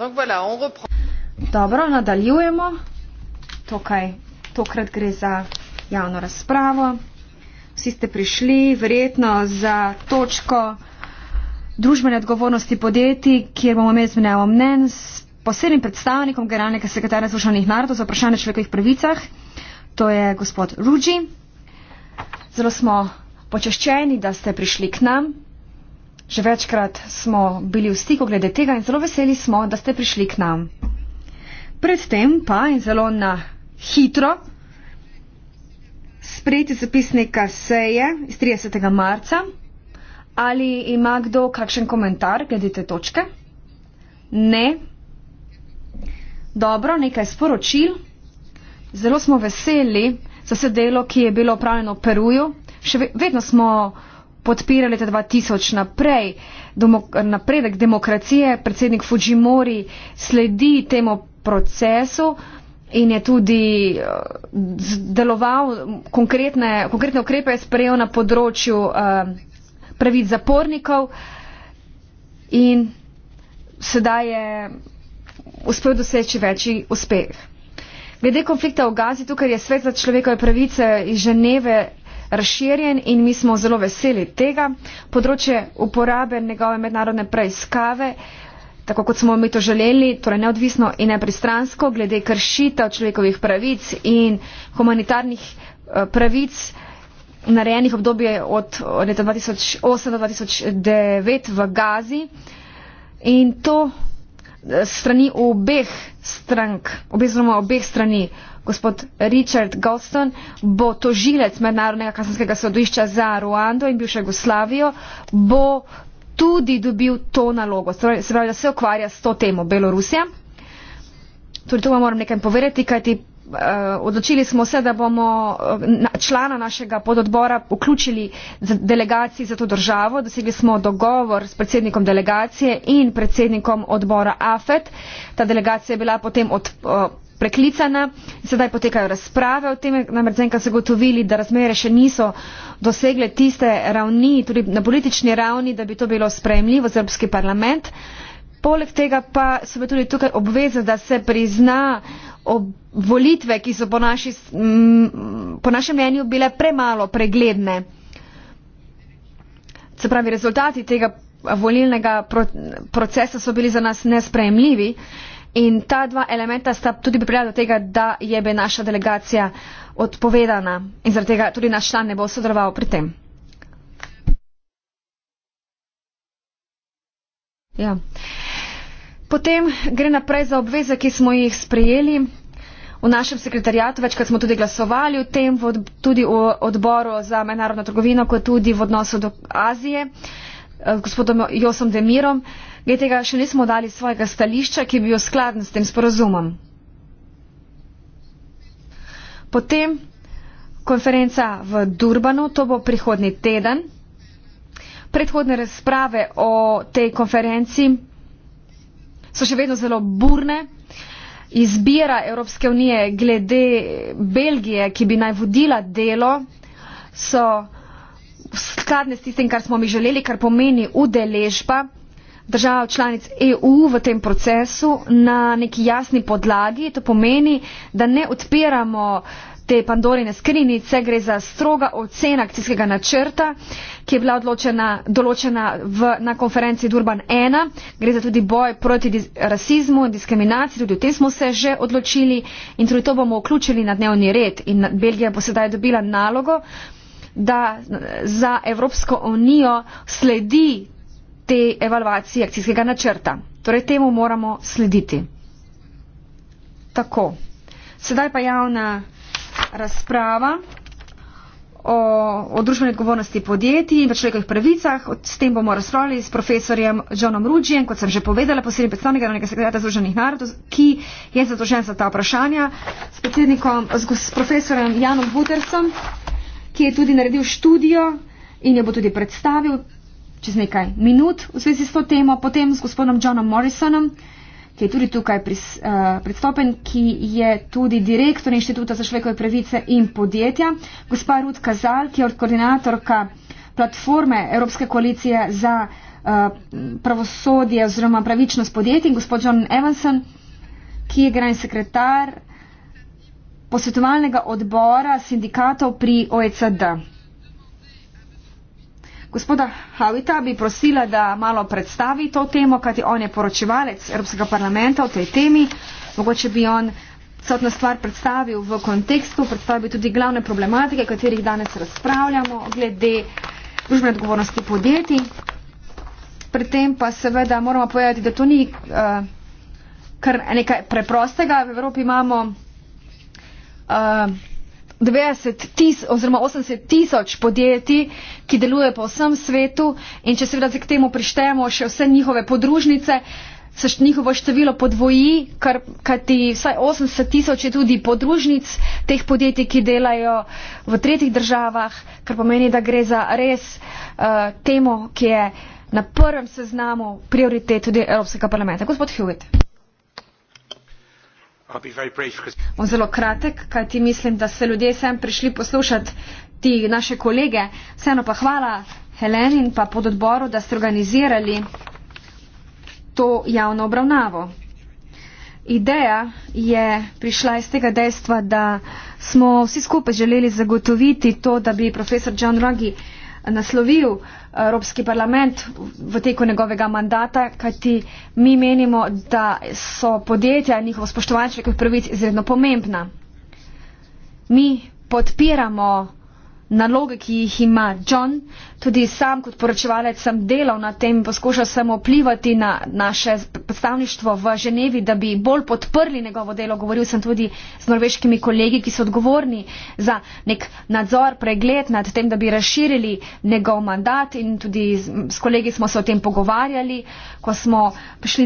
Donc voilà, on reprend. Dobro, nadaljujemo. Tukaj, tokrat gre za javno razpravo. Vsi ste prišli verjetno za točko družbene odgovornosti podjetij, kjer bomo imeli zmenjavo mnen s posebnim predstavnikom generalnega sekretarja Združenih narodov za vprašanje človekovih pravicah. To je gospod Ruđi. Zelo smo počaščeni, da ste prišli k nam. Že večkrat smo bili v stiku glede tega in zelo veseli smo, da ste prišli k nam. Predtem pa in zelo na hitro sprejeti zapisnika seje iz 30. marca. Ali ima kdo kakšen komentar glede te točke? Ne. Dobro, nekaj sporočil. Zelo smo veseli za sedelo, ki je bilo opravljeno v Peruju. Še vedno smo podpira leta 2000 naprej demok napredek demokracije, predsednik Fujimori sledi temu procesu in je tudi eh, deloval, konkretne, konkretne ukrepe je sprejel na področju uh, pravic zapornikov in sedaj je uspel doseči večji uspeh. Glede konflikta v Gazi, tukaj je svet za človekove pravice iz Ženeve razširjen in mi smo zelo veseli tega. Področje uporabe njegove mednarodne preiskave, tako kot smo mi to želeli, torej neodvisno in nepristransko, glede kršitev človekovih pravic in humanitarnih eh, pravic narejenih obdobje od leta 2008 do 2009 v Gazi in to eh, strani obeh strank, obeh strani gospod Richard Goldston bo tožilec mednarodnega kazenskega sodišča za Ruando in bivšo Jugoslavijo, bo tudi dobil to nalogo. Se pravi, da se ukvarja s to temo Belorusija. Tudi tu vam moram nekaj povedati, kajti uh, odločili smo se, da bomo eh, člana našega pododbora vključili z delegaciji za to državo. Dosegli smo dogovor s predsednikom delegacije in predsednikom odbora AFET. Ta delegacija je bila potem od. Uh, preklicana. Sedaj potekajo razprave o tem, namreč zaenkrat so gotovili, da razmere še niso dosegle tiste ravni, tudi na politični ravni, da bi to bilo sprejemljivo za Evropski parlament. Poleg tega pa so me tudi tukaj obveze, da se prizna volitve, ki so po, naši, mm, po našem mnenju bile premalo pregledne. Se pravi, rezultati tega volilnega procesa so bili za nas nesprejemljivi. In ta dva elementa sta tudi pripravila do tega, da je bila naša delegacija odpovedana in zaradi tega tudi naš član ne bo sodeloval pri tem. Ja. Potem gre naprej za obveze, ki smo jih sprejeli v našem sekretarijatu, večkrat smo tudi glasovali o tem, v od, tudi v odboru za mednarodno trgovino, kot tudi v odnosu do Azije, eh, gospodom Josom Demirom. Mi tega še nismo dali svojega stališča, ki bi bil skladen s tem sporozumom. Potem konferenca v Durbanu, to bo prihodni teden. Predhodne razprave o tej konferenci so še vedno zelo burne. Izbira Evropske unije glede Belgije, ki bi naj vodila delo, so skladne s tistim, kar smo mi želeli, kar pomeni udeležba držav članic EU v tem procesu na neki jasni podlagi. To pomeni, da ne odpiramo te pandorine skrinice, gre za stroga ocena akcijskega načrta, ki je bila odločena, določena v, na konferenci Durban 1. Gre za tudi boj proti rasizmu in diskriminaciji, tudi o tem smo se že odločili in tudi to bomo vključili na dnevni red. In Belgija bo sedaj dobila nalogo, da za Evropsko unijo sledi te evalvacije akcijskega načrta. Torej temu moramo slediti. Tako. Sedaj pa javna razprava o, o družbeni odgovornosti podjetij in človekovih pravicah. S tem bomo razpravljali s profesorjem Johnom Rudžijem, kot sem že povedala, posebnim predstavnikom Generalnega sekretarja Združenih narodov, ki je zadolžen za ta vprašanja, s, s, s profesorjem Janom Butersom, ki je tudi naredil študijo in jo bo tudi predstavil čez nekaj minut v zvezi s to temo, potem z gospodom Johnom Morrisonom, ki je tudi tukaj pris, uh, predstopen, ki je tudi direktor Inštituta za človekove pravice in podjetja, gospa Rud Kazal, ki je koordinatorka platforme Evropske koalicije za uh, pravosodje oziroma pravičnost podjetij in gospod John Evanson, ki je generalni sekretar posvetovalnega odbora sindikatov pri OECD. Gospoda Havita bi prosila, da malo predstavi to temo, kajti on je poročevalec Evropskega parlamenta o tej temi. Mogoče bi on celotno stvar predstavil v kontekstu, predstavil bi tudi glavne problematike, katerih danes razpravljamo, glede družbene odgovornosti podjetij. Pri tem pa seveda moramo povedati, da to ni uh, kar nekaj preprostega. V Evropi imamo uh, 90 tisoč oziroma 80 tisoč podjetij, ki deluje po vsem svetu in če seveda k temu prištejemo še vse njihove podružnice, se njihovo število podvoji, kar, kajti vsaj 80 tisoč je tudi podružnic teh podjetij, ki delajo v tretjih državah, kar pomeni, da gre za res uh, temo, ki je na prvem seznamu prioritet tudi Evropskega parlamenta. Gospod Hewitt. Bom zelo kratek, kajti mislim, da se ljudje sem prišli poslušati ti naše kolege. Vseeno pa hvala Helen in pa pod odboru, da ste organizirali to javno obravnavo. Ideja je prišla iz tega dejstva, da smo vsi skupaj želeli zagotoviti to, da bi profesor John Ruggie naslovil eh, Evropski parlament v teku njegovega mandata, kajti mi menimo, da so podjetja in njihovo spoštovanje človekovih pravic izredno pomembna. Mi podpiramo naloge, ki jih ima John. Tudi sam kot poročevalec sem delal na tem, poskušal sem vplivati na naše predstavništvo v Ženevi, da bi bolj podprli njegovo delo. Govoril sem tudi z norveškimi kolegi, ki so odgovorni za nek nadzor, pregled nad tem, da bi razširili njegov mandat in tudi z, s kolegi smo se o tem pogovarjali, ko smo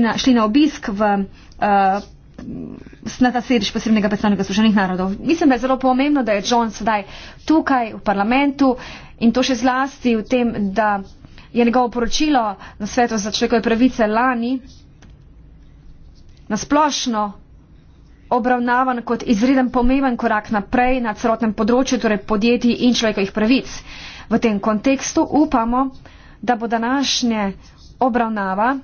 na, šli na obisk v. Uh, na ta središ posebnega predstavnika slušanih narodov. Mislim, da je zelo pomembno, da je John sedaj tukaj v parlamentu in to še zlasti v tem, da je njegovo poročilo na svetu za človekove pravice lani nasplošno obravnavan kot izreden pomemben korak naprej na celotnem področju, torej podjetij in človekovih pravic. V tem kontekstu upamo, da bo današnje obravnava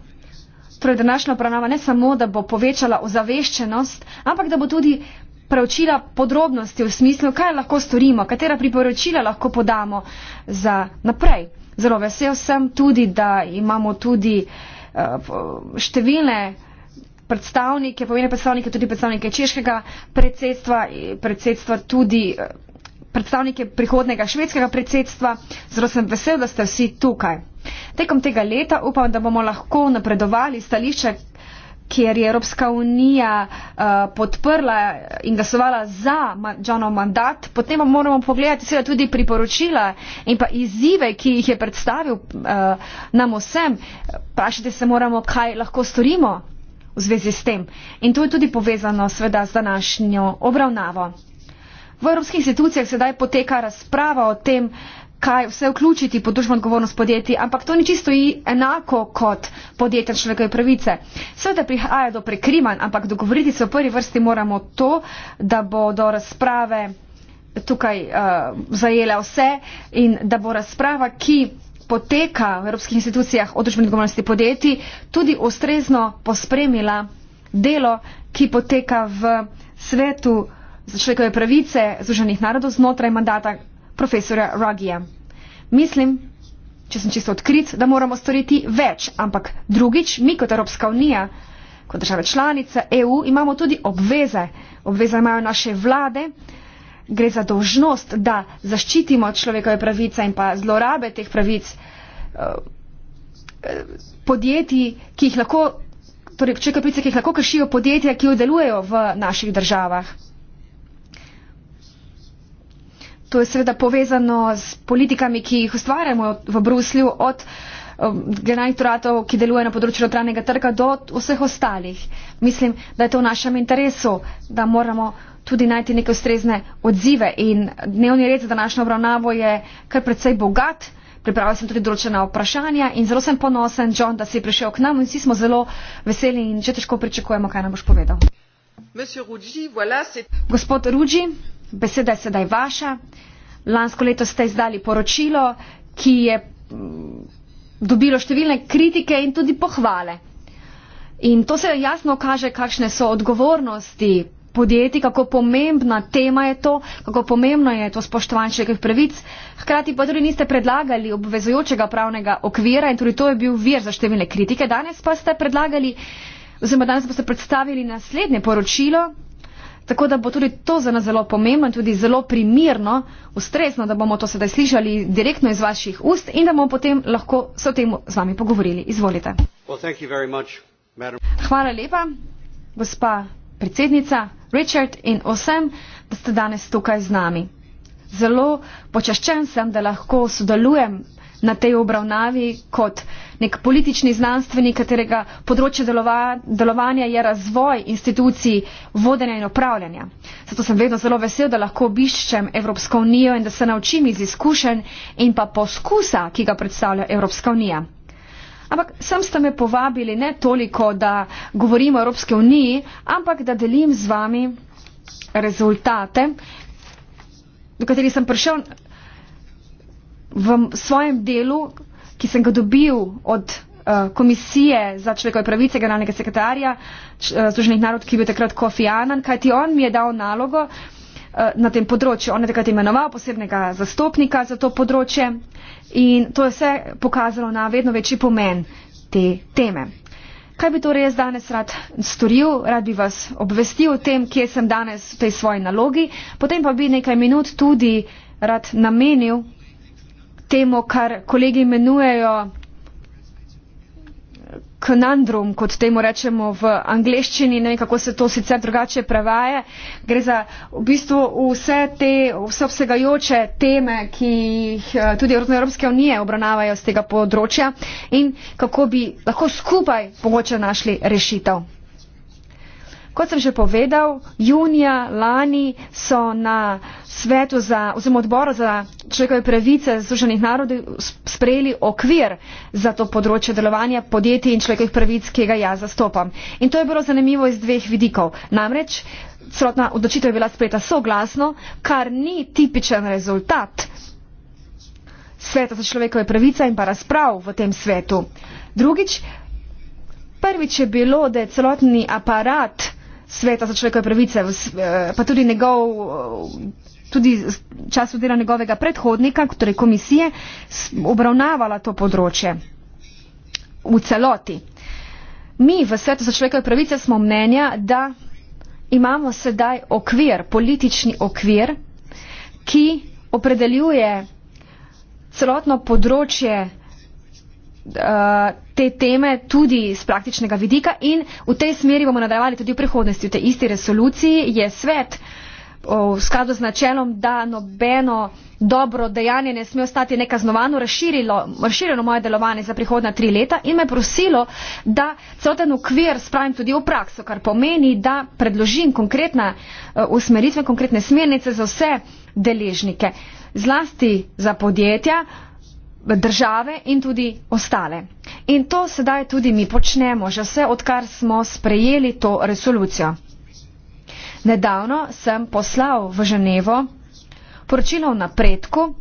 torej današnja obravnava ne samo, da bo povečala ozaveščenost, ampak da bo tudi preučila podrobnosti v smislu, kaj lahko storimo, katera priporočila lahko podamo za naprej. Zelo vesel sem tudi, da imamo tudi eh, številne predstavnike, pomeni predstavnike tudi predstavnike češkega predsedstva, predsedstva tudi eh, predstavnike prihodnega švedskega predsedstva. Zelo sem vesel, da ste vsi tukaj. Tekom tega leta upam, da bomo lahko napredovali stališče, kjer je Evropska unija uh, podprla in glasovala za Johnov mandat. Potem pa moramo pogledati seveda tudi priporočila in pa izzive, ki jih je predstavil uh, nam vsem. Prašite se moramo, kaj lahko storimo v zvezi s tem. In to je tudi povezano seveda z današnjo obravnavo. V evropskih institucijah sedaj poteka razprava o tem, uh, kaj vse vključiti pod družbeno odgovornost podjetij, ampak to ni čisto enako kot podjetja človekove pravice. Seveda prihaja do prekrivanj, ampak dogovoriti se v prvi vrsti moramo to, da bo do razprave tukaj uh, eh, zajela vse in da bo razprava, ki poteka v evropskih institucijah o družbeni odgovornosti podjetij, tudi ustrezno pospremila delo, ki poteka v svetu za človekove pravice Združenih narodov znotraj mandata profesora Ruggija. Mislim, če sem čisto odkrit, da moramo storiti več, ampak drugič, mi kot Evropska unija, kot države članice EU, imamo tudi obveze. Obveze imajo naše vlade, gre za dožnost, da zaščitimo človekove pravice in pa zlorabe teh pravic eh, eh, podjetij, ki jih lahko, torej človekove pravice, ki jih lahko kršijo podjetja, ki jo delujejo v naših državah to je seveda povezano s politikami, ki jih ustvarjamo v Bruslju, od um, generalnih turatov, ki deluje na področju notranjega trga, do vseh ostalih. Mislim, da je to v našem interesu, da moramo tudi najti neke ustrezne odzive in dnevni red za današnjo obravnavo je kar precej bogat. Pripravil sem tudi določena vprašanja in zelo sem ponosen, John, da si prišel k nam in vsi smo zelo veseli in že težko pričakujemo, kaj nam boš povedal. Ruggi, voilà, Gospod Ruggi, beseda je sedaj vaša. Lansko leto ste izdali poročilo, ki je mm, dobilo številne kritike in tudi pohvale. In to se jasno kaže, kakšne so odgovornosti podjetij, kako pomembna tema je to, kako pomembno je to spoštovanje človekovih pravic. Hkrati pa tudi niste predlagali obvezujočega pravnega okvira in tudi to je bil vir za številne kritike. Danes pa ste predlagali, oziroma danes boste predstavili naslednje poročilo, Tako da bo tudi to za nas zelo pomembno in tudi zelo primirno, ustrezno, da bomo to sedaj slišali direktno iz vaših ust in da bomo potem lahko se o tem z vami pogovorili. Izvolite. Hvala lepa, gospa predsednica Richard in vsem, da ste danes tukaj z nami. Zelo počaščen sem, da lahko sodelujem na tej obravnavi kot nek politični znanstvenik, katerega področje delova, delovanja je razvoj institucij vodenja in upravljanja. Zato sem vedno zelo vesel, da lahko obiščem Evropsko unijo in da se naučim iz izkušenj in pa poskusa, ki ga predstavlja Evropska unija. Ampak sem ste me povabili ne toliko, da govorim o Evropske uniji, ampak da delim z vami rezultate, do katerih sem prišel v svojem delu, ki sem ga dobil od eh, komisije za človekove pravice generalnega sekretarja eh, Združenih narodov, ki je bil takrat Kofi Annan, kajti on mi je dal nalogo eh, na tem področju. On je takrat imenoval posebnega zastopnika za to področje in to je vse pokazalo na vedno večji pomen te teme. Kaj bi torej jaz danes rad storil? Rad bi vas obvestil o tem, kje sem danes v tej svoji nalogi, potem pa bi nekaj minut tudi rad namenil temu, kar kolegi imenujejo konandrum, kot temu rečemo v angleščini, ne vem, kako se to sicer drugače prevaje. Gre za v bistvu vse te vsebsegajoče teme, ki jih eh, tudi Evropske unije obravnavajo z tega področja in kako bi lahko skupaj mogoče našli rešitev. Kot sem že povedal, junija lani so na svetu za, oziroma odboru za človekove pravice Združenih narodov sprejeli okvir za to področje delovanja podjetij in človekovih pravic, ki ga jaz zastopam. In to je bilo zanimivo iz dveh vidikov. Namreč, celotna odločitev je bila sprejeta soglasno, kar ni tipičen rezultat sveta za človekove pravice in pa razprav v tem svetu. Drugič, prvič je bilo, da je celotni aparat sveta za človekove pravice, eh, pa tudi njegov, tudi času dela njegovega predhodnika, torej komisije, obravnavala to področje v celoti. Mi v svetu za človekove pravice smo mnenja, da imamo sedaj okvir, politični okvir, ki opredeljuje celotno področje Eh, te teme tudi z praktičnega vidika in v tej smeri bomo nadaljevali tudi v prihodnosti. V tej isti resoluciji je svet v skladu z načelom, da nobeno dobro dejanje ne sme ostati nekaznovano, razširilo, razširilo moje delovanje za prihodna tri leta in me prosilo, da celoten okvir spravim tudi v prakso, kar pomeni, da predložim konkretne eh, usmeritve, konkretne smernice za vse deležnike, zlasti za podjetja, države in tudi ostale. In to sedaj tudi mi počnemo, že vse odkar smo sprejeli to resolucijo. Nedavno sem poslal v Ženevo poročilo o napredku,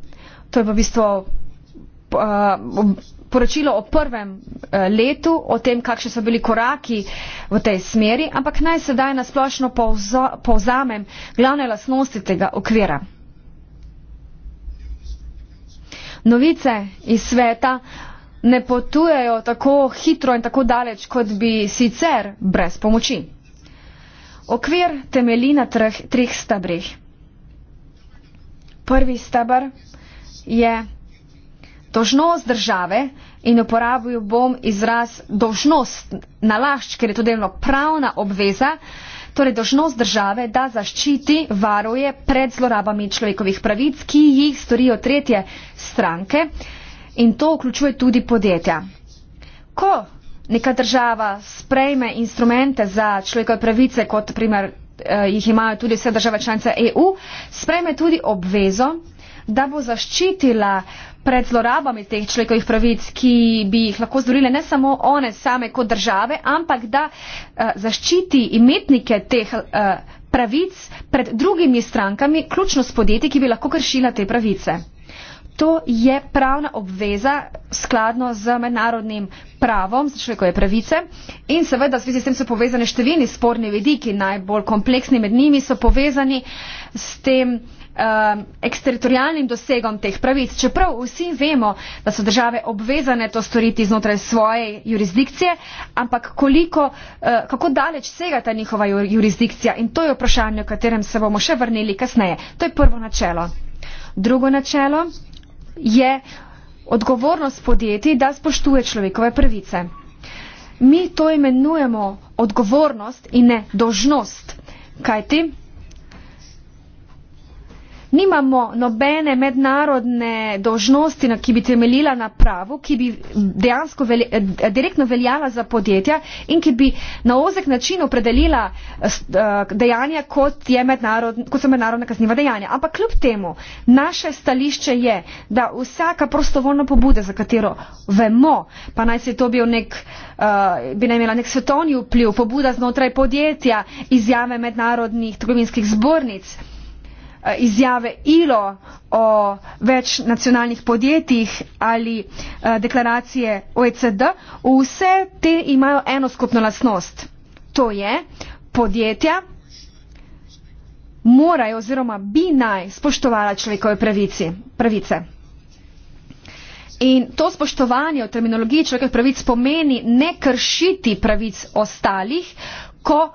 to je v bistvu uh, poročilo o prvem eh, letu, o tem, kakšni so bili koraki v tej smeri, ampak naj sedaj nasplošno povzamem glavne lasnosti tega okvira. novice iz sveta ne potujejo tako hitro in tako daleč, kot bi sicer brez pomoči. Okvir temelji na treh, treh stabrih. Prvi stabr je dožnost države in uporabil bom izraz dožnost nalašč, ker je to delno pravna obveza, torej dožnost države, da zaščiti, varuje pred zlorabami človekovih pravic, ki jih storijo tretje stranke in to vključuje tudi podjetja. Ko neka država sprejme instrumente za človekove pravice, kot primer eh, jih imajo tudi vse države članice EU, sprejme tudi obvezo, da bo zaščitila pred zlorabami teh človekovih pravic, ki bi jih lahko zdorile ne samo one same kot države, ampak da uh, zaščiti imetnike teh uh, pravic pred drugimi strankami, ključno s podjetji, ki bi lahko kršila te pravice. To je pravna obveza skladno z mednarodnim pravom za človekove pravice in seveda v zvezi s tem so povezane številni sporni vidiki, najbolj kompleksni med njimi so povezani s tem, um, eksteritorijalnim dosegom teh pravic, čeprav vsi vemo, da so države obvezane to storiti znotraj svoje jurisdikcije, ampak koliko, uh, kako daleč sega ta njihova jurisdikcija in to je vprašanje, o katerem se bomo še vrnili kasneje. To je prvo načelo. Drugo načelo je odgovornost podjetij, da spoštuje človekove pravice. Mi to imenujemo odgovornost in ne dožnost. Kajti, nimamo nobene mednarodne dožnosti, ki bi temeljila na pravu, ki bi dejansko velj, eh, direktno veljala za podjetja in ki bi na ozek način opredelila eh, eh, dejanja, kot, kot so mednarodna kazniva dejanja. Ampak kljub temu, naše stališče je, da vsaka prostovoljna pobuda, za katero vemo, pa naj se to bil nek, bi naj imela nek svetovni vpliv, pobuda znotraj podjetja, izjave mednarodnih trgovinskih zbornic, Eh, izjave ILO o več nacionalnih podjetjih ali eh, deklaracije OECD, vse te imajo eno skupno lasnost. To je, podjetja morajo oziroma bi naj spoštovala človekove pravici, pravice. In to spoštovanje v terminologiji človekovih pravic pomeni ne kršiti pravic ostalih, ko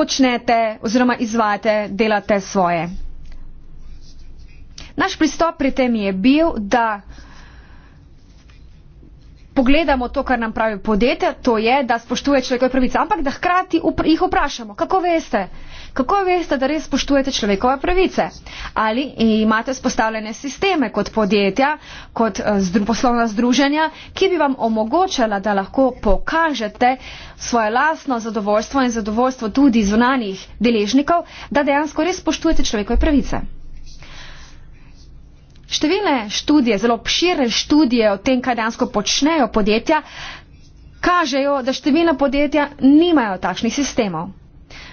počnete oziroma izvajate, delate svoje. Naš pristop pri tem je bil, da pogledamo to, kar nam pravi podjetje, to je, da spoštuje človekove pravice, ampak da hkrati jih vprašamo, kako veste, kako veste, da res spoštujete človekove pravice. Ali imate spostavljene sisteme kot podjetja, kot eh, zdru, poslovna združenja, ki bi vam omogočala, da lahko pokažete svoje lastno zadovoljstvo in zadovoljstvo tudi zunanjih deležnikov, da dejansko res spoštujete človekove pravice. Številne študije, zelo obširne študije o tem, kaj dejansko počnejo podjetja, kažejo, da številna podjetja nimajo takšnih sistemov.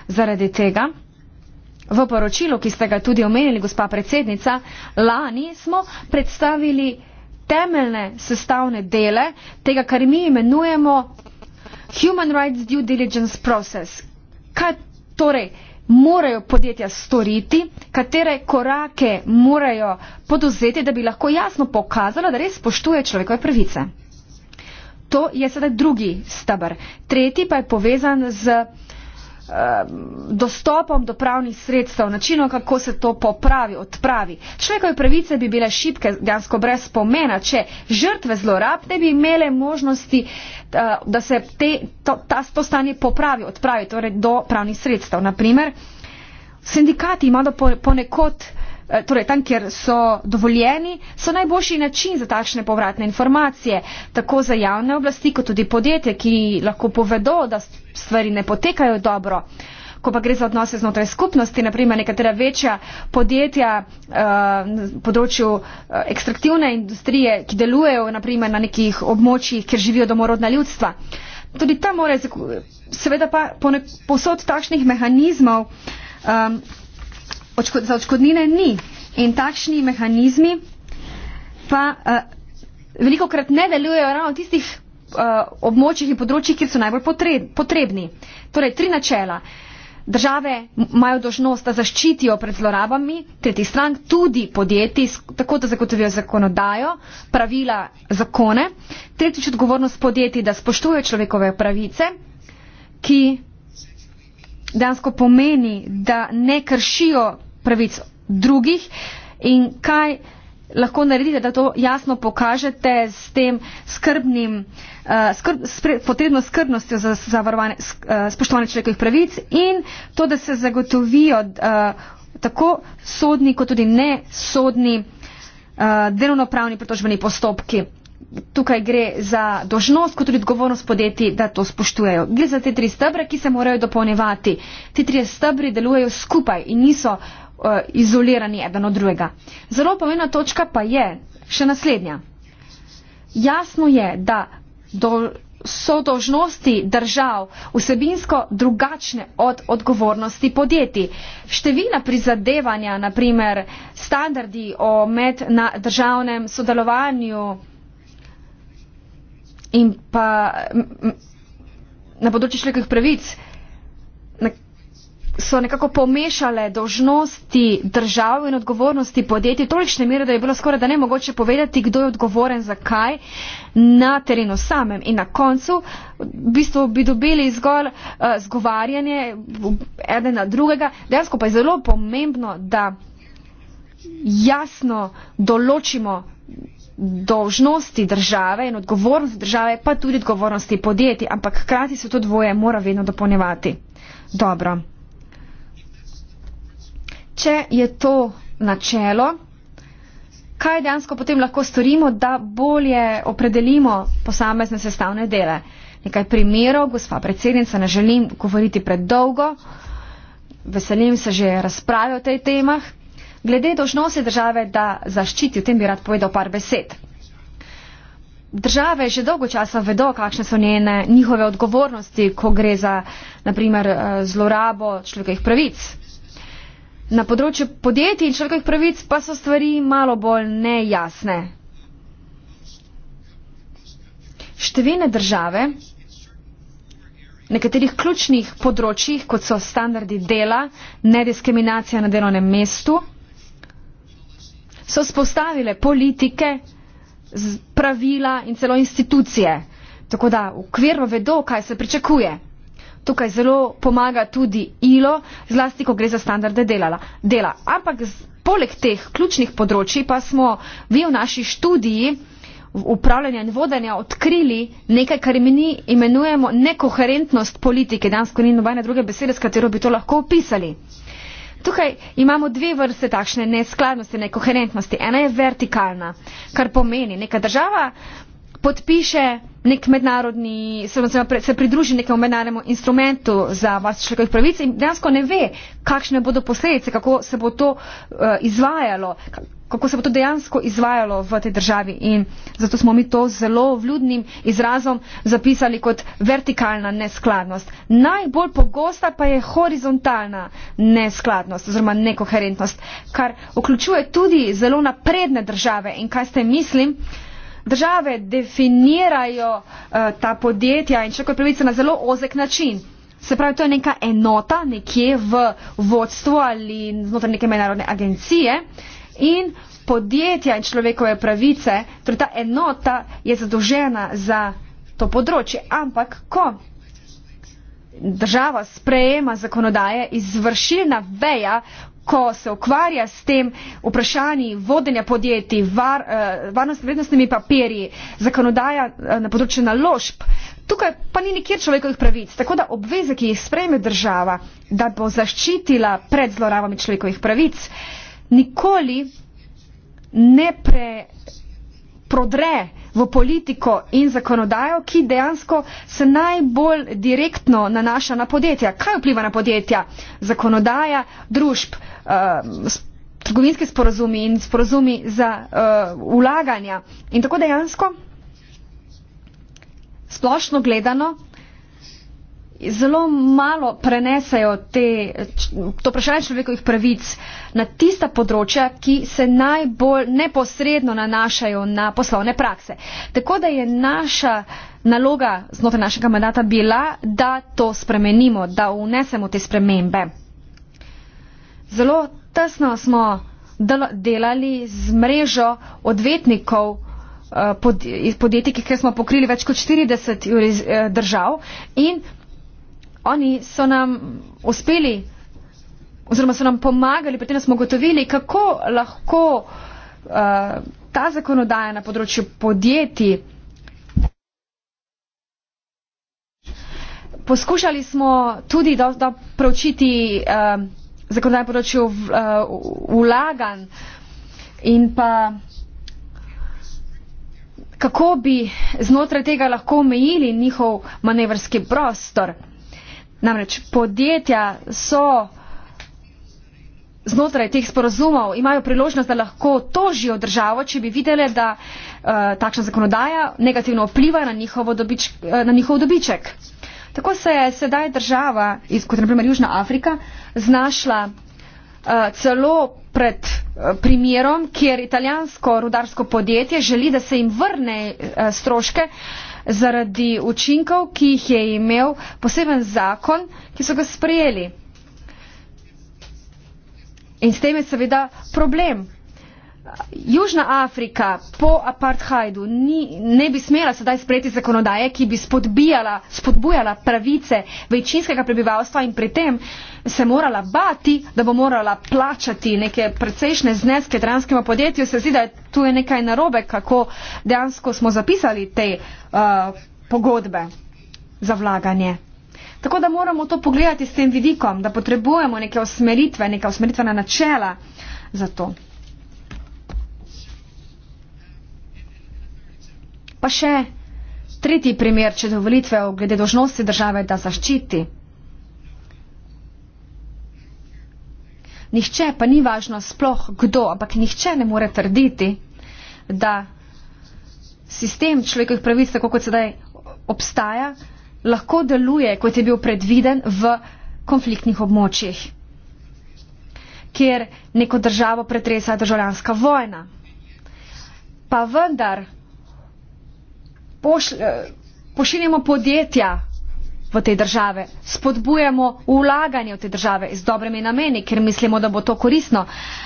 Zaradi tega v poročilu, ki ste ga tudi omenili, gospa predsednica, lani smo predstavili temeljne sestavne dele tega, kar mi imenujemo Human Rights Due Diligence Process. Kaj torej? morajo podjetja storiti, katere korake morajo poduzeti, da bi lahko jasno pokazala, da res spoštuje človekove pravice. To je sedaj drugi stabr. Tretji pa je povezan z Eh, dostopom do pravnih sredstev, načinom, kako se to popravi, odpravi. Človekove pravice bi bile šipke, dejansko brez pomena, če žrtve zlorab ne bi imele možnosti, eh, da se te, to, ta, to stanje popravi, odpravi, torej do pravnih sredstev. Naprimer, sindikati imajo ponekod po Eh, torej tam, kjer so dovoljeni, so najboljši način za takšne povratne informacije, tako za javne oblasti, kot tudi podjetje, ki lahko povedo, da stvari ne potekajo dobro. Ko pa gre za odnose znotraj skupnosti, naprimer nekatera večja podjetja eh, na eh, področju ekstraktivne industrije, ki delujejo naprimer na nekih območjih, kjer živijo domorodna ljudstva. Tudi tam mora, seveda pa posod takšnih mehanizmov. Eh, odškod, za odškodnine ni. In takšni mehanizmi pa uh, eh, veliko krat ne delujejo ravno tistih uh, območjih in področjih, kjer so najbolj potrebni. Torej, tri načela. Države imajo dožnost, da zaščitijo pred zlorabami tretjih strank, tudi podjetij, tako da zagotovijo zakonodajo, pravila, zakone. Tretjič odgovornost podjetij, da spoštujejo človekove pravice, ki dejansko pomeni, da ne kršijo pravic drugih in kaj lahko naredite, da to jasno pokažete s tem skrbnim, eh, skrb, spre, potrebno skrbnostjo za, za varovane, spoštovanje eh, človekovih pravic in to, da se zagotovijo eh, tako sodni kot tudi nesodni delovnopravni pritožbeni postopki. Tukaj gre za dožnost, kot tudi odgovornost podjetij, da to spoštujejo. Gre za te tri stebre, ki se morajo dopolnevati. Ti tri stebri delujejo skupaj in niso uh, izolirani eden od drugega. Zelo pomembna točka pa je še naslednja. Jasno je, da do, so dožnosti držav vsebinsko drugačne od odgovornosti podjetij. Števina prizadevanja, naprimer standardi o meddržavnem sodelovanju in pa na področju človekovih pravic so nekako pomešale dožnosti držav in odgovornosti podjetij v tolikšne mere, da je bilo skoraj da ne mogoče povedati, kdo je odgovoren za kaj na terenu samem. In na koncu v bistvu bi dobili zgolj uh, zgovarjanje eden na drugega. Dejansko pa je zelo pomembno, da jasno določimo dožnosti države in odgovornosti države, pa tudi odgovornosti podjetij, ampak hkrati se to dvoje mora vedno dopolnjevati. Dobro če je to načelo, kaj dejansko potem lahko storimo, da bolje opredelimo posamezne sestavne dele. Nekaj primerov, gospa predsednica, ne želim govoriti predolgo, veselim se že razprave o tej temah. Glede dožnosti države, da zaščiti, o tem bi rad povedal par besed. Države že dolgo časa vedo, kakšne so njene, njihove odgovornosti, ko gre za, naprimer, eh, zlorabo človekovih pravic. Na področju podjetij in človekovih pravic pa so stvari malo bolj nejasne. Številne države, nekaterih ključnih področjih, kot so standardi dela, nediskriminacija na delovnem mestu, so spostavile politike, pravila in celo institucije, tako da ukvirno vedo, kaj se pričakuje tukaj zelo pomaga tudi ILO, zlasti, ko gre za standarde delala, dela. Ampak z, poleg teh ključnih področji pa smo vi v naši študiji upravljanja in vodanja odkrili nekaj, kar mi imenujemo nekoherentnost politike. Danes, ko ni nobene druge besede, s katero bi to lahko opisali. Tukaj imamo dve vrste takšne neskladnosti, nekoherentnosti. Ena je vertikalna, kar pomeni, neka država podpiše nek mednarodni, se pridruži nekemu mednarodnemu instrumentu za varstvo človekovih pravic in dejansko ne ve, kakšne bodo posledice, kako se bo to eh, izvajalo, kako se bo to dejansko izvajalo v tej državi. In zato smo mi to zelo vljudnim izrazom zapisali kot vertikalna neskladnost. Najbolj pogosta pa je horizontalna neskladnost oziroma nekoherentnost, kar vključuje tudi zelo napredne države. In kaj ste mislim, države definirajo uh, ta podjetja in človekove pravice na zelo ozek način. Se pravi, to je neka enota nekje v vodstvu ali znotraj neke mednarodne agencije in podjetja in človekove pravice, torej ta enota je zadolžena za to področje. Ampak ko država sprejema zakonodaje, izvršilna veja ko se ukvarja s tem vprašanji vodenja podjetij, var, uh, varnost vrednostnimi papirji, zakonodaja uh, na področju naložb, tukaj pa ni nikjer človekovih pravic. Tako da obveze, ki jih sprejme država, da bo zaščitila pred zlorabami človekovih pravic, nikoli ne pre prodre v politiko in zakonodajo, ki dejansko se najbolj direktno nanaša na podjetja. Kaj vpliva na podjetja? Zakonodaja, družb, eh, trgovinski sporozumi in sporozumi za eh, ulaganja. In tako dejansko, splošno gledano, zelo malo prenesejo te, to vprašanje človekovih pravic na tista področja, ki se najbolj neposredno nanašajo na poslovne prakse. Tako da je naša naloga znotraj našega mandata bila, da to spremenimo, da unesemo te spremembe. Zelo tesno smo delali z mrežo odvetnikov eh, pod, podjetij, ki smo pokrili več kot 40 eh, držav in oni so nam uspeli oziroma so nam pomagali, potem smo gotovili, kako lahko uh, ta zakonodaja na področju podjetij. Poskušali smo tudi do, do pročiti uh, eh, zakonodaj na področju v, uh, eh, vlagan in pa kako bi znotraj tega lahko omejili njihov manevrski prostor. Namreč podjetja so znotraj teh sporozumov, imajo priložnost, da lahko tožijo državo, če bi videli, da uh, takšna zakonodaja negativno vpliva na, dobič, uh, na njihov dobiček. Tako se je sedaj država, iz, kot naprimer Južna Afrika, znašla uh, celo pred uh, primerom, kjer italijansko rudarsko podjetje želi, da se jim vrne uh, stroške, uh, zaradi učinkov, ki jih je imel poseben zakon, ki so ga sprejeli. In s tem je seveda problem. Južna Afrika po apartheidu ni, ne bi smela sedaj sprejeti zakonodaje, ki bi spodbujala pravice večinskega prebivalstva in pri tem se morala bati, da bo morala plačati neke precejšne zneske transkema podjetju. Se zdi, da je tu je nekaj narobe, kako dejansko smo zapisali te uh, pogodbe za vlaganje. Tako da moramo to pogledati s tem vidikom, da potrebujemo neke osmeritve, neke osmeritvene načela za to. Pa še tretji primer, če dovolitve glede dožnosti države, da zaščiti. Nihče, pa ni važno sploh kdo, ampak nihče ne more trditi, da sistem človekovih pravic, tako kot sedaj obstaja, lahko deluje, kot je bil predviden v konfliktnih območjih, kjer neko državo pretresa državljanska vojna. Pa vendar pošlj, eh, pošiljamo podjetja v te države, spodbujamo ulaganje v te države z dobremi nameni, ker mislimo, da bo to korisno.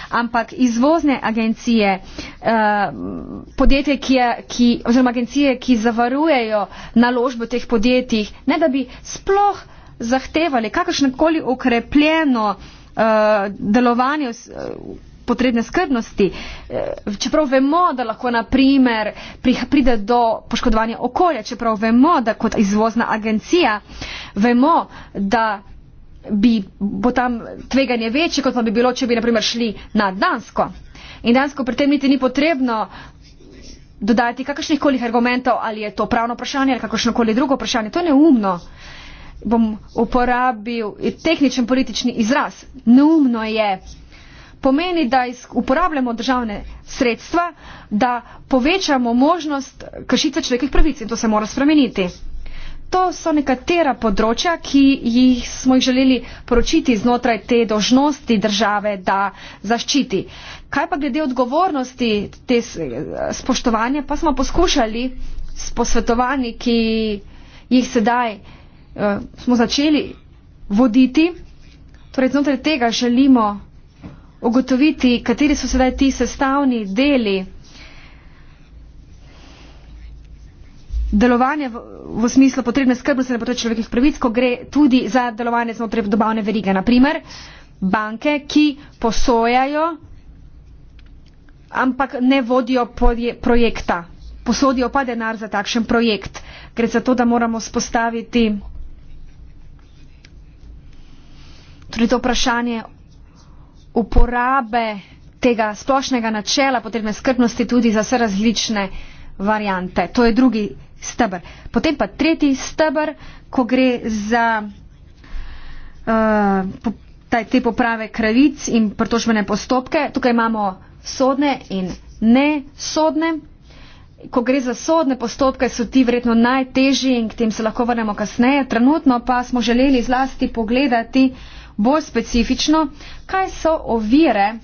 Ampak izvozne agencije, eh, podjetje, ki, ki, oziroma agencije, ki zavarujejo naložbe v teh podjetjih, ne da bi sploh zahtevali kakršnekoli okrepljeno eh, delovanje potrebne skrbnosti, eh, čeprav vemo, da lahko na primer pride do poškodovanja okolja, čeprav vemo, da kot izvozna agencija vemo, da bi bo tam tveganje večje, kot pa bi bilo, če bi na primer šli na Dansko. In Dansko pri tem niti ni potrebno dodajati kakršnih koli argumentov, ali je to pravno vprašanje ali kakršno koli drugo vprašanje. To je neumno. Bom uporabil tehničen politični izraz. Neumno je pomeni, da uporabljamo državne sredstva, da povečamo možnost kršitve človekovih pravic in to se mora spremeniti. To so nekatera področja, ki jih smo jih želeli poročiti znotraj te dožnosti države, da zaščiti. Kaj pa glede odgovornosti te spoštovanja, pa smo poskušali s posvetovanji, ki jih sedaj eh, smo začeli voditi, torej znotraj tega želimo ugotoviti, kateri so sedaj ti sestavni deli delovanja v, v smislu potrebne skrbnosti na področju človekovih pravic, ko gre tudi za delovanje znotraj dobavne verige. Naprimer, banke, ki posojajo, ampak ne vodijo podje, projekta. Posodijo pa denar za takšen projekt. Gre za to, da moramo spostaviti tudi torej to vprašanje uporabe tega splošnega načela potrebne skrbnosti tudi za vse različne variante. To je drugi stebr. Potem pa tretji stebr, ko gre za uh, te poprave kravic in pritožbene postopke. Tukaj imamo sodne in nesodne. Ko gre za sodne postopke, so ti vredno najtežji in k tem se lahko vrnemo kasneje. Trenutno pa smo želeli zlasti pogledati uh, bolj specifično, kaj so ovire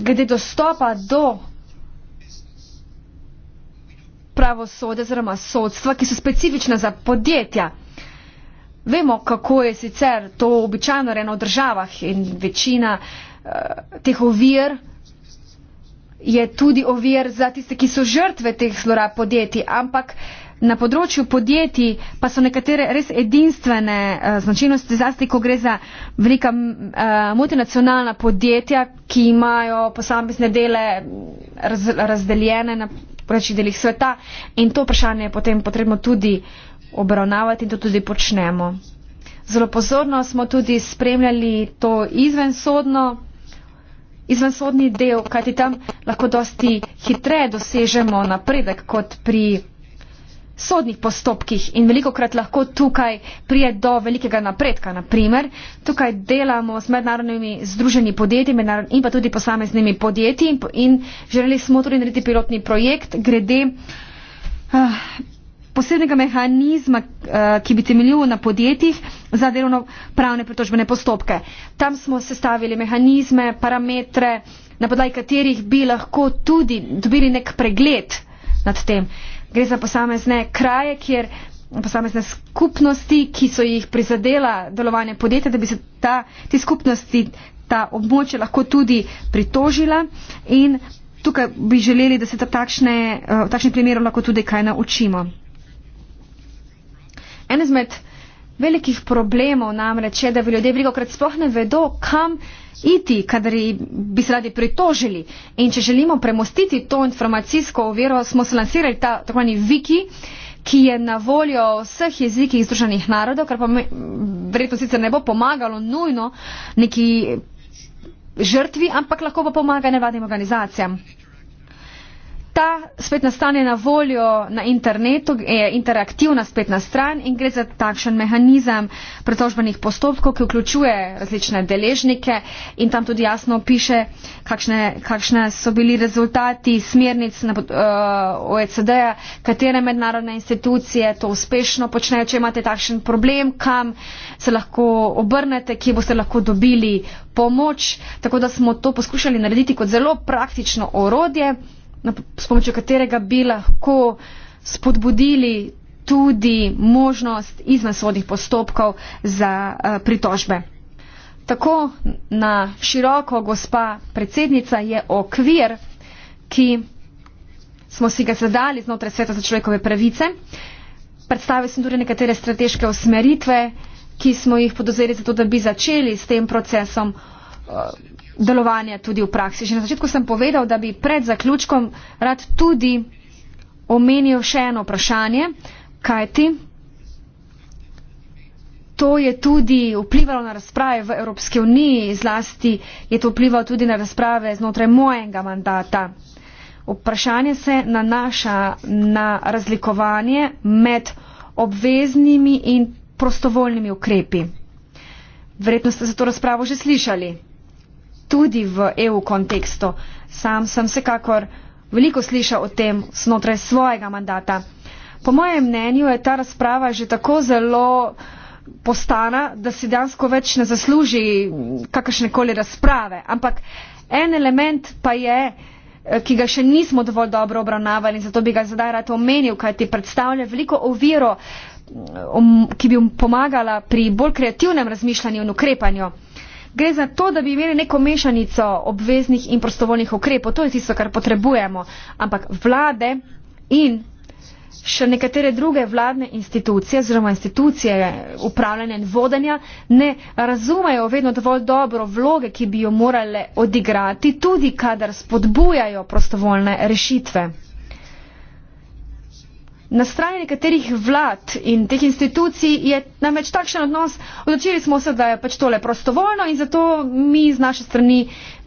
glede dostopa do pravosodja oziroma sodstva, ki so specifična za podjetja. Vemo, kako je sicer to običajno reno v državah in večina uh, teh ovir je tudi ovir za tiste, ki so žrtve teh zlorab podjetij, ampak uh, Na področju podjetij pa so nekatere res edinstvene uh, značilnosti, zlasti ko gre za velika uh, multinacionalna podjetja, ki imajo posamezne dele raz, razdeljene na različnih delih sveta in to vprašanje je potem potrebno tudi obravnavati in to tudi počnemo. Zelo pozorno smo tudi spremljali to izvensodno, izvensodni del, kajti tam lahko dosti hitreje dosežemo napredek kot pri sodnih postopkih in veliko krat lahko tukaj prije do velikega napredka. Naprimer, tukaj delamo s mednarodnimi združenji podjetji in pa tudi posameznimi podjetji in želeli smo tudi narediti pilotni projekt grede uh, posebnega mehanizma, uh, ki bi temeljil na podjetjih za delovno pravne pritožbene postopke. Tam smo sestavili mehanizme, parametre, na podlagi katerih bi lahko tudi dobili nek pregled nad tem gre za posamezne kraje, kjer posamezne skupnosti, ki so jih prizadela delovanje podjetja, da bi se ta, ti skupnosti, ta območje lahko tudi pritožila in tukaj bi želeli, da se ta takšne, v eh, takšnem primeru lahko tudi kaj naučimo. En izmed velikih problemov namreč je, da bi ljudje veliko krat sploh ne vedo, kam iti, kadar bi se radi pritožili. In če želimo premostiti to informacijsko uvero, smo se lansirali ta tako manj viki, ki je na voljo vseh jezikih združenih narodov, kar pa verjetno sicer ne bo pomagalo nujno neki žrtvi, ampak lahko pa pomaga nevladnim organizacijam ta spletna stran je na voljo na internetu, je interaktivna spletna stran in gre za takšen mehanizem pretožbenih postopkov, ki vključuje različne deležnike in tam tudi jasno piše, kakšne, kakšne so bili rezultati smernic na, uh, OECD-ja, katere mednarodne institucije to uspešno počnejo, če imate takšen problem, kam se lahko obrnete, kje boste lahko dobili pomoč. Tako da smo to poskušali narediti kot zelo praktično orodje s pomočjo katerega bi lahko spodbudili tudi možnost izvensodnih postopkov za eh, pritožbe. Tako na široko, gospa predsednica, je okvir, ki smo si ga zadali znotraj sveta za človekove pravice. Predstavili smo tudi nekatere strateške usmeritve, ki smo jih podozeli za to, da bi začeli s tem procesom eh, delovanja tudi v praksi. Že na začetku sem povedal, da bi pred zaključkom rad tudi omenil še eno vprašanje, kajti to je tudi vplivalo na razprave v Evropski uniji, zlasti je to vplivalo tudi na razprave znotraj mojega mandata. Vprašanje se nanaša na razlikovanje med obveznimi in prostovoljnimi ukrepi. Verjetno ste za to razpravo že slišali tudi v EU kontekstu. Sam sem vsekakor veliko slišal o tem znotraj svojega mandata. Po mojem mnenju je ta razprava že tako zelo postana, da si dansko več ne zasluži kakršnekoli razprave. Ampak en element pa je, eh, ki ga še nismo dovolj dobro obravnavali in zato bi ga zdaj rad omenil, kaj ti predstavlja veliko oviro, mm, um, ki bi pomagala pri bolj kreativnem razmišljanju in ukrepanju gre za to, da bi imeli neko mešanico obveznih in prostovoljnih ukrepov. To je tisto, kar potrebujemo. Ampak vlade in še nekatere druge vladne institucije, oziroma institucije upravljanja in vodenja, ne razumejo vedno dovolj dobro vloge, ki bi jo morale odigrati, tudi kadar spodbujajo prostovoljne rešitve. Na strani nekaterih vlad in teh institucij je namreč takšen odnos, odločili smo se, da je pač tole prostovoljno in zato mi z naše strani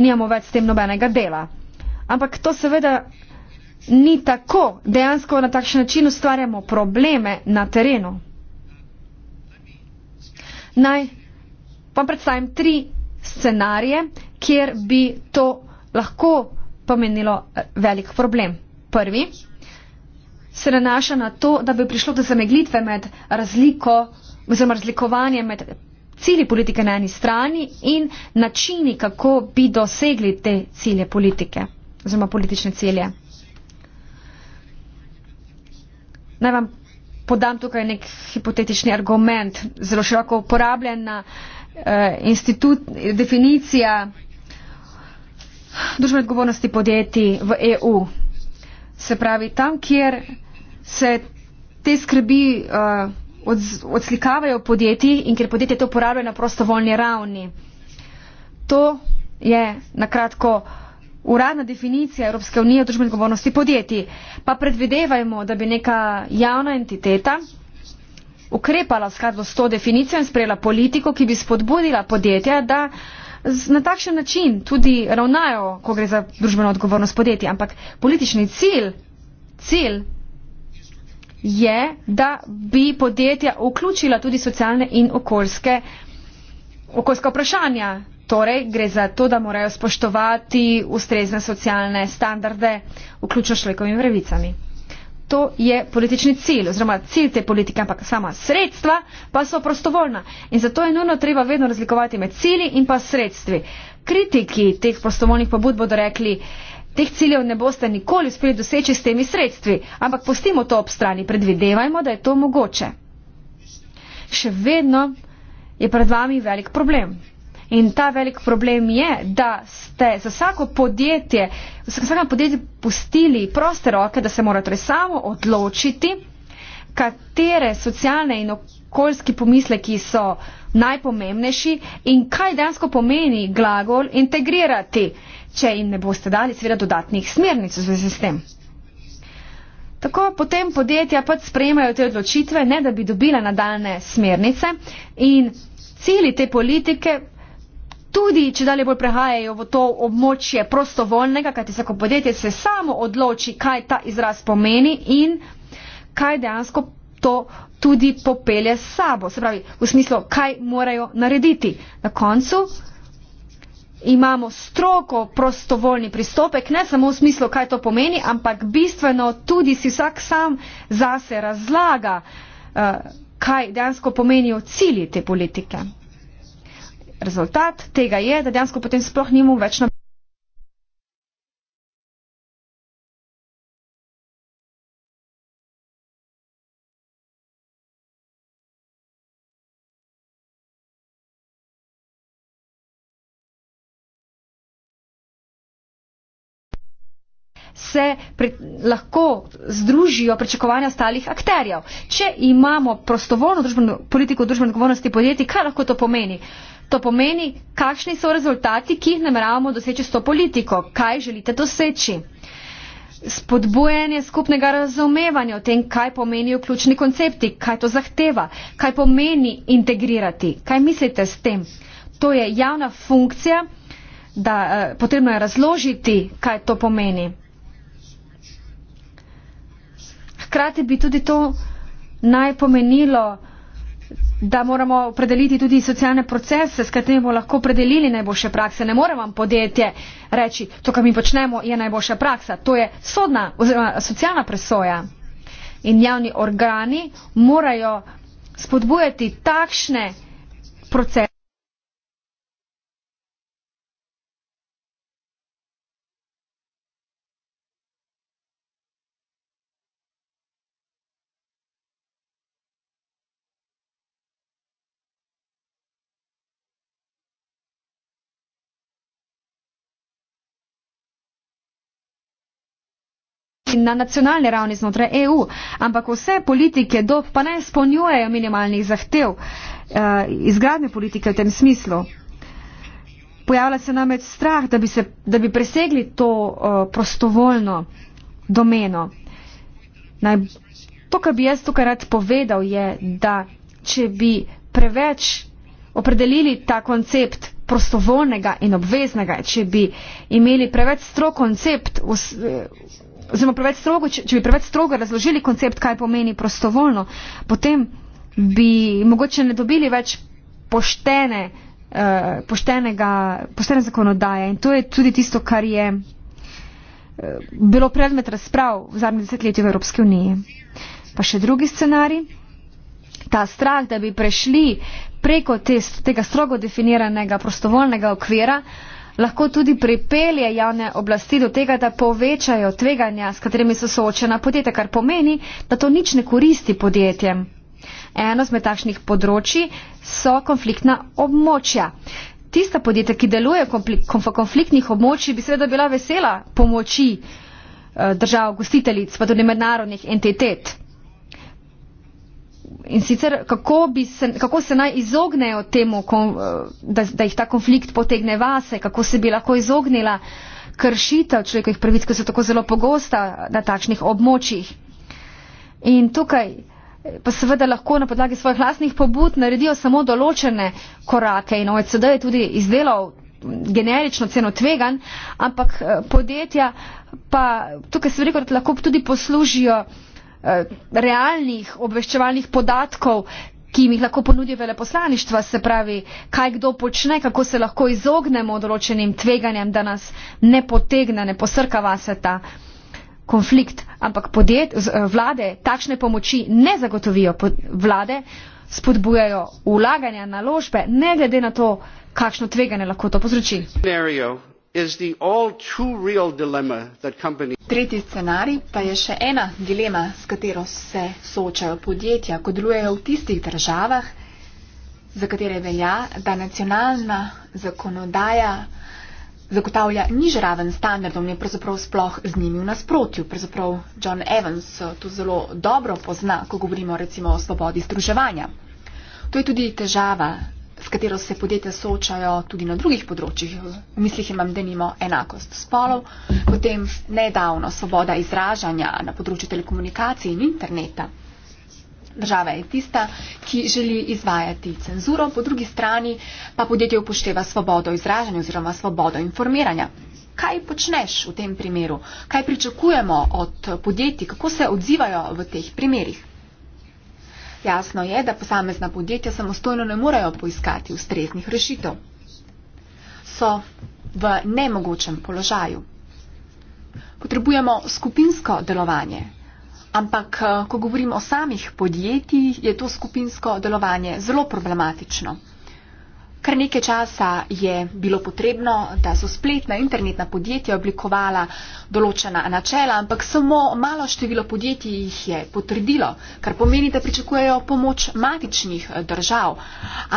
nijamo več s tem nobenega dela. Ampak to seveda ni tako. Dejansko na takšen način ustvarjamo probleme na terenu. Naj vam predstavim tri scenarije, kjer bi to lahko pomenilo eh, velik problem. Prvi se nanaša na to, da bi prišlo do zameglitve med razliko oziroma razlikovanje med cilji politike na eni strani in načini, kako bi dosegli te cilje politike oziroma politične cilje. Naj vam podam tukaj nek hipotetični argument, zelo široko uporabljena eh, institut, definicija družbene odgovornosti podjetij v EU. Se pravi, tam, kjer se te skrbi uh, od, odslikavajo podjetji in ker podjetje to uporabljajo na prostovoljni ravni. To je nakratko uradna definicija Evropske unije o družbeni odgovornosti podjetij. Pa predvidevajmo, da bi neka javna entiteta ukrepala skladbo s to definicijo in sprejela politiko, ki bi spodbudila podjetja, da na takšen način tudi ravnajo, ko gre za družbeno odgovornost podjetij. Ampak politični cilj, cilj je, da bi podjetja vključila tudi socialne in okoljske, okoljske vprašanja. Torej, gre za to, da morajo spoštovati ustrezne socialne standarde, vključno človekovimi pravicami. To je politični cilj, oziroma cilj te politike, ampak sama sredstva pa so prostovoljna. In zato je nujno treba vedno razlikovati med cilji in pa sredstvi. Kritiki teh prostovoljnih pobud bodo rekli, Teh ciljev ne boste nikoli uspeli doseči s temi sredstvi, ampak postimo to ob strani, predvidevajmo, da je to mogoče. Še vedno je pred vami velik problem. In ta velik problem je, da ste za vsako podjetje, za vsako podjetje pustili proste roke, da se mora torej samo odločiti, katere socialne in okoljski pomisleki so najpomembnejši in kaj dejansko pomeni glagol integrirati če jim ne boste dali seveda dodatnih smernic v zvezi s tem. Tako potem podjetja pač sprejemajo te odločitve, ne da bi dobila nadaljne smernice in cili te politike tudi, če dalje bolj prehajajo v to območje prostovoljnega, kajti vsako podjetje se samo odloči, kaj ta izraz pomeni in kaj dejansko to tudi popelje s sabo, se pravi v smislu, kaj morajo narediti. Na koncu imamo stroko prostovoljni pristopek, ne samo v smislu, kaj to pomeni, ampak bistveno tudi si vsak sam zase razlaga, eh, kaj dejansko pomenijo cilji te politike. Rezultat tega je, da dejansko potem sploh nimamo več na. se pre, lahko združijo pričakovanja ostalih akterjev. Če imamo prostovoljno družbeno, politiko družbene odgovornosti podjetij, kaj lahko to pomeni? To pomeni, kakšni so rezultati, ki jih nameravamo doseči s to politiko, kaj želite doseči. Spodbujanje skupnega razumevanja o tem, kaj pomenijo ključni koncepti, kaj to zahteva, kaj pomeni integrirati, kaj mislite s tem. To je javna funkcija, da eh, potrebno je razložiti, kaj to pomeni. hkrati bi tudi to najpomenilo, da moramo predeliti tudi socialne procese, s katerimi bomo lahko predelili najboljše prakse. Ne more vam podjetje reči, to, kar mi počnemo, je najboljša praksa. To je sodna oziroma socialna presoja. In javni organi morajo spodbujati takšne procese. in na nacionalni ravni znotraj EU, ampak vse politike dob pa ne izpolnjujejo minimalnih zahtev uh, eh, izgradne politike v tem smislu. Pojavlja se namreč strah, da bi, se, da bi presegli to uh, prostovoljno domeno. Naj, to, kar bi jaz tukaj rad povedal, je, da če bi preveč opredelili ta koncept prostovoljnega in obveznega, če bi imeli preveč strok koncept v, eh, oziroma preveč strogo, če, če bi preveč strogo razložili koncept, kaj pomeni prostovoljno, potem bi mogoče ne dobili več poštene, uh, poštenega, poštene zakonodaje. In to je tudi tisto, kar je eh, bilo predmet razprav v zadnjih desetletjih v Evropske unije. Pa še drugi scenarij, ta strah, da bi prešli preko te, tega strogo definiranega prostovoljnega okvira, uh, lahko tudi pripelje javne oblasti do tega, da povečajo tveganja, s katerimi so soočena podjetja, kar pomeni, da to nič ne koristi podjetjem. Eno zmed takšnih področji so konfliktna območja. Tista podjetja, ki delujejo v konfliktnih območjih, bi seveda bila vesela pomoči eh, držav gostiteljic, pa tudi mednarodnih entitet in sicer kako, bi se, kako se naj izognejo temu, eh, da, da jih ta konflikt potegne vase, kako se bi lahko izognila kršitev človekovih pravic, ki so tako zelo pogosta na takšnih območjih. In tukaj eh, pa seveda lahko na podlagi svojih vlastnih pobud naredijo samo določene korake in OECD je tudi izdelal generično ceno tvegan, ampak eh, podjetja pa tukaj se veliko lahko tudi poslužijo Eh, realnih obveščevalnih podatkov, ki jim jih lahko ponudi veleposlaništva, se pravi, kaj kdo počne, kako se lahko izognemo določenim tveganjem, da nas ne potegne, ne posrka vase ta konflikt, ampak podjet, eh, vlade takšne pomoči ne zagotovijo, vlade spodbujajo vlaganja na ložbe, ne glede na to, kakšno tveganje lahko to povzroči. Tretji scenarij pa je še ena dilema, s katero se soočajo podjetja, ko delujejo v tistih državah, za katere velja, da nacionalna zakonodaja zagotavlja niž raven standardom, je pravzaprav sploh z njimi v nasprotju. Pravzaprav John Evans eh, to zelo dobro pozna, ko govorimo recimo o svobodi združevanja. To je tudi težava s katero se podjetja soočajo tudi na drugih področjih. V mislih imam, da nimamo enakost spolov. Potem nedavno svoboda izražanja na področju telekomunikacij in interneta. Država je tista, ki želi izvajati cenzuro, po drugi strani pa podjetje upošteva svobodo izražanja oziroma svobodo informiranja. Kaj počneš v tem primeru? Kaj pričakujemo od podjetij? Kako se odzivajo v teh primerih? Jasno je, da posamezna podjetja samostojno ne morejo poiskati ustreznih rešitev. So v nemogočem položaju. Potrebujemo skupinsko delovanje, ampak eh, ko govorimo o samih podjetjih, je to skupinsko delovanje zelo problematično. Kar nekaj časa je bilo potrebno, da so spletna in internetna podjetja oblikovala določena načela, ampak samo malo število podjetij jih je potrdilo, kar pomeni, da pričakujejo pomoč matičnih eh, držav.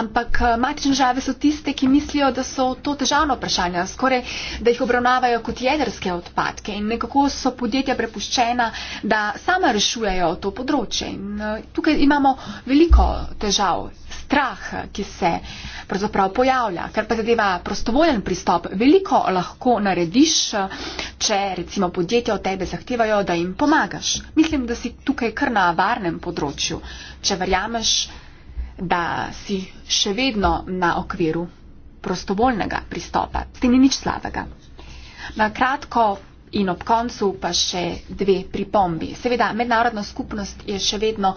Ampak eh, matične države so tiste, ki mislijo, da so to težavno vprašanje, skoraj da jih obravnavajo kot jedrske odpadke in nekako so podjetja prepuščena, da sama rešujejo to področje. In eh, tukaj imamo veliko težav strah, ki se pravzaprav pojavlja. Ker pa zadeva prostovoljen pristop, veliko lahko narediš, če recimo podjetja od tebe zahtevajo, da jim pomagaš. Mislim, da si tukaj kar na varnem področju, če verjameš, da si še vedno na okviru prostovoljnega pristopa. S tem ni nič slabega. Na kratko in ob koncu pa še dve pripombi. Seveda, mednarodna skupnost je še vedno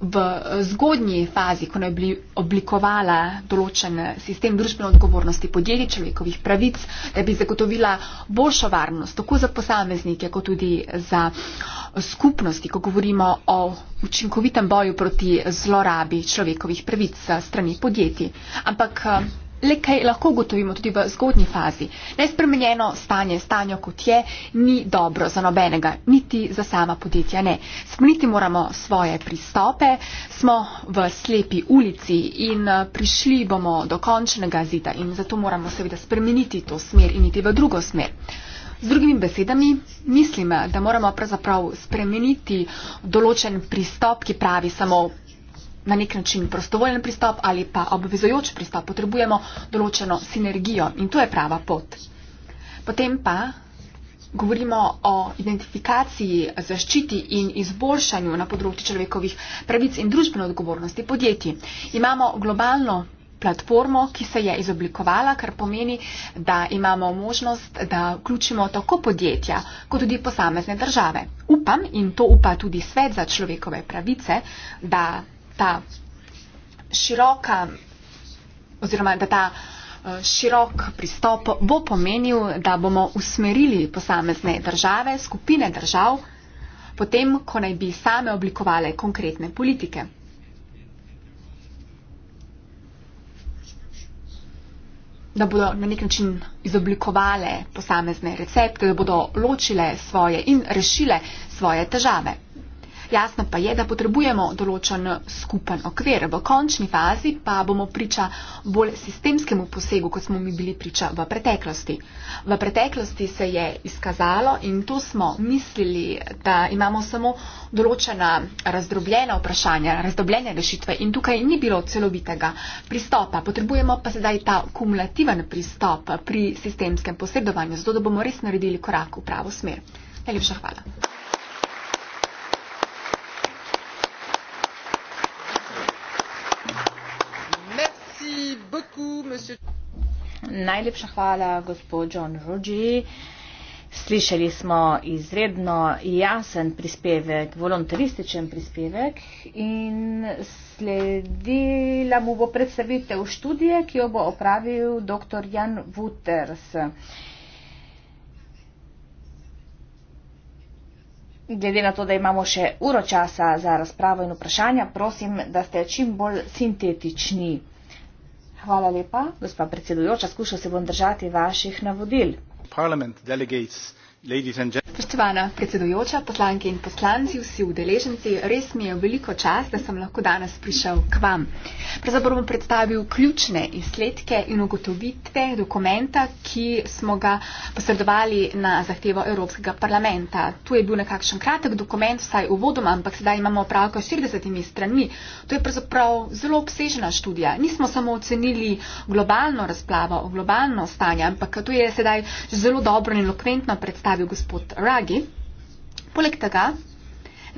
v eh, zgodnji fazi, ko je oblikovala določen eh, sistem družbene odgovornosti podjetij, človekovih pravic, da bi zagotovila boljšo varnost tako za posameznike, kot tudi za skupnosti, ko govorimo o učinkovitem boju proti zlorabi človekovih pravic strani podjetij. Ampak eh, le kaj lahko ugotovimo tudi v zgodnji fazi. Nespremenjeno stanje, stanje kot je, ni dobro za nobenega, niti za sama podjetja ne. Spomniti moramo svoje pristope, smo v slepi ulici in eh, prišli bomo do končnega zida in zato moramo seveda spremeniti to smer in iti v drugo smer. Z drugimi besedami mislim, da moramo pravzaprav spremeniti določen pristop, ki pravi samo na nek način prostovoljen pristop ali pa obvezojoč pristop, potrebujemo določeno sinergijo in to je prava pot. Potem pa govorimo o identifikaciji, zaščiti in izboljšanju na področju človekovih pravic in družbene odgovornosti podjetij. Imamo globalno platformo, ki se je izoblikovala, kar pomeni, da imamo možnost, da vključimo tako podjetja, kot tudi posamezne države. Upam in to upa tudi svet za človekove pravice, da ta široka oziroma da ta e, širok pristop bo pomenil, da bomo usmerili posamezne države, skupine držav, potem, ko naj bi same oblikovale konkretne politike. da bodo na nek način izoblikovale posamezne recepte, da bodo ločile svoje in rešile svoje težave. Jasno pa je, da potrebujemo določen skupen okvir. V končni fazi pa bomo priča bolj sistemskemu posegu, kot smo mi bili priča v preteklosti. V preteklosti se je izkazalo in to smo mislili, da imamo samo določena razdrobljena vprašanja, razdrobljene rešitve in tukaj ni bilo celovitega pristopa. Potrebujemo pa sedaj ta kumulativen pristop pri sistemskem posredovanju, zato da bomo res naredili korak v pravo smer. Najlepša hvala. Najlepša hvala, gospod John Rudži. Slišali smo izredno jasen prispevek, voluntarističen prispevek in sledila mu bo predstavitev študije, ki jo bo opravil dr. Jan Wuters. Glede na to, da imamo še uro časa za razpravo in vprašanja, prosim, da ste čim bolj sintetični. Hvala lepa, gospa predsedujoča. Skušal se bom držati vaših navodil. Parlament delegates Spoštovana predsedujoča, poslanke in poslanci, vsi udeleženci, res mi je veliko čas, da sem lahko danes prišel k vam. Pravzaprav bom predstavil ključne izsledke in ugotovitve dokumenta, ki smo ga posredovali na zahtevo Evropskega parlamenta. Tu je bil nekakšen kratek dokument, vsaj uvodoma, ampak sedaj imamo opravka s 40 stranmi. To je pravzaprav zelo obsežena študija. Nismo samo ocenili globalno razplavo, globalno stanje, ampak to je sedaj zelo dobro in elokventno predstavljeno predstavil gospod Ragi. Poleg tega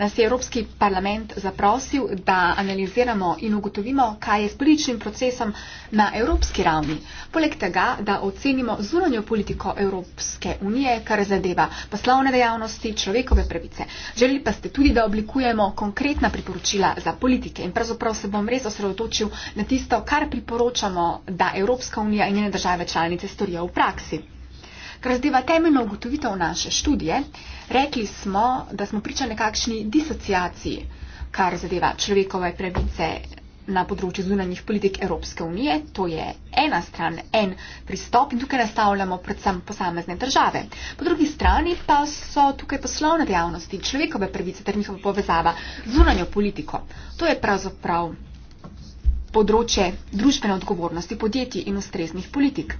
nas je Evropski parlament zaprosil, da analiziramo in ugotovimo, kaj je s političnim procesom na evropski ravni. Poleg tega, da ocenimo zunanjo politiko Evropske unije, kar zadeva poslovne dejavnosti, človekove pravice. Želeli pa ste tudi, da oblikujemo konkretna priporočila za politike. In pravzaprav se bom res osredotočil na tisto, kar priporočamo, da Evropska unija in njene države članice storijo v praksi. Kar zadeva temeljno ugotovitev naše študije, rekli smo, da smo priča nekakšni disociaciji, kar zadeva človekove pravice na področju zunanjih politik Evropske unije. To je ena stran, en pristop in tukaj nastavljamo predvsem posamezne države. Po drugi strani pa so tukaj poslovne dejavnosti, človekove pravice ter njihova povezava z zunanjo politiko. To je pravzaprav področje družbene odgovornosti podjetij in ustreznih politik.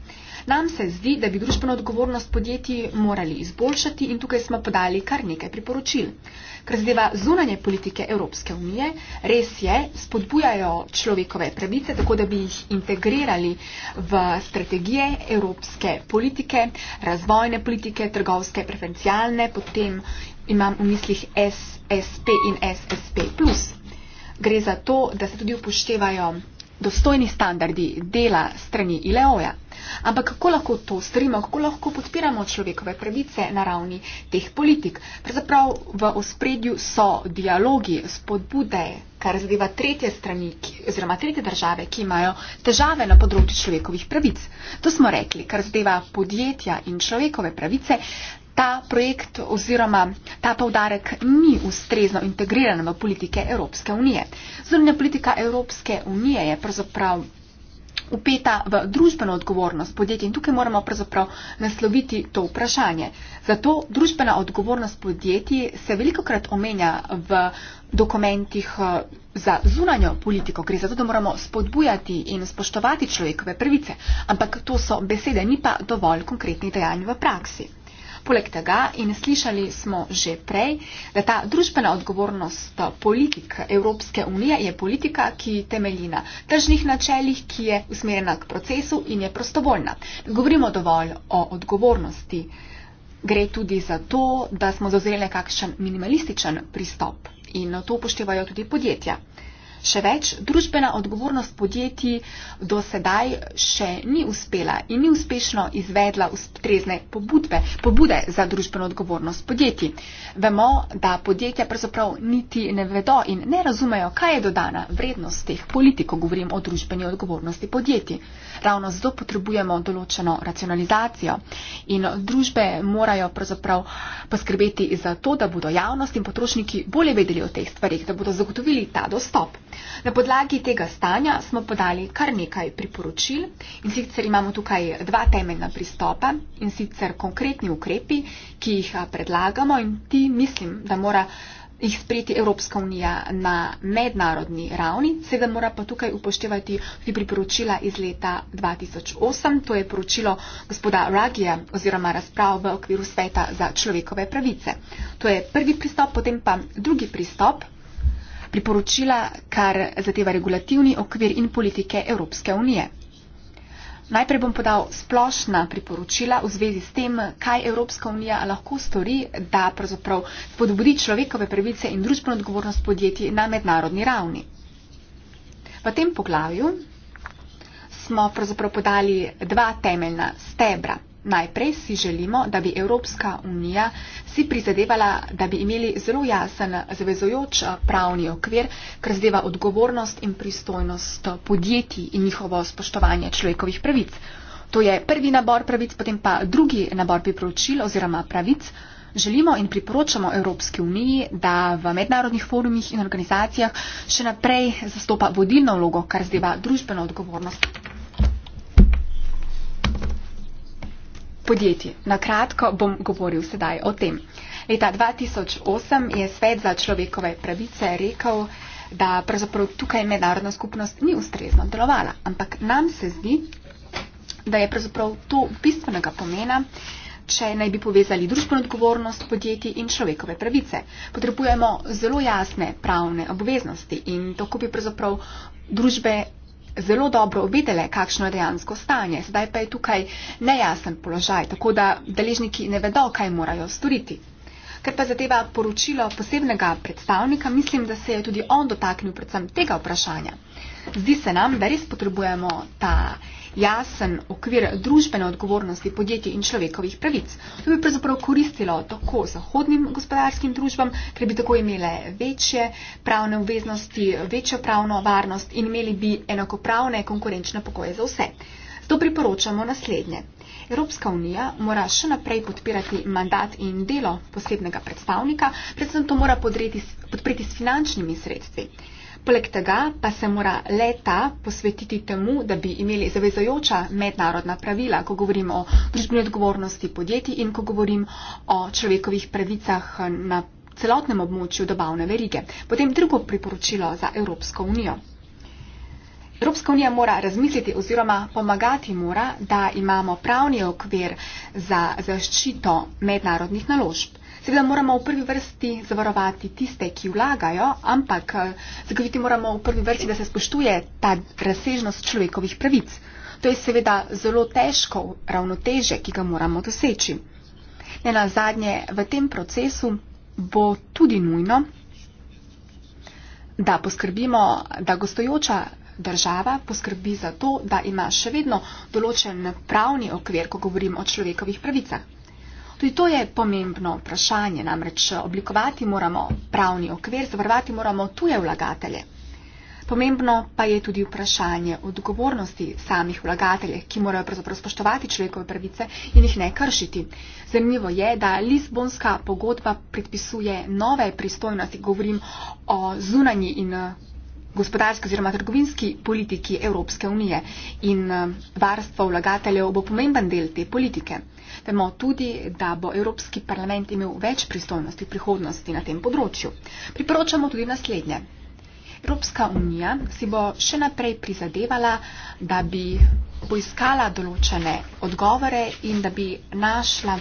Nam se zdi, da bi družbeno odgovornost podjetij morali izboljšati in tukaj smo podali kar nekaj priporočil. Kar zadeva zunanje politike Evropske unije, res je, spodbujajo človekove pravice, tako da bi jih integrirali v strategije evropske politike, razvojne politike, trgovske, preferencialne, potem imam v mislih SSP in SSP gre za to, da se tudi upoštevajo dostojni standardi dela strani ILO-ja. Ampak kako lahko to storimo, kako lahko podpiramo človekove pravice na ravni teh politik? Pravzaprav v ospredju so dialogi, spodbude, kar zadeva tretje strani oziroma tretje države, ki imajo težave na področju človekovih pravic. To smo rekli, kar zadeva podjetja in človekove pravice, ta projekt oziroma ta povdarek ni ustrezno integriran v politike Evropske unije. Zunanja politika Evropske unije je pravzaprav upeta v družbeno odgovornost podjetij in tukaj moramo pravzaprav nasloviti to vprašanje. Zato družbena odgovornost podjetij se veliko krat omenja v dokumentih eh, za zunanjo politiko. Gre za to, da moramo spodbujati in spoštovati človekove prvice, ampak to so besede, ni pa dovolj konkretnih dejanj v praksi. Poleg tega in slišali smo že prej, da ta družbena odgovornost politik Evropske unije je politika, ki temelji na tržnih načeljih, ki je usmerjena k procesu in je prostovoljna. Govorimo dovolj o odgovornosti. Gre tudi za to, da smo zazreli kakšen minimalističen pristop in to upoštevajo tudi podjetja. Še več, družbena odgovornost podjetij do sedaj še ni uspela in ni uspešno izvedla ustrezne pobudbe, pobude za družbeno odgovornost podjetij. Vemo, da podjetja pravzaprav niti ne vedo in ne razumejo, kaj je dodana vrednost teh politik, ko govorim o družbeni odgovornosti podjetij. Ravno zato potrebujemo določeno racionalizacijo in družbe morajo pravzaprav poskrbeti za to, da bodo javnost in potrošniki bolje vedeli o teh stvarih, da bodo zagotovili ta dostop. Na podlagi tega stanja smo podali kar nekaj priporočil in sicer imamo tukaj dva temeljna pristopa in sicer konkretni ukrepi, ki jih predlagamo in ti mislim, da mora jih sprejeti Evropska unija na mednarodni ravni, seveda mora pa tukaj upoštevati tudi priporočila iz leta 2008, to je poročilo gospoda Ragija oziroma razprav v okviru sveta za človekove pravice. To je prvi pristop, potem pa drugi pristop, priporočila, kar zadeva regulativni okvir in politike Evropske unije. Najprej bom podal splošna priporočila v zvezi s tem, kaj Evropska unija lahko stori, da pravzaprav spodbudi človekove pravice in družbeno odgovornost podjetij na mednarodni ravni. V tem poglavju smo pravzaprav podali dva temeljna stebra. Najprej si želimo, da bi Evropska unija si prizadevala, da bi imeli zelo jasen zavezojoč eh, pravni okvir, kar zdeva odgovornost in pristojnost eh, podjetij in njihovo spoštovanje človekovih pravic. To je prvi nabor pravic, potem pa drugi nabor priporočil oziroma pravic. Želimo in priporočamo Evropski uniji, da v mednarodnih forumih in organizacijah še naprej zastopa vodilno vlogo, kar zdeva družbeno odgovornost podjetij. Na kratko bom govoril sedaj o tem. Leta 2008 je Svet za človekove pravice rekel, da pravzaprav tukaj mednarodna skupnost ni ustrezno delovala, ampak nam se zdi, da je pravzaprav to bistvenega pomena, če naj bi povezali družbeno odgovornost podjetij in človekove pravice. Potrebujemo zelo jasne pravne obveznosti in tako bi pravzaprav družbe zelo dobro videle, kakšno je dejansko stanje. Zdaj pa je tukaj nejasen položaj, tako da deležniki ne vedo, kaj morajo storiti. Ker pa zadeva poročilo posebnega predstavnika, mislim, da se je tudi on dotaknil predvsem tega vprašanja. Zdi se nam, da res potrebujemo ta jasen okvir družbene odgovornosti podjetij in človekovih pravic. To bi pravzaprav koristilo tako zahodnim gospodarskim družbam, ker bi tako imele večje pravne obveznosti, večjo pravno varnost in imeli bi enakopravne konkurenčne pokoje za vse. Zato priporočamo naslednje. Evropska unija mora še naprej podpirati mandat in delo posebnega predstavnika, predvsem to mora podpreti s finančnimi sredstvi. Poleg tega pa se mora leta posvetiti temu, da bi imeli zavezajoča mednarodna pravila, ko govorim o družbeni odgovornosti podjetij in ko govorim o človekovih pravicah na celotnem območju dobavne verige. Potem drugo priporočilo za Evropsko unijo. Evropska unija mora razmisliti oziroma pomagati mora, da imamo pravni okvir za zaščito mednarodnih naložb. Seveda moramo v prvi vrsti zavarovati tiste, ki vlagajo, ampak eh, zagoviti moramo v prvi vrsti, da se spoštuje ta razsežnost človekovih pravic. To je seveda zelo težko ravnoteže, ki ga moramo doseči. Ne na zadnje, v tem procesu bo tudi nujno, da poskrbimo, da gostojoča država poskrbi za to, da ima še vedno določen pravni okvir, ko govorimo o človekovih pravicah. Tudi to je pomembno vprašanje, namreč oblikovati moramo pravni okvir, zavarovati moramo tuje vlagatelje. Pomembno pa je tudi vprašanje odgovornosti samih vlagateljev, ki morajo pravzaprav spoštovati človekove pravice in jih ne kršiti. Zanimivo je, da Lizbonska pogodba predpisuje nove pristojnosti, govorim o zunanji in eh, gospodarski oziroma trgovinski politiki Evropske unije in eh, varstvo vlagateljev bo pomemben del te politike. Vemo tudi, da bo Evropski parlament imel več pristojnosti v prihodnosti na tem področju. Priporočamo tudi naslednje. Evropska unija si bo še naprej prizadevala, da bi poiskala določene odgovore in da bi našla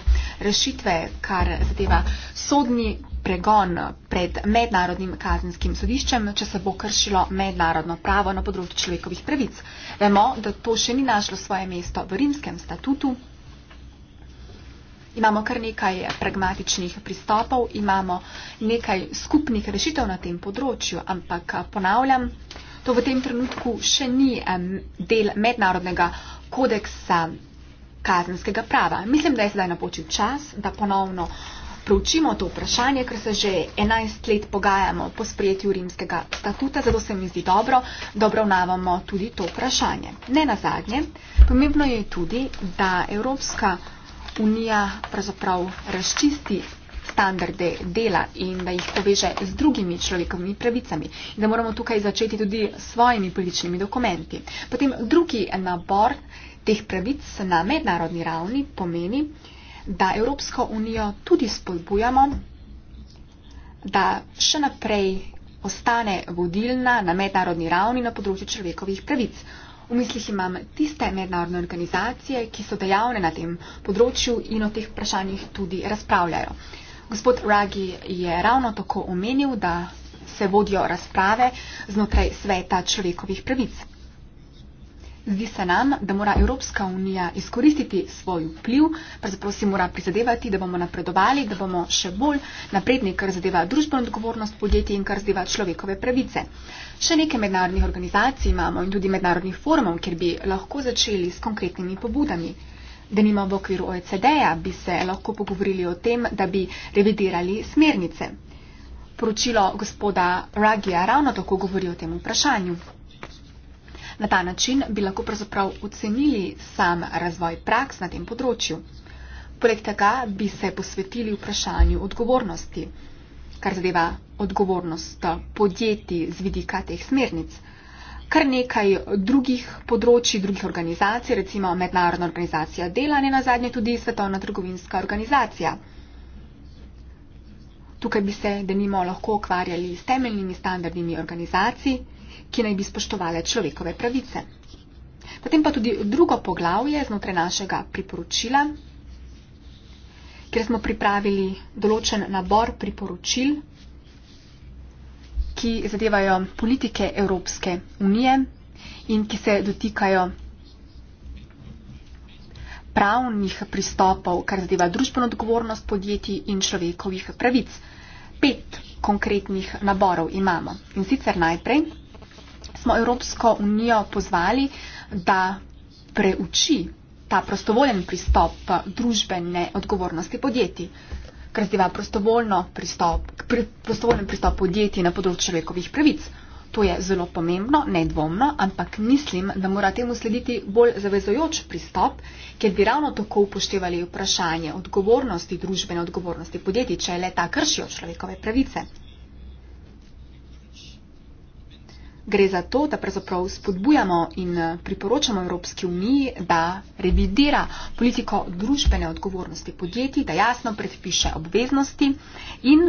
rešitve, kar zadeva sodni pregon pred mednarodnim kazenskim sodiščem, če se bo kršilo mednarodno pravo na področju človekovih pravic. Vemo, da to še ni našlo svoje mesto v rimskem statutu, imamo kar nekaj pragmatičnih pristopov, imamo nekaj skupnih rešitev na tem področju, ampak ponavljam, to v tem trenutku še ni del mednarodnega kodeksa kazenskega prava. Mislim, da je sedaj napočil čas, da ponovno preučimo to vprašanje, ker se že 11 let pogajamo po sprejetju rimskega statuta, zato se mi zdi dobro, da obravnavamo tudi to vprašanje. Ne na zadnje, pomembno je tudi, da Evropska unija unija pravzaprav razčisti standarde dela in da jih poveže z drugimi človekovimi pravicami. In da moramo tukaj začeti tudi s svojimi političnimi dokumenti. Potem drugi nabor teh pravic na mednarodni ravni pomeni, da Evropsko unijo tudi spodbujamo, da še naprej ostane vodilna na mednarodni ravni na področju človekovih pravic. V mislih imam tiste mednarodne organizacije, ki so dejavne na tem področju in o teh vprašanjih tudi razpravljajo. Gospod Ragi je ravno tako omenil, da se vodijo razprave znotraj sveta človekovih pravic. Zdi se nam, da mora Evropska unija izkoristiti svoj vpliv, pravzaprav si mora prizadevati, da bomo napredovali, da bomo še bolj napredni, kar zadeva družbeno odgovornost podjetij in kar zadeva človekove pravice. Še nekaj mednarodnih organizacij imamo in tudi mednarodnih forumov, kjer bi lahko začeli s konkretnimi pobudami. Da nima v okviru OECD-ja, bi se lahko pogovorili o tem, da bi revidirali smernice. Poročilo gospoda Ragija ravno tako govori o tem vprašanju. Na ta način bi lahko pravzaprav ocenili sam razvoj praks na tem področju. Poleg tega bi se posvetili vprašanju odgovornosti, kar zadeva odgovornost podjetij z vidika teh smernic. Kar nekaj drugih področji, drugih organizacij, recimo Mednarodna organizacija dela, ne na zadnje tudi Svetovna trgovinska organizacija. Tukaj bi se denimo lahko okvarjali s temeljnimi standardimi organizacij ki naj bi spoštovale človekove pravice. Potem pa tudi drugo poglavje znotraj našega priporočila, kjer smo pripravili določen nabor priporočil, ki zadevajo politike Evropske unije in ki se dotikajo pravnih pristopov, kar zadeva družbeno odgovornost podjetij in človekovih pravic. Pet konkretnih naborov imamo. In sicer najprej smo Evropsko unijo pozvali, da preuči ta prostovoljen pristop družbene odgovornosti podjetij. Kar zdiva prostovoljen pristop podjetij na področju človekovih pravic. To je zelo pomembno, nedvomno, ampak mislim, da mora temu slediti bolj zavezojoč pristop, ker bi ravno tako upoštevali vprašanje odgovornosti, družbene odgovornosti podjetij, če le ta kršijo človekove pravice. Gre za to, da pravzaprav spodbujamo in eh, priporočamo Evropski uniji, da revidira politiko družbene odgovornosti podjetij, da jasno predpiše obveznosti in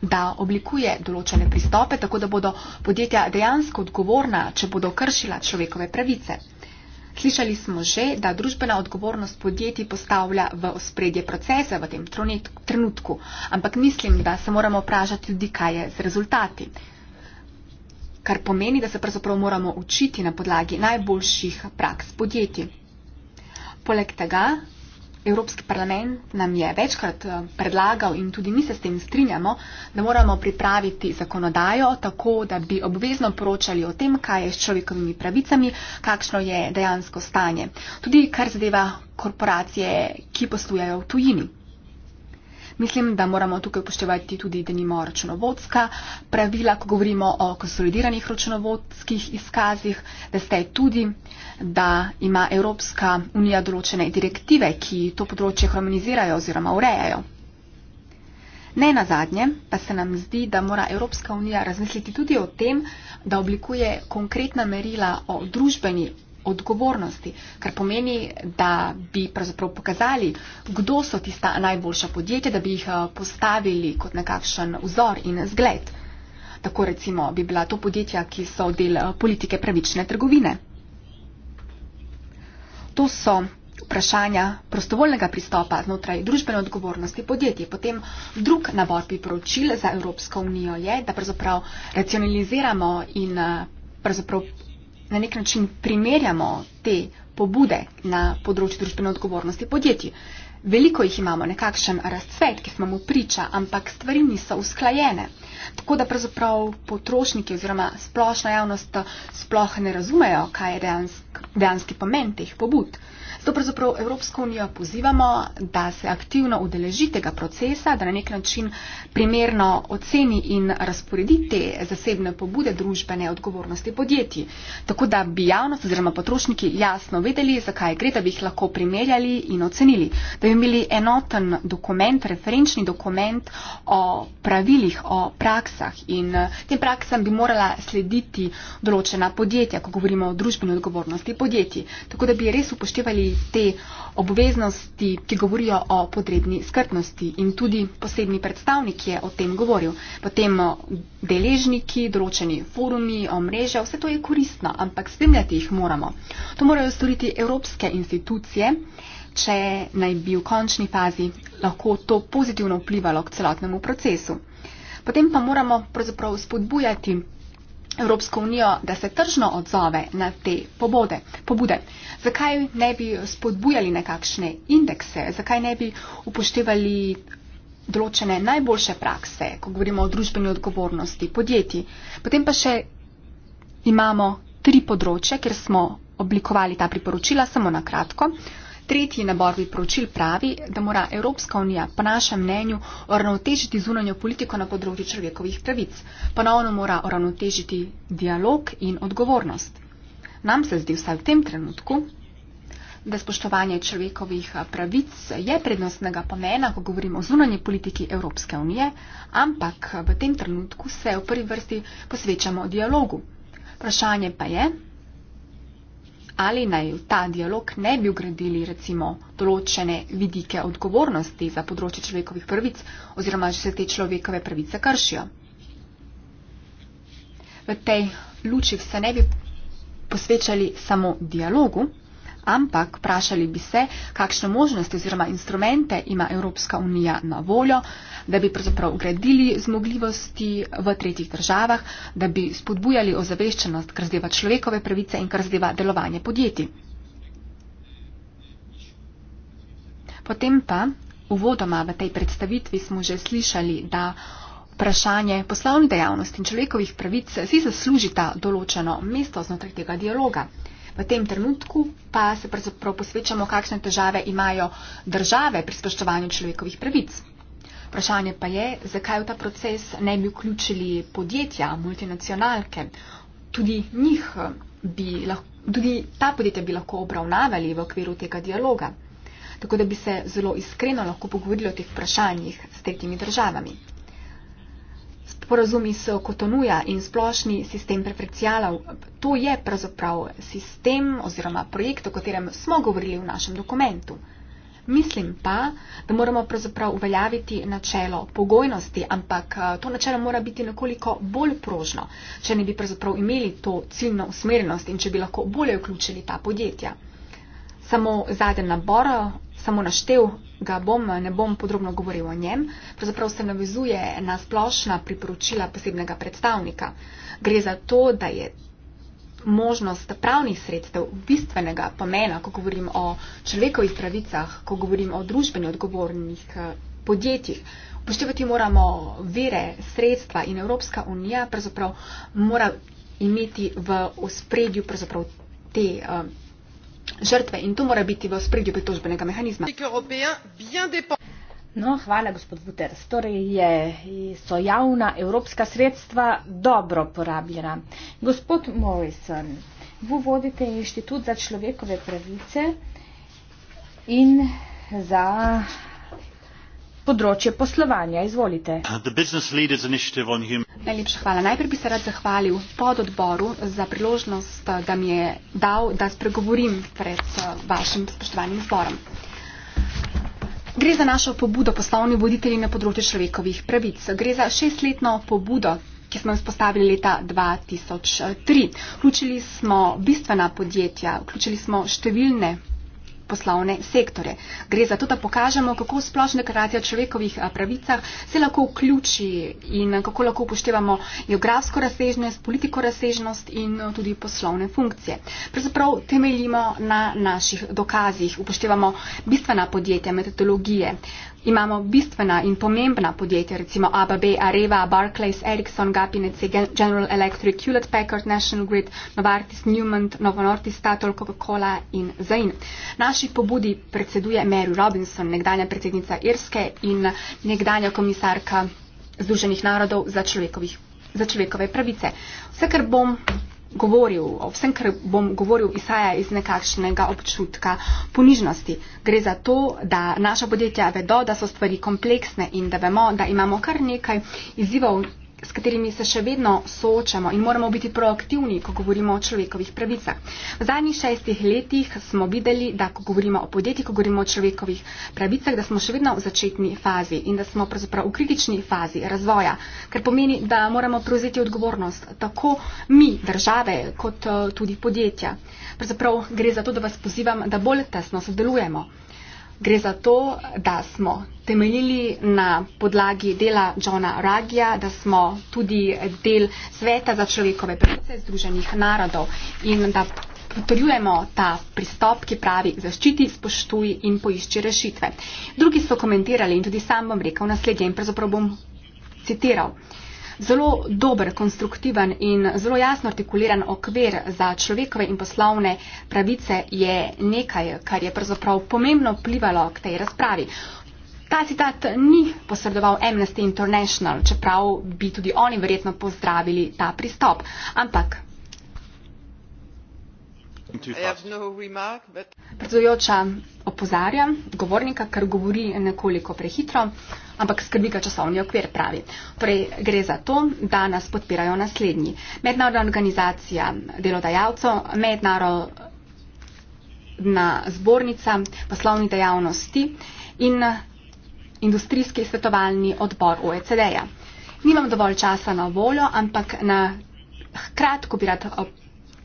da oblikuje določene pristope, tako da bodo podjetja dejansko odgovorna, če bodo kršila človekove pravice. Slišali smo že, da družbena odgovornost podjetij postavlja v ospredje procese v tem trenutku, ampak mislim, da se moramo vprašati tudi, kaj je z rezultati kar pomeni, da se pravzaprav moramo učiti na podlagi najboljših praks podjetij. Poleg tega, Evropski parlament nam je večkrat eh, predlagal in tudi mi se s tem strinjamo, da moramo pripraviti zakonodajo tako, da bi obvezno poročali o tem, kaj je s človekovimi pravicami, kakšno je dejansko stanje. Tudi kar zadeva korporacije, ki poslujajo v tujini. Mislim, da moramo tukaj upoštevati tudi, da nimo računovodska pravila, ko govorimo o konsolidiranih računovodskih izkazih, da ste tudi, da ima Evropska unija določene direktive, ki to področje harmonizirajo oziroma urejajo. Ne na zadnje, pa se nam zdi, da mora Evropska unija razmisliti tudi o tem, da oblikuje konkretna merila o družbeni odgovornosti, kar pomeni, da bi pravzaprav pokazali, kdo so tista najboljša podjetja, da bi jih eh, postavili kot nekakšen vzor in zgled. Tako recimo bi bila to podjetja, ki so del eh, politike pravične trgovine. To so vprašanja prostovoljnega pristopa znotraj družbene odgovornosti podjetij. Potem drug navor priporočil za Evropsko unijo je, da pravzaprav racionaliziramo in eh, pravzaprav na nek način primerjamo te pobude na področju družbene odgovornosti podjetij. Veliko jih imamo, nekakšen razcvet, ki smo mu priča, ampak stvari niso usklajene. Tako da pravzaprav potrošniki oziroma splošna javnost sploh ne razumejo, kaj je dejanski, dejanski pomen teh pobud. Zato pravzaprav Evropsko unijo pozivamo, da se aktivno udeleži tega procesa, da na nek način primerno oceni in razporedi te zasebne pobude družbene odgovornosti podjetij. Tako da bi javnost oziroma potrošniki jasno vedeli, zakaj gre, da bi jih lahko primerjali in ocenili. Da bi imeli enoten dokument, referenčni dokument o pravilih, o praksah in eh, tem praksam bi morala slediti določena podjetja, ko govorimo o družbeni odgovornosti podjetij. Tako da bi res upoštevali te obveznosti, ki govorijo o potrebni skrbnosti in tudi posebni predstavnik je o tem govoril. Potem eh, deležniki, določeni forumi, omrežja, vse to je koristno, ampak spremljati jih moramo. To morajo storiti evropske institucije če naj bi v končni fazi lahko to pozitivno vplivalo k celotnemu procesu. Potem pa moramo pravzaprav spodbujati Evropsko unijo, da se tržno odzove na te pobode, pobude. Zakaj ne bi spodbujali nekakšne indekse, zakaj ne bi upoštevali določene najboljše prakse, ko govorimo o družbeni odgovornosti podjetij. Potem pa še imamo tri področje, kjer smo oblikovali ta priporočila, samo na kratko. Tretji nabor priporočil pravi, da mora Evropska unija, po našem mnenju, uravnotežiti zunanjo politiko na področju človekovih pravic. Ponovno mora uravnotežiti dialog in odgovornost. Nam se zdi vsaj v tem trenutku, da spoštovanje človekovih pravic je prednostnega pomena, ko govorimo o zunanji politiki Evropske unije, ampak v tem trenutku se v prvi vrsti posvečamo dialogu. Vprašanje pa je, ali naj v ta dialog ne bi ugradili recimo določene vidike odgovornosti za področje človekovih prvic oziroma če se te človekove pravice kršijo. V tej luči se ne bi posvečali samo dialogu, ampak vprašali bi se, kakšne možnosti oziroma instrumente ima Evropska unija na voljo, da bi pravzaprav gradili zmogljivosti v tretjih državah, da bi spodbujali ozaveščenost, kar zdeva človekove pravice in kar zdeva delovanje podjetij. Potem pa uvodoma v tej predstavitvi smo že slišali, da vprašanje poslovne dejavnosti in človekovih pravic si zaslužita določeno mesto znotraj tega dialoga. V tem trenutku pa se pravzaprav posvečamo, kakšne težave imajo države pri spoštovanju človekovih pravic. Vprašanje pa je, zakaj v ta proces ne bi vključili podjetja, multinacionalke. Tudi, njih eh, bi lahko, tudi ta podjetja bi lahko obravnavali v okviru tega dialoga. Tako da bi se zelo iskreno lahko pogovorili o teh vprašanjih s tretjimi državami sporazumi s Kotonuja in splošni sistem preferencijalov, to je pravzaprav sistem oziroma projekt, o katerem smo govorili v našem dokumentu. Mislim pa, da moramo pravzaprav uveljaviti načelo pogojnosti, ampak eh, to načelo mora biti nekoliko bolj prožno, če ne bi pravzaprav imeli to ciljno usmerjenost in če bi lahko bolje vključili ta podjetja. Samo zadnji nabor, eh, samo naštev ga bom, ne bom podrobno govoril o njem, pravzaprav se navezuje na splošna priporočila posebnega predstavnika. Gre za to, da je možnost pravnih sredstev bistvenega pomena, ko govorim o človekovih pravicah, ko govorim o družbeni odgovornih eh, podjetjih. Upoštevati moramo vire, sredstva in Evropska unija pravzaprav mora imeti v ospredju pravzaprav te. Uh, žrtve in to mora biti v spredju pritožbenega mehanizma. No, hvala, gospod Buters. Torej je, so javna evropska sredstva dobro porabljena. Gospod Morrison, vi vodite Inštitut za človekove pravice in za uh, področje poslovanja. Izvolite. Uh, Najlepša hvala. Najprej bi se rad zahvalil pododboru za priložnost, eh, da mi je dal, da spregovorim pred eh, vašim spoštovanim zborom. Gre za našo pobudo poslovni voditelji na področju človekovih pravic. Gre za šestletno pobudo ki smo jo spostavili leta 2003. Eh, vključili smo bistvena podjetja, vključili smo številne poslovne sektore. Gre za to, da pokažemo, kako splošna deklaracija o človekovih pravicah se lahko vključi in kako lahko upoštevamo geografsko razsežnost, politiko razsežnost in tudi poslovne funkcije. Pravzaprav temeljimo na naših dokazih, upoštevamo bistvena podjetja, metodologije, imamo bistvena in pomembna podjetja, recimo ABB, Areva, Barclays, Ericsson, Gapinec, General Electric, Hewlett Packard, National Grid, Novartis, Newman, Novo Nordis, Statoil, Coca-Cola in Zain. Naši pobudi predseduje Mary Robinson, nekdanja predsednica Irske in nekdanja komisarka Združenih narodov za človekovih, za človekove pravice. Vse, kar bom govoril, o vsem, kar bom govoril, izhaja iz nekakšnega občutka ponižnosti. Gre za to, da naša podjetja vedo, da so stvari kompleksne in da vemo, da imamo kar nekaj izzivov s katerimi se še vedno soočamo in moramo biti proaktivni, ko govorimo o človekovih pravicah. V zadnjih šestih letih smo videli, da ko govorimo o podjetjih, ko govorimo o človekovih pravicah, da smo še vedno v začetni fazi in da smo pravzaprav v kritični fazi razvoja, kar pomeni, da moramo prevzeti odgovornost tako mi, države, kot eh, tudi podjetja. Pravzaprav gre za to, da vas pozivam, da bolj tesno sodelujemo. Gre za to, da smo temeljili na podlagi dela Johna Ragija, da smo tudi del sveta za človekove pravice Združenih narodov in da potrjujemo ta pristop, ki pravi zaščiti, spoštuj in poišči rešitve. Drugi so komentirali in tudi sam bom rekel naslednje in pravzaprav bom citiral. Uh, zelo dober, konstruktiven in zelo jasno artikuliran okvir za človekove in poslovne pravice je nekaj, kar je pravzaprav pomembno vplivalo k tej razpravi. Ta citat ni posredoval Amnesty International, čeprav bi tudi oni verjetno pozdravili ta pristop. Ampak No Predsedujoča, opozarjam govornika, ker govori nekoliko prehitro, ampak skrbi ga časovni okvir pravi. Torej, gre za to, da nas podpirajo naslednji. Mednarodna organizacija delodajalcev, mednarodna zbornica poslovni dejavnosti in industrijski svetovalni odbor OECD-ja. Nimam dovolj časa na voljo, ampak na kratko bi rad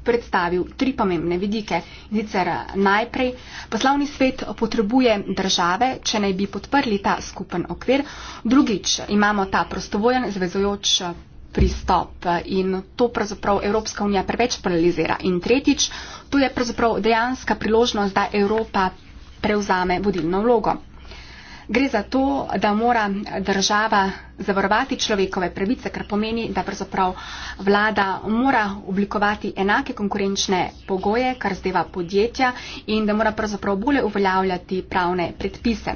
predstavil tri pomembne vidike. Zicer najprej, poslovni svet potrebuje države, če naj bi podprli ta skupen okvir. Drugič, imamo ta prostovoljen, zvezojoč eh, pristop eh, in to pravzaprav Evropska unija preveč paralizira. In tretjič, to je pravzaprav dejanska priložnost, da Evropa prevzame vodilno vlogo. Gre za to, da mora država zavarovati človekove pravice, kar pomeni, da pravzaprav vlada mora oblikovati enake konkurenčne pogoje, kar zdeva podjetja in da mora pravzaprav bolje uveljavljati pravne predpise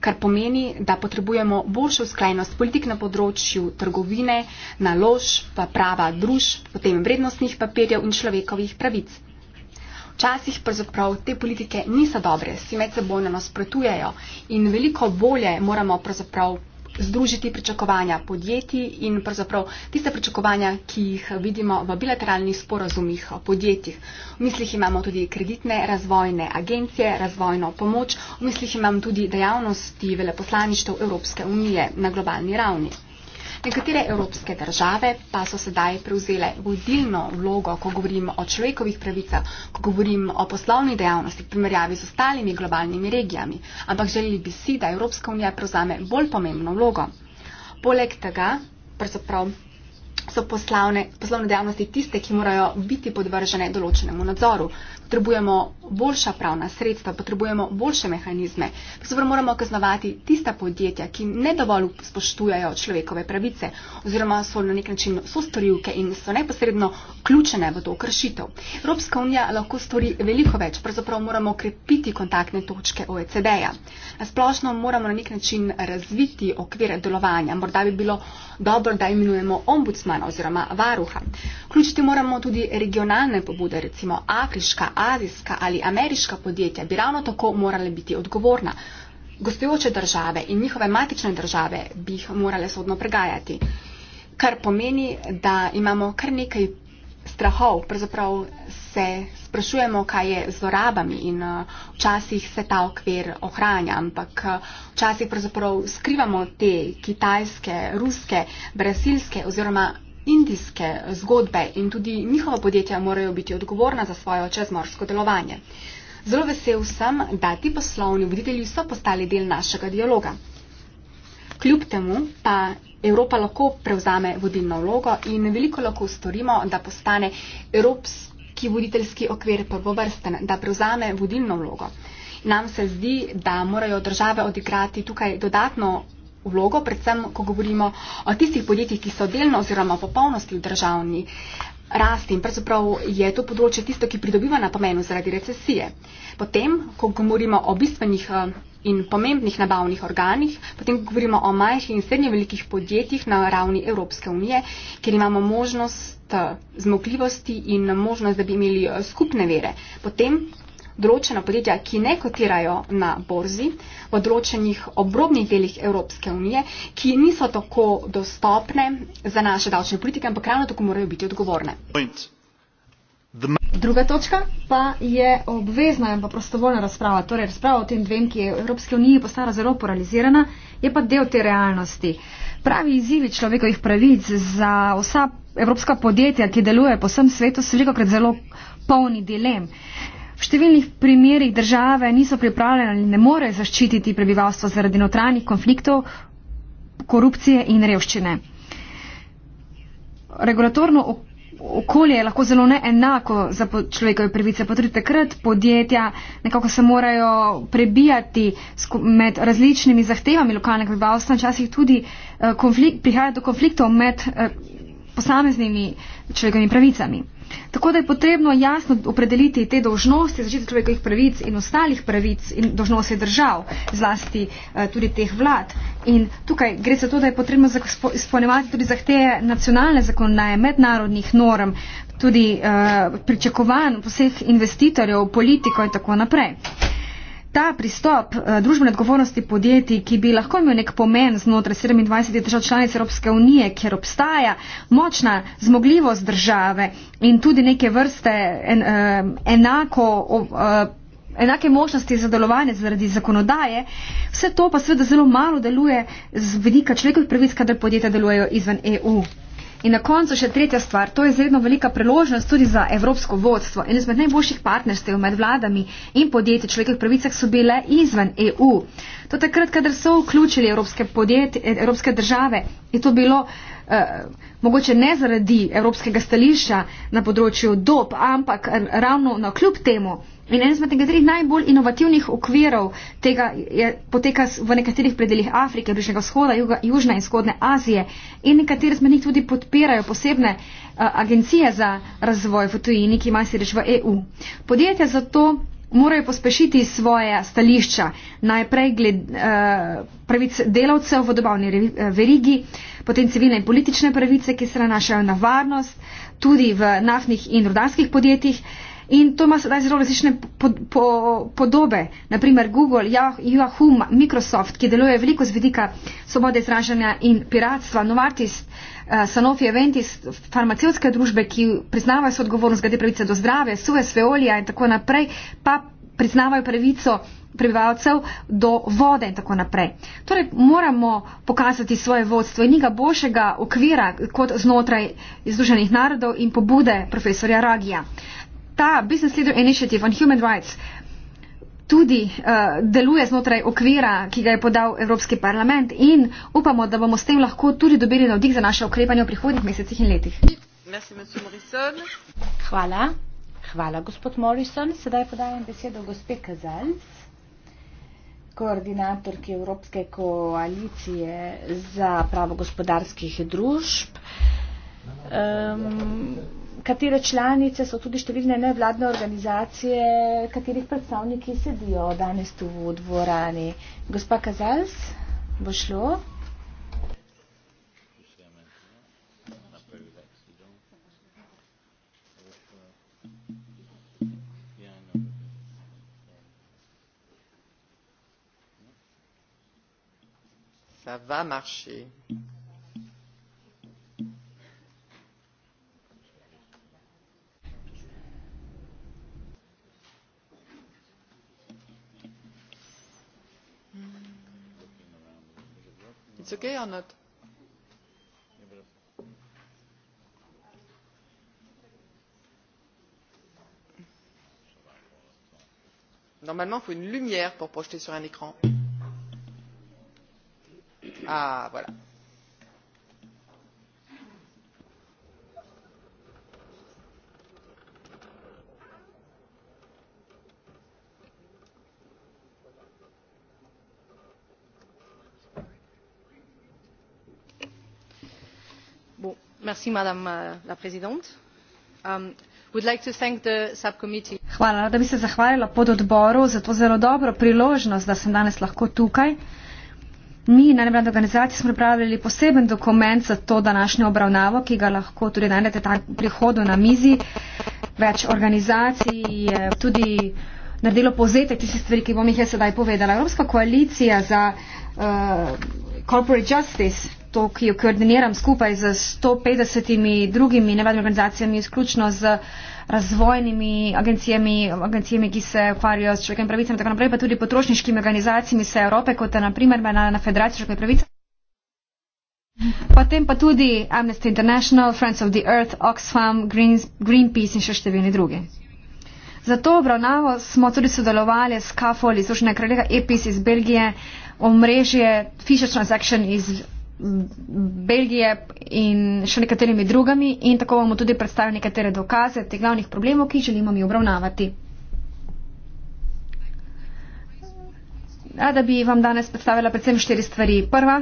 kar pomeni, da potrebujemo boljšo usklajenost politik na področju trgovine, nalož, pa prava družb, potem vrednostnih papirjev in človekovih pravic. Včasih pravzaprav te politike niso dobre, si med seboj nasprotujejo in veliko bolje moramo pravzaprav združiti pričakovanja podjetij in pravzaprav tiste pričakovanja, ki jih vidimo v bilateralnih sporazumih o podjetjih. V mislih imamo tudi kreditne razvojne agencije, razvojno pomoč, v mislih imam tudi dejavnosti veleposlaništev Evropske unije na globalni ravni. Nekatere evropske države pa so sedaj prevzele vodilno vlogo, ko govorim o človekovih pravicah, ko govorim o poslovni dejavnosti v primerjavi z ostalimi globalnimi regijami, ampak želeli bi si, da Evropska unija prevzame bolj pomembno vlogo. Poleg tega, pravzaprav so poslavne, poslovne dejavnosti tiste, ki morajo biti podvržene določenemu nadzoru. Potrebujemo boljša pravna sredstva, potrebujemo boljše mehanizme. Pravzaprav moramo kaznovati tista podjetja, ki ne dovolj spoštujajo človekove pravice oziroma so na nek način sostorilke in so neposredno ključene v to kršitev. Evropska unija lahko stori veliko več, pravzaprav moramo krepiti kontaktne točke OECD-ja. Splošno moramo na nek način razviti okvire delovanja. Morda bi bilo dobro, da imenujemo ombudsman organa oziroma varuha. Vključiti moramo tudi regionalne pobude, recimo afriška, azijska ali ameriška podjetja bi ravno tako morale biti odgovorna. Gostujoče države in njihove matične države bi jih morale sodno pregajati, kar pomeni, da imamo kar nekaj strahov. Pravzaprav se sprašujemo, kaj je z zlorabami in eh, včasih se ta okvir ohranja, ampak eh, včasih pravzaprav skrivamo te kitajske, ruske, brasilske oziroma indijske zgodbe in tudi njihova podjetja morajo biti odgovorna za svoje čezmorsko delovanje. Zelo vesel sem, da ti poslovni voditelji so postali del našega dialoga. Kljub temu pa Evropa lahko prevzame vodilno vlogo in veliko lahko storimo, da postane evropski voditeljski okvir prvovrsten, da prevzame vodilno vlogo. Nam se zdi, da morajo države odigrati tukaj dodatno vlogo, predvsem, ko govorimo o tistih podjetjih, ki so delno oziroma popolnosti v državni rasti in pravzaprav je to področje tisto, ki pridobiva na pomenu zaradi recesije. Potem, ko govorimo o bistvenih eh, in pomembnih nabavnih organih, potem govorimo o manjših in srednje velikih podjetjih na ravni Evropske unije, kjer imamo možnost eh, zmogljivosti in možnost, da bi imeli eh, skupne vere. Potem, določena podjetja, ki ne kotirajo na borzi, v določenih obrobnih delih Evropske unije, ki niso tako dostopne za naše davčne politike, ampak ravno tako morajo biti odgovorne. Druga točka pa je obvezna in pa prostovoljna razprava, torej razprava o tem dvem, ki je v Evropski uniji postala zelo paralizirana, je pa del te realnosti. Pravi izzivi človekovih pravic za vsa evropska podjetja, ki delujejo po vsem svetu, so velikokrat zelo polni dilem. Uh, V številnih primerjih države niso pripravljene ali ne morejo zaščititi prebivalstvo zaradi notranjih konfliktov, korupcije in revščine. Regulatorno okolje je lahko zelo neenako za človekove pravice, pa tudi takrat podjetja nekako se morajo prebijati med različnimi zahtevami lokalnega prebivalstva, včasih tudi eh, konflikt, prihaja do konfliktov med eh, posameznimi človekovimi pravicami. Tako da je potrebno jasno opredeliti te dožnosti zaščite človekovih pravic in ostalih pravic in dožnosti držav, zlasti eh, tudi teh vlad. In tukaj gre za to, da je potrebno izpolnjevati tudi zahteje nacionalne zakonodaje, mednarodnih norm, tudi uh, pričakovanj vseh investitorjev, politiko in tako naprej ta pristop eh, družbene odgovornosti podjetij, ki bi lahko imel nek pomen znotraj 27 držav članic Evropske unije, kjer obstaja močna zmogljivost države in tudi neke vrste en, eh, enako, eh, enake možnosti za delovanje zaradi zakonodaje, vse to pa seveda zelo malo deluje z vedika človekovih pravic, kadar podjetja delujejo izven EU. In na koncu še tretja stvar, to je izredno velika priložnost tudi za evropsko vodstvo. Eno izmed najboljših partnerstev med vladami in podjetji človekovih pravicah so bile izven EU. To takrat, kadar so vključili evropske, podjetje, evropske države, je to bilo eh, mogoče ne zaradi evropskega stališča na področju dob, ampak eh, ravno na kljub temu. In en izmed nekaterih najbolj inovativnih okvirov tega je, poteka v nekaterih predeljih Afrike, Bližnjega vzhoda, juga, Južne in Vzhodne Azije. In nekateri izmed njih tudi podpirajo posebne uh, agencije za razvoj v tujini, ki ima sedež v EU. Podjetja zato morajo pospešiti svoje stališča, najprej gled, eh, pravic delavcev v dobavni eh, verigi, potem civilne in politične pravice, ki se nanašajo na varnost, tudi v naftnih in rudarskih podjetjih. In to ima sedaj zelo različne po, po, podobe. Naprimer Google, ja-, Yahoo, Microsoft, ki deluje veliko z vidika svobode izražanja in piratstva, Novartis, uh, Sanofi, Aventis, farmacevske družbe, ki priznavajo svojo odgovornost glede pravice do zdrave, Suez, Veolia in tako naprej, pa priznavajo pravico prebivalcev do vode in tako naprej. Torej moramo pokazati svoje vodstvo in njega boljšega okvira kot znotraj Združenih narodov in pobude profesorja Ragija. Uh, ta Business Leader Initiative on Human Rights tudi uh, deluje znotraj okvira, ki ga je podal Evropski parlament in upamo, da bomo s tem lahko tudi dobili navdih za naše ukrepanje v prihodnih mesecih in letih. Hvala. Hvala, gospod Morrison. Sedaj podajem besedo gospe Kazalc, koordinatorki Evropske koalicije za pravo gospodarskih družb. Um, katere članice so tudi številne nevladne organizacije, katerih predstavniki sedijo danes tu v dvorani. Gospa Kazals, bo šlo? Ça va marcher. Mr. Gehanert. Normalement, il faut une lumière pour projeter sur un écran. Ah, voilà. Euh, um, rada bi se zahvalila pododboru za to zelo dobro priložnost da sem danes lahko tukaj. mi na nevladni organizaciji smo pripravili poseben dokument za to današnjo obravnavo ki ga lahko tudi najdete tam prihodu na mizi več organizacij je tudi naredilo povzetek tistih stvari, ki bom jih jaz sedaj povedala. Evropska koalicija za uh, corporate justice to, ki jo koordiniram skupaj z 150 drugimi nevladnimi organizacijami, izključno z razvojnimi agencijami, agencijami, ki se ukvarjajo s človekovimi pravicami in tako naprej, pa tudi potrošniškimi organizacijami vse Evrope, kot je naprimer na, na Federaciji človekovih pravic. Potem pa tudi Amnesty International, Friends of the Earth, Oxfam, Greens, Greenpeace in še številni drugi. Za to obravnavo smo tudi sodelovali s CAFOL iz Združenega kraljega EPIS iz Belgije, omrežje Fisher Transaction iz Belgije in še nekaterimi drugimi in tako bomo tudi predstavili nekatere dokaze teh glavnih problemov, ki želimo mi obravnavati. Rada bi vam danes predstavila predvsem štiri stvari. Prva,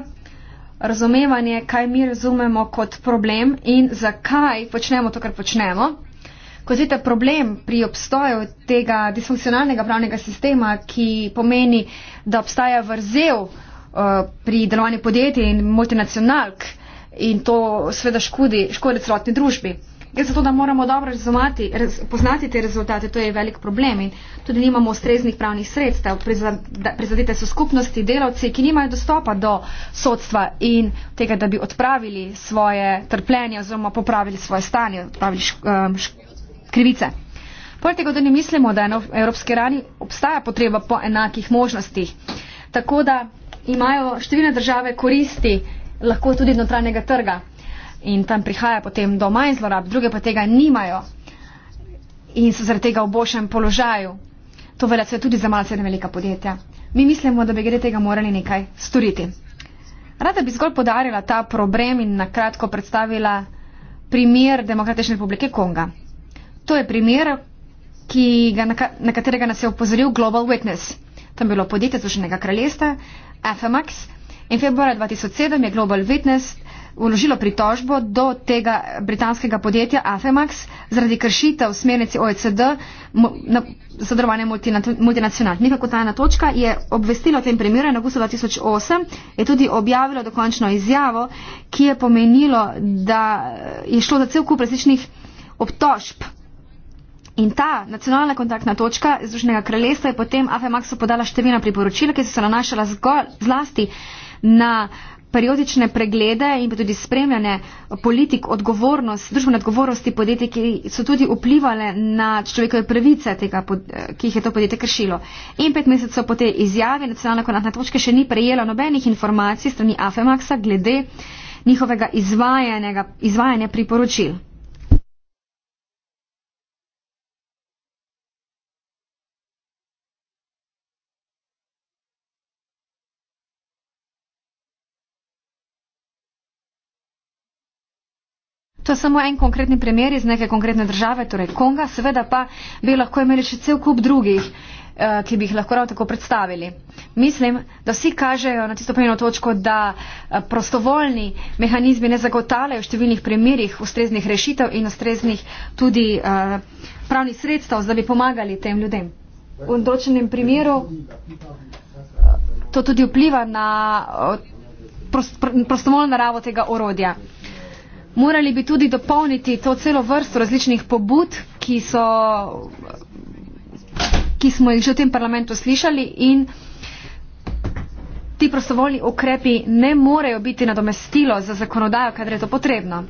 razumevanje, kaj mi razumemo kot problem in zakaj počnemo to, kar počnemo. Ko vidite problem pri obstoju tega disfunkcionalnega pravnega sistema, ki pomeni, da obstaja vrzel, uh, pri delovanju podjetij in multinacionalk in to sveda škodi, škodi celotni družbi. In zato, da moramo dobro razumati, raz, poznati te rezultate, to je velik problem in tudi nimamo ustreznih pravnih sredstev. Prizadete so skupnosti, delavci, ki nimajo dostopa do sodstva in tega, da bi odpravili svoje trpljenje oziroma popravili svoje stanje, odpravili šk, um, šk, krivice. Poleg tega, da ne mislimo, da na Evropski rani obstaja potreba po enakih možnostih. Tako da imajo številne države koristi lahko tudi notranjega trga in tam prihaja potem do manj zlorab, druge pa tega nimajo in so zaradi tega v boljšem položaju. To velja se tudi za malce velika podjetja. Mi mislimo, da bi glede tega morali nekaj storiti. Rada bi zgolj podarila ta problem in na kratko predstavila primer Demokratične republike Konga. To je primer, ga, na katerega nas je upozoril Global Witness. Tam je bilo podjetje Združenega kraljestva, FMX in februarja 2007 je Global Witness vložilo pritožbo do tega britanskega podjetja AFEMAX zaradi kršitev smernici OECD na sodelovanje multinacionalk. Nekako ta ena točka je obvestila o tem primeru in augusta 2008 je tudi objavila dokončno izjavo, ki je pomenilo, da je šlo za cel kup različnih obtožb In ta nacionalna kontaktna točka Združenega kraljestva je potem AFEMAX-u podala številna priporočila, ki so se nanašala zlasti na periodične preglede in pa tudi spremljanje politik, odgovornost, družbene odgovornosti podjetij, ki so tudi vplivali na človekove pravice, tega, ki jih je to podjetje kršilo. In pet mesecev po tej izjavi nacionalna kontaktna točka še ni prejela nobenih informacij strani AFEMAX-a glede njihovega izvajanja priporočil. To je samo en konkretni primer iz neke konkretne države, torej Konga, seveda pa bi lahko imeli še cel kup drugih, eh, ki bi jih lahko ravno tako predstavili. Mislim, da vsi kažejo na tisto pomeno točko, da eh, prostovoljni mehanizmi ne zagotavljajo v številnih primerjih ustreznih rešitev in ustreznih tudi eh, pravnih sredstev, da bi pomagali tem ljudem. V določenem primeru to tudi vpliva na prostovoljno naravo tega orodja morali bi tudi dopolniti to celo vrsto različnih pobud, ki, so, ki smo jih že v tem parlamentu slišali in ti prostovoljni ukrepi ne morejo biti nadomestilo za zakonodajo, kadar je to potrebno.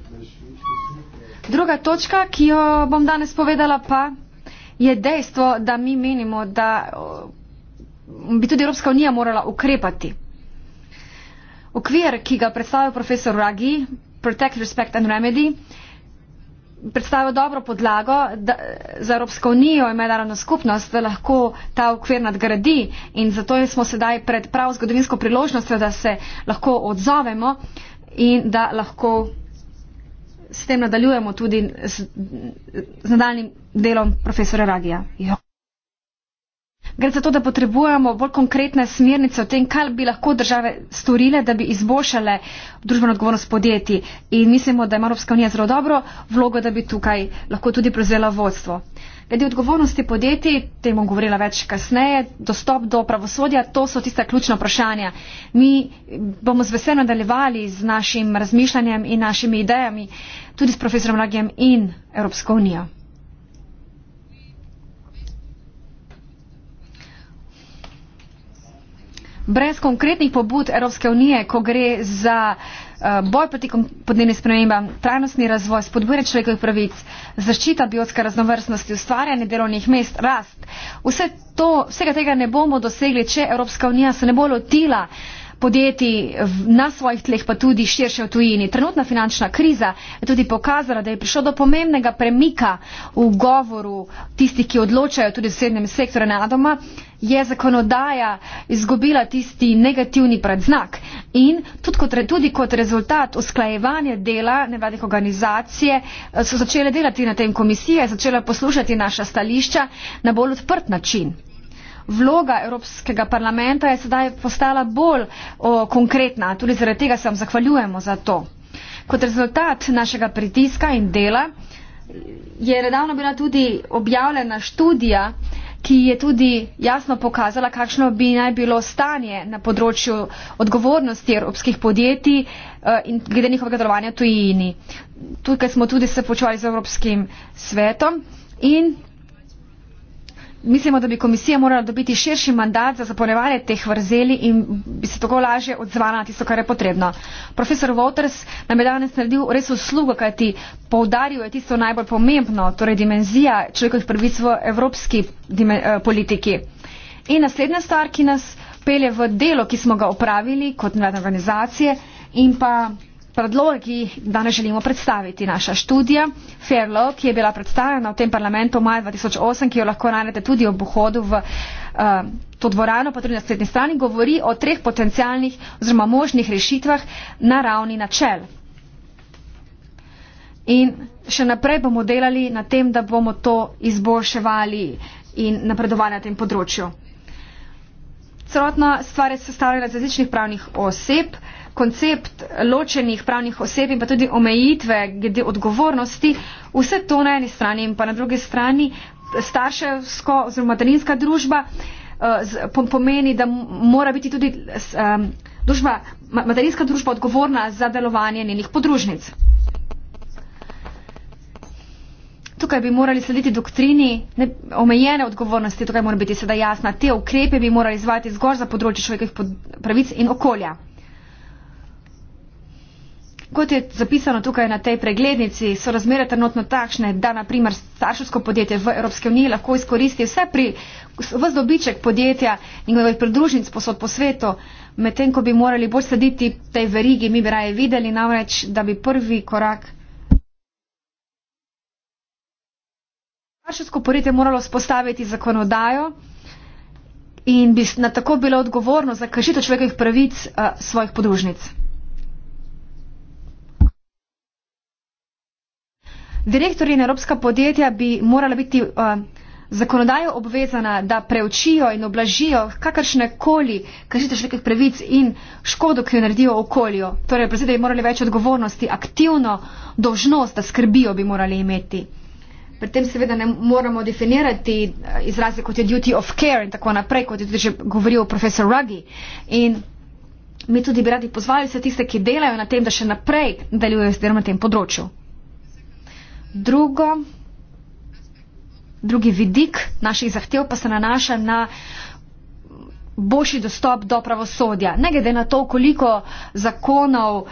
Druga točka, ki jo bom danes povedala pa, je dejstvo, da mi menimo, da bi tudi Evropska unija morala ukrepati. Okvir, ki ga predstavlja profesor Ragi, Protect, Respect and Remedy predstavijo dobro podlago da, za Evropsko unijo in mednarodno skupnost, da lahko ta okvir nadgradi in zato smo sedaj pred prav zgodovinsko priložnostjo, da se lahko odzovemo in da lahko s tem nadaljujemo tudi z, z nadaljnim delom profesora Ragija. Jo gre za to, da potrebujemo bolj konkretne smernice o tem, kaj bi lahko države storile, da bi izboljšale družbeno odgovornost podjetij. In mislimo, da ima Evropska unija zelo dobro vlogo, da bi tukaj lahko tudi prevzela vodstvo. Glede odgovornosti podjetij, tem bom govorila več kasneje, dostop do pravosodja, to so tista ključna vprašanja. Mi bomo z veseljem nadaljevali z našim razmišljanjem in našimi idejami, tudi s profesorom Ragijem in Evropsko unijo. brez konkretnih pobud Evropske unije, ko gre za eh, boj proti podnebnim spremembam, trajnostni razvoj, spodbujanje človekovih pravic, zaščita biotske raznovrstnosti, ustvarjanje delovnih mest, rast. Vse to, vsega tega ne bomo dosegli, če Evropska unija se ne bo lotila uh, podjetij na svojih tleh, pa tudi širše v tujini. Trenutna finančna kriza je tudi pokazala, da je prišlo do pomembnega premika v govoru tistih, ki odločajo tudi v srednjem sektorju na doma, je zakonodaja izgubila tisti negativni predznak in tudi kot, tudi kot rezultat usklajevanja dela nevladnih organizacije eh, so začele delati na tem komisije, začele poslušati naša stališča na bolj odprt način vloga Evropskega parlamenta je sedaj postala bolj o, konkretna. Tudi zaradi tega se vam zahvaljujemo za to. Kot rezultat našega pritiska in dela je redavno bila tudi objavljena študija, ki je tudi jasno pokazala, kakšno bi naj bilo stanje na področju odgovornosti evropskih podjetij e, in glede njihovega delovanja tujini. Tukaj smo tudi se počuvali z Evropskim svetom in Mislimo, da bi komisija morala dobiti širši mandat za zapolnevanje teh vrzeli in bi se tako lažje odzvala na tisto, kar je potrebno. Profesor Waters nam je danes naredil res uslugo, kajti poudaril je tisto najbolj pomembno, torej dimenzija človekovih prvic v evropski eh, politiki. In naslednja stvar, ki nas pelje v delo, ki smo ga upravili kot mladne organizacije in pa predlogi danes želimo predstaviti. Naša študija Ferlo, ki je bila predstavljena v tem parlamentu maja 2008, ki jo lahko najdete tudi ob vhodu v uh, to dvorano, pa tudi na srednji strani, govori o treh potencialnih oziroma možnih rešitvah na ravni načel. In še naprej bomo delali na tem, da bomo to izboljševali in napredovali na tem področju. Celotna stvar je sestavljena iz različnih pravnih oseb. Uh, koncept ločenih pravnih oseb in pa tudi omejitve glede odgovornosti, vse to na eni strani in pa na drugi strani starševsko oziroma materinska družba eh, pomeni, da mora biti tudi družba, materinska družba odgovorna za delovanje njenih podružnic. Tukaj bi morali slediti doktrini ne, omejene odgovornosti, tukaj mora biti sedaj jasna, te ukrepe bi morali izvajati zgolj za področje človekovih pravic in okolja. Kot je zapisano tukaj na tej preglednici, so razmere trenutno takšne, da naprimer starševsko podjetje v Evropske uniji lahko izkoristi vse pri vzdobiček podjetja in njegovih pridružnic posod po svetu, medtem ko bi morali bolj slediti tej verigi, mi bi raje videli namreč, da bi prvi korak. Starševsko podjetje moralo spostaviti zakonodajo in bi na tako bilo odgovorno za kršitev človekovih pravic uh, svojih podružnic. direktorji in evropska podjetja bi morala biti uh, zakonodajo obvezana, da preučijo in oblažijo kakršne koli kršite človekih pravic in škodo, ki jo naredijo okolju. Torej, predvsem, da bi morali več odgovornosti, aktivno dožnost, da skrbijo bi morali imeti. Pri tem seveda ne moramo definirati uh, izraze kot je duty of care in tako naprej, kot je tudi že govoril profesor Ruggi. In mi tudi bi radi pozvali vse tiste, ki delajo na tem, da še naprej nadaljujejo s tem področju. Drugo, drugi vidik naših zahtev pa se nanaša na boljši dostop do pravosodja. Ne glede na to, koliko zakonov,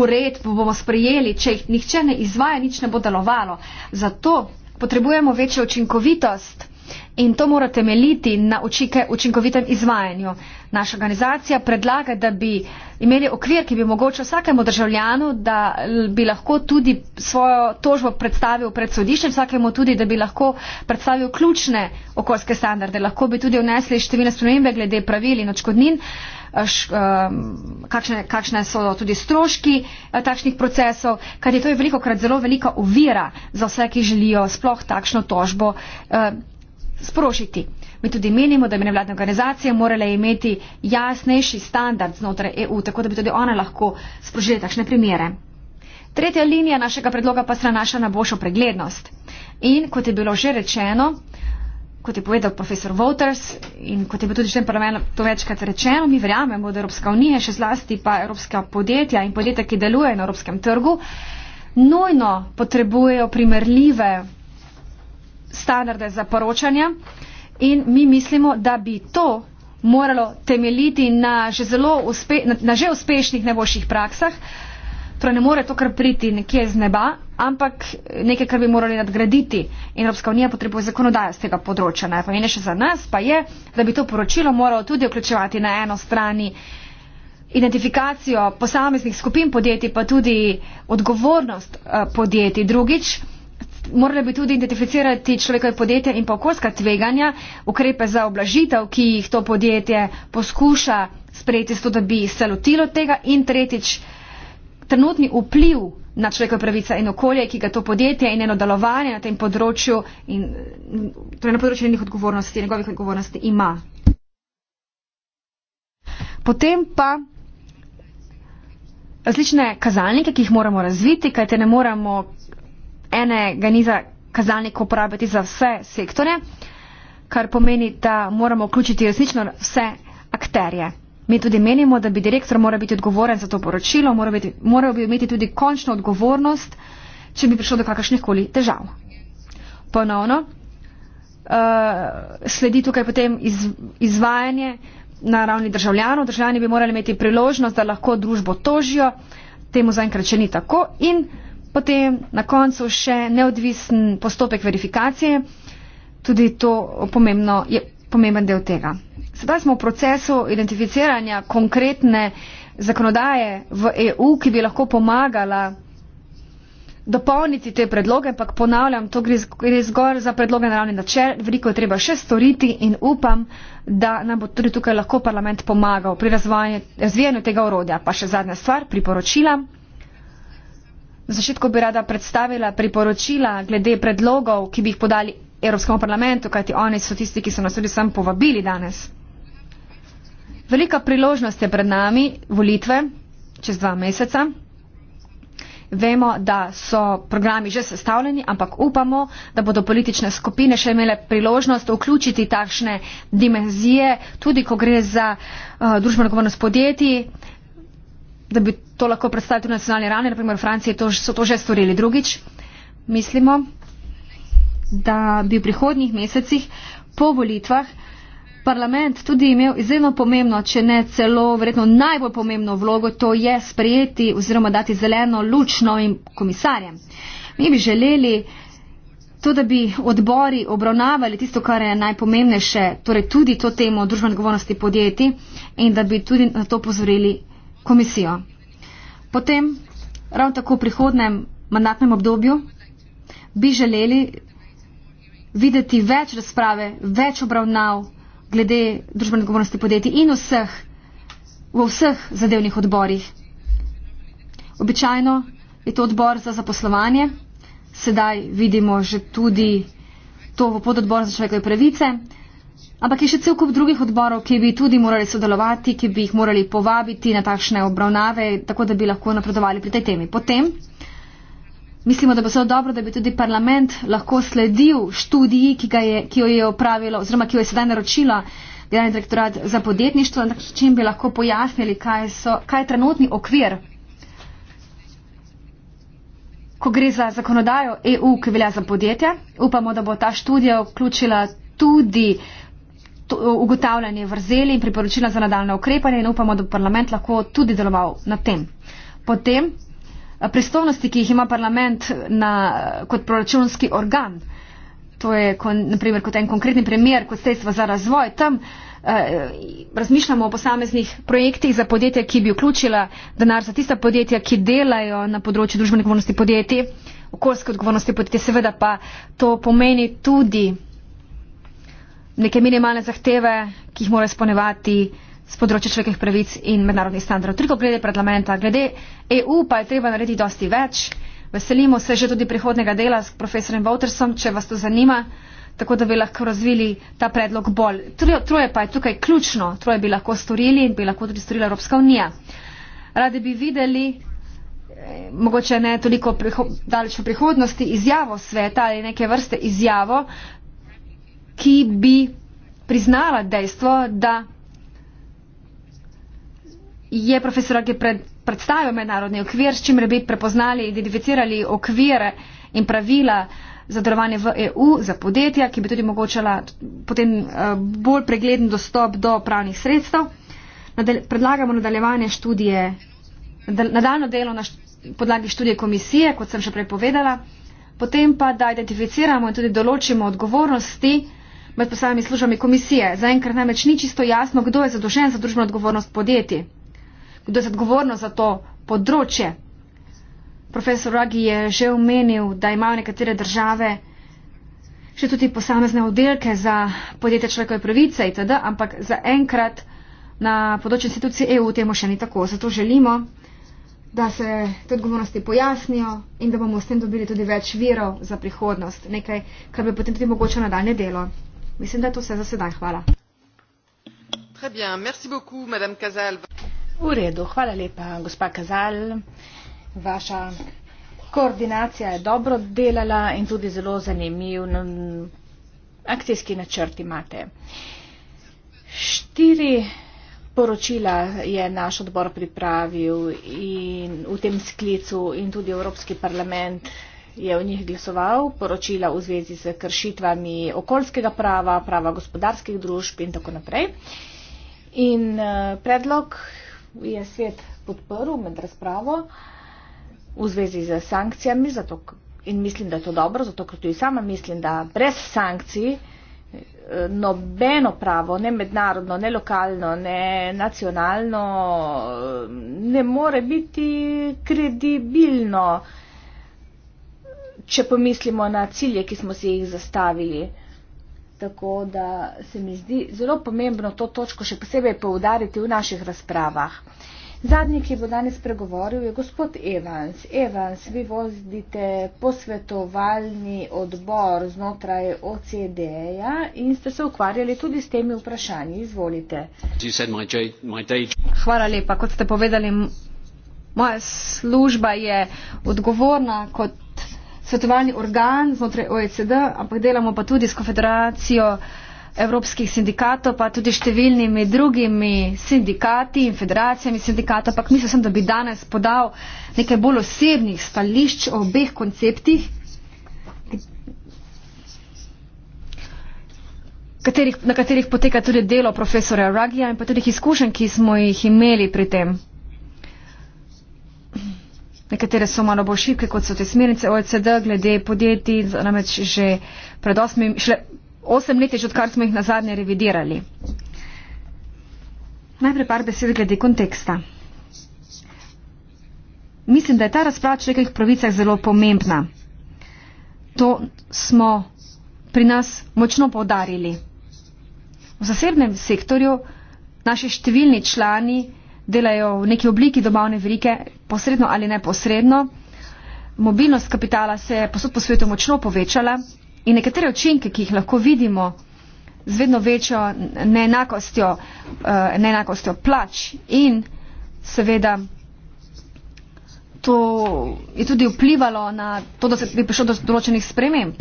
uredb bomo sprejeli, če jih nihče ne izvaja, nič ne bo delovalo. Zato potrebujemo večjo učinkovitost In to mora temeljiti na učike učinkovitem izvajanju. Naša organizacija predlaga, da bi imeli okvir, ki bi omogočil vsakemu državljanu, da bi lahko tudi svojo tožbo predstavil pred sodiščem, vsakemu tudi, da bi lahko predstavil ključne okoljske standarde. Lahko bi tudi vnesli številne spremembe glede pravil in očkodnin, eh, eh, kakšne, kakšne so tudi stroški eh, takšnih procesov, kajti to je veliko krat zelo velika ovira za vse, ki želijo sploh takšno tožbo sprošiti. Mi tudi menimo, da bi nevladne organizacije morale imeti jasnejši standard znotraj EU, tako da bi tudi one lahko sprožile takšne primere. Tretja linija našega predloga pa se nanaša na boljšo preglednost. In kot je bilo že rečeno, kot je povedal profesor Waters in kot je bilo tudi že to večkrat rečeno, mi verjamemo, da Evropska unija, še zlasti pa evropska podjetja in podjetja, ki delujejo na evropskem trgu, nujno potrebujejo primerljive standarde za poročanje in mi mislimo, da bi to moralo temeljiti na že, zelo uspe, na, na že uspešnih najboljših praksah. Torej ne more to kar priti nekje z neba, ampak nekaj, kar bi morali nadgraditi. Evropska unija potrebuje zakonodajo z tega področja. Najpomembnejše še za nas pa je, da bi to poročilo moralo tudi vključevati na eno strani identifikacijo posameznih skupin podjetij, pa tudi odgovornost eh, podjetij drugič morali bi tudi identificirati človekove podjetja in pa okoljska tveganja, ukrepe za oblažitev, ki jih to podjetje poskuša sprejeti, zato da bi se lotilo tega in tretjič, trenutni vpliv na človekove pravice in okolje, ki ga to podjetje in eno delovanje na tem področju in torej na področju njihovih odgovornosti, njegovih odgovornosti ima. Potem pa različne kazalnike, ki jih moramo razviti, kajte ne moramo enega niza kazalnikov uporabiti za vse sektorje, kar pomeni, da moramo vključiti resnično vse akterje. Mi tudi menimo, da bi direktor moral biti odgovoren za to poročilo, moral, biti, moral bi imeti tudi končno odgovornost, če bi prišlo do kakršnih koli težav. Ponovno uh, sledi tukaj potem iz, izvajanje na ravni državljanov. Državljani bi morali imeti priložnost, da lahko družbo tožijo, temu zaenkrat še ni tako. In Potem na koncu še neodvisen postopek verifikacije, tudi to pomembno, je pomemben del tega. Sedaj smo v procesu identificiranja konkretne zakonodaje v EU, ki bi lahko pomagala dopolniti te predloge, ampak ponavljam, to gre zgolj za predloge na ravni načel, veliko je treba še storiti in upam, da nam bo tudi tukaj lahko parlament pomagal pri razvijanju tega orodja. Pa še zadnja stvar, priporočila. Zašitko bi rada predstavila priporočila glede predlogov, ki bi jih podali Evropskemu parlamentu, kajti oni so tisti, ki so nas tudi sem povabili danes. Velika priložnost je pred nami volitve čez dva meseca. Vemo, da so programi že sestavljeni, ampak upamo, da bodo politične skupine še imele priložnost vključiti takšne dimenzije, tudi ko gre za uh, družbeno govornost podjetij, da bi to lahko predstavili v nacionalni ravni, naprimer v Franciji to, so to že storili. Drugič, mislimo, da bi v prihodnjih mesecih po volitvah parlament tudi imel izjemno pomembno, če ne celo verjetno najbolj pomembno vlogo, to je sprejeti oziroma dati zeleno luč novim komisarjem. Mi bi želeli to, da bi odbori obravnavali tisto, kar je najpomembnejše, torej tudi to temo družbene odgovornosti podjetij in da bi tudi na to pozorili komisijo. Potem, ravno tako v prihodnem mandatnem obdobju, bi želeli videti več razprave, več obravnav glede družbene odgovornosti podjetij in vseh, v vseh zadevnih odborih. Običajno je to odbor za zaposlovanje, sedaj vidimo že tudi to v pododbor za človekove pravice. Ampak je še cel kup drugih odborov, ki bi tudi morali sodelovati, ki bi jih morali povabiti na takšne obravnave, tako da bi lahko napredovali pri tej temi. Potem mislimo, da bi bilo dobro, da bi tudi parlament lahko sledil študiji, ki, je, ki jo je opravilo oziroma ki jo je sedaj naročila Generalni direktorat za podjetništvo, na čem bi lahko pojasnili, kaj, so, kaj je trenutni okvir, ko gre za zakonodajo EU, ki velja za podjetja. Upamo, da bo ta študija vključila tudi ugotavljanje vrzeli in priporočila za nadaljne ukrepanje in upamo, da bo parlament lahko tudi deloval na tem. Potem, eh, pristovnosti, ki jih ima parlament na, kot proračunski organ, to je kon, naprimer kot en konkretni primer kot sredstva za razvoj, tam eh, razmišljamo o posameznih projektih za podjetja, ki bi vključila denar za tista podjetja, ki delajo na področju družbene odgovornosti podjetij, okoljske odgovornosti podjetij, seveda pa to pomeni tudi neke minimalne zahteve, ki jih mora izpolnjevati z področja človekovih pravic in mednarodnih standardov. Triko glede parlamenta, glede EU pa je treba narediti dosti več. Veselimo se že tudi prihodnega dela s profesorjem Woutersom, če vas to zanima, tako da bi lahko razvili ta predlog bolj. Troje, troje pa je tukaj ključno, troje bi lahko storili in bi lahko tudi storila Evropska unija. Radi bi videli, eh, mogoče ne toliko daleč v prihodnosti, izjavo sveta ali neke vrste izjavo, ki bi priznala dejstvo, da je profesor Rogi pred, predstavil mednarodni okvir, s čimer bi prepoznali, identificirali okvire in pravila za delovanje v EU za podjetja, ki bi tudi omogočala potem eh, bolj pregleden dostop do pravnih sredstev. Nadal, predlagamo nadaljevanje študije, nadal, nadaljno delo na št, podlagi študije komisije, kot sem še prej povedala, potem pa da identificiramo in tudi določimo odgovornosti, med posebnimi službami komisije. Zaenkrat namreč ni čisto jasno, kdo je zadolžen za družbeno odgovornost podjetij, kdo je zadolžen za to področje. Profesor Ragi je že omenil, da imajo nekatere države še tudi posamezne oddelke za podjetje človekove pravice itd., ampak zaenkrat na področju institucije EU temu še ni tako. Zato želimo, da se te odgovornosti pojasnijo in da bomo s tem dobili tudi več virov za prihodnost, nekaj, kar bi potem tudi mogoče nadaljne delo. Mislim, da je to vse za sedaj. Hvala. V redu, hvala lepa, gospa Kazal. Vaša koordinacija je dobro delala in tudi zelo zanimiv mm, akcijski načrt imate. Štiri poročila je naš odbor pripravil in v tem sklicu in tudi Evropski parlament je v njih glasoval, poročila v zvezi z kršitvami okoljskega prava, prava gospodarskih družb in tako naprej. In eh, predlog je svet podprl med razpravo v zvezi z sankcijami zato, in mislim, da je to dobro, zato ker tudi sama mislim, da brez sankcij eh, nobeno pravo, ne mednarodno, ne lokalno, ne nacionalno, eh, ne more biti kredibilno če pomislimo na cilje, ki smo si jih zastavili. Tako da se mi zdi zelo pomembno to točko še posebej poudariti v naših razpravah. Zadnji, ki bo danes pregovoril, je gospod Evans. Evans, vi vozdite posvetovalni odbor znotraj OCD-ja in ste se ukvarjali tudi s temi vprašanji. Izvolite. Hvala lepa. Kot ste povedali, moja služba je odgovorna kot svetovalni organ znotraj OECD, ampak delamo pa tudi s Konfederacijo Evropskih sindikatov, pa tudi številnimi drugimi sindikati in federacijami sindikata, ampak mislil sem, da bi danes podal nekaj bolj osebnih stališč o obeh konceptih, katerih, na katerih poteka tudi delo profesora Ragija in pa tudi izkušenj, ki smo jih imeli pri tem. Nekatere so malo bolj šibke, kot so te smernice OECD, glede podjetij, namreč že pred osmim, šle osem leti, že odkar smo jih nazadnje revidirali. Najprej par besed glede konteksta. Mislim, da je ta razprava o človekovih pravicah zelo pomembna. To smo pri nas močno povdarili. V zasebnem sektorju naši številni člani delajo v neki obliki dobavne verike, posredno ali neposredno. Mobilnost kapitala se je posod po svetu močno povečala in nekatere učinke, ki jih lahko vidimo z vedno večjo neenakostjo, uh, neenakostjo plač in seveda to je tudi vplivalo na to, da se je prišlo do določenih sprememb.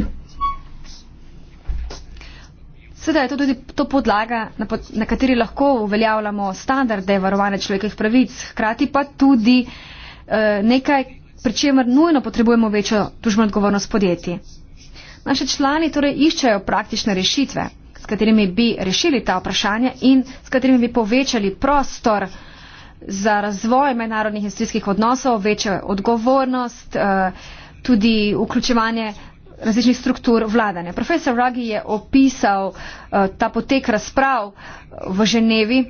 Seveda je to tudi to podlaga, na, pod, na kateri lahko uveljavljamo standarde varovane človekovih pravic, hkrati pa tudi uh, Eh, nekaj, pri čemer nujno potrebujemo večjo družbeno odgovornost podjetij. Naše člani torej iščejo praktične rešitve, s katerimi bi rešili ta vprašanja in s katerimi bi povečali prostor za razvoj mednarodnih industrijskih odnosov, večjo odgovornost, eh, tudi vključevanje različnih struktur vladanja. Profesor Ragi je opisal eh, ta potek razprav v Ženevi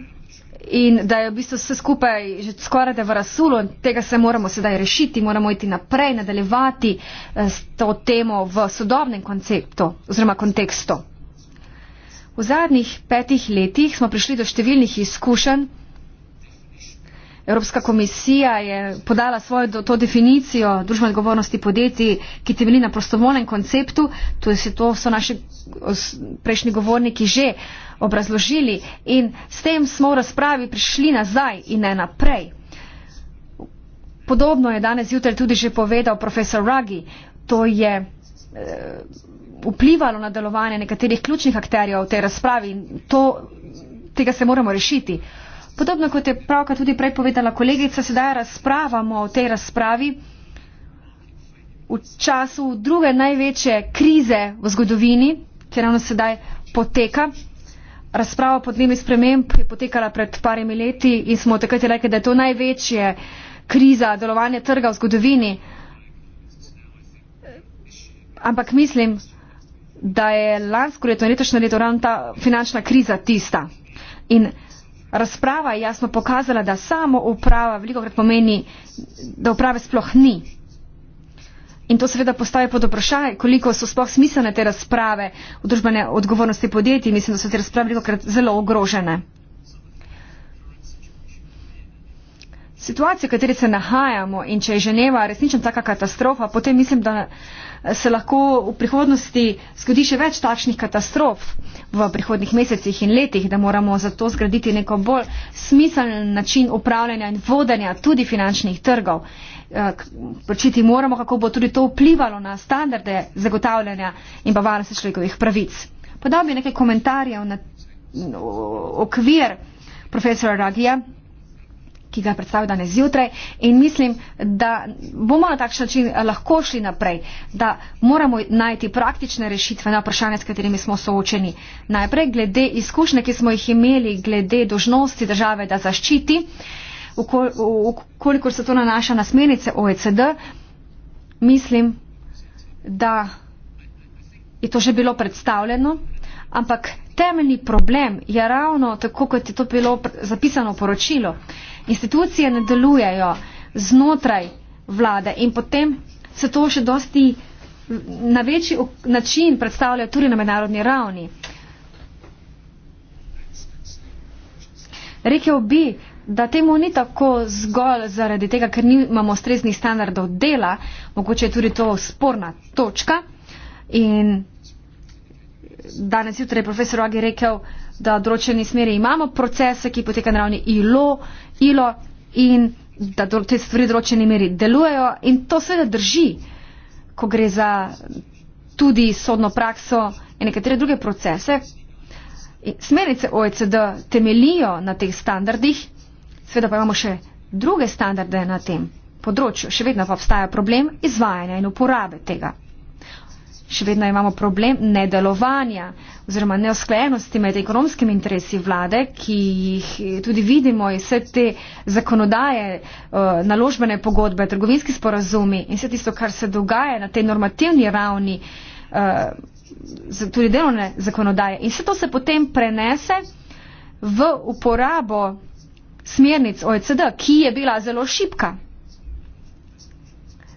in da je v bistvu vse skupaj že skoraj da v rasulu, tega se moramo sedaj rešiti, moramo iti naprej, nadaljevati eh, s to temo v sodobnem konceptu oziroma kontekstu. V zadnjih petih letih smo prišli do številnih izkušenj, Evropska komisija je podala svojo do, to definicijo družbene odgovornosti podjetij, ki temelji na prostovoljnem konceptu, to, je, to so naši prejšnji govorniki že obrazložili in s tem smo v razpravi prišli nazaj in ne naprej. Podobno je danes jutraj tudi že povedal profesor Ragi, to je eh, vplivalo na delovanje nekaterih ključnih akterjev v tej razpravi in to, tega se moramo rešiti. Podobno kot je pravka tudi prej povedala kolegica, sedaj razpravamo o tej razpravi v času druge največje krize v zgodovini, ki ravno sedaj poteka. Razprava podnebnih sprememb je potekala pred parimi leti in smo takrat rekli, da je to največje kriza delovanja trga v zgodovini. Ampak mislim, da je lansko leto in letošnje leto ravno ta finančna kriza tista. In razprava je jasno pokazala, da samo uprava veliko krat pomeni, da uprave sploh ni. In to seveda postaje pod vprašaj, koliko so sploh smiselne te razprave v družbene odgovornosti podjetij. Mislim, da so te razprave veliko krat zelo ogrožene. Situacija, v kateri se nahajamo in če je Ženeva resnično taka katastrofa, potem mislim, da se lahko v prihodnosti zgodi še več takšnih katastrof v prihodnih mesecih in letih, da moramo zato zgraditi neko bolj smiseln način upravljanja in vodanja tudi finančnih trgov. Eh, Pročiti moramo, kako bo tudi to vplivalo na standarde zagotavljanja in pa varnosti človekovih pravic. Podal bi nekaj komentarjev na okvir profesora Ragija ki ga predstavlja danes zjutraj in mislim, da bomo na takšen način eh, lahko šli naprej, da moramo najti praktične rešitve na vprašanje, s katerimi smo soočeni. Najprej glede izkušnje, ki smo jih imeli, glede dožnosti države, da zaščiti, ukolikor se to nanaša na smernice OECD, mislim, da je to že bilo predstavljeno, ampak temeljni problem je ravno tako, kot je to bilo zapisano v poročilu institucije ne delujejo znotraj vlade in potem se to še dosti na večji način predstavlja tudi na mednarodni ravni. Rekel bi, da temu ni tako zgolj zaradi tega, ker nimamo ustreznih standardov dela, mogoče je tudi to sporna točka. In danes jutraj je profesor Agi rekel, da v določeni smeri imamo procese, ki poteka na ravni ILO, ILO in da te stvari v določeni meri delujejo in to seveda drži, ko gre za tudi sodno prakso in nekatere druge procese. Smernice OECD temelijo na teh standardih, seveda pa imamo še druge standarde na tem področju. Še vedno pa obstaja problem izvajanja in uporabe tega še vedno imamo problem nedelovanja oziroma neosklenosti med ekonomskimi interesi vlade, ki jih tudi vidimo in vse te zakonodaje, eh, naložbene pogodbe, trgovinski sporazumi in vse tisto, kar se dogaja na tej normativni ravni, eh, tudi delovne zakonodaje. In vse to se potem prenese v uporabo smernic OECD, ki je bila zelo šipka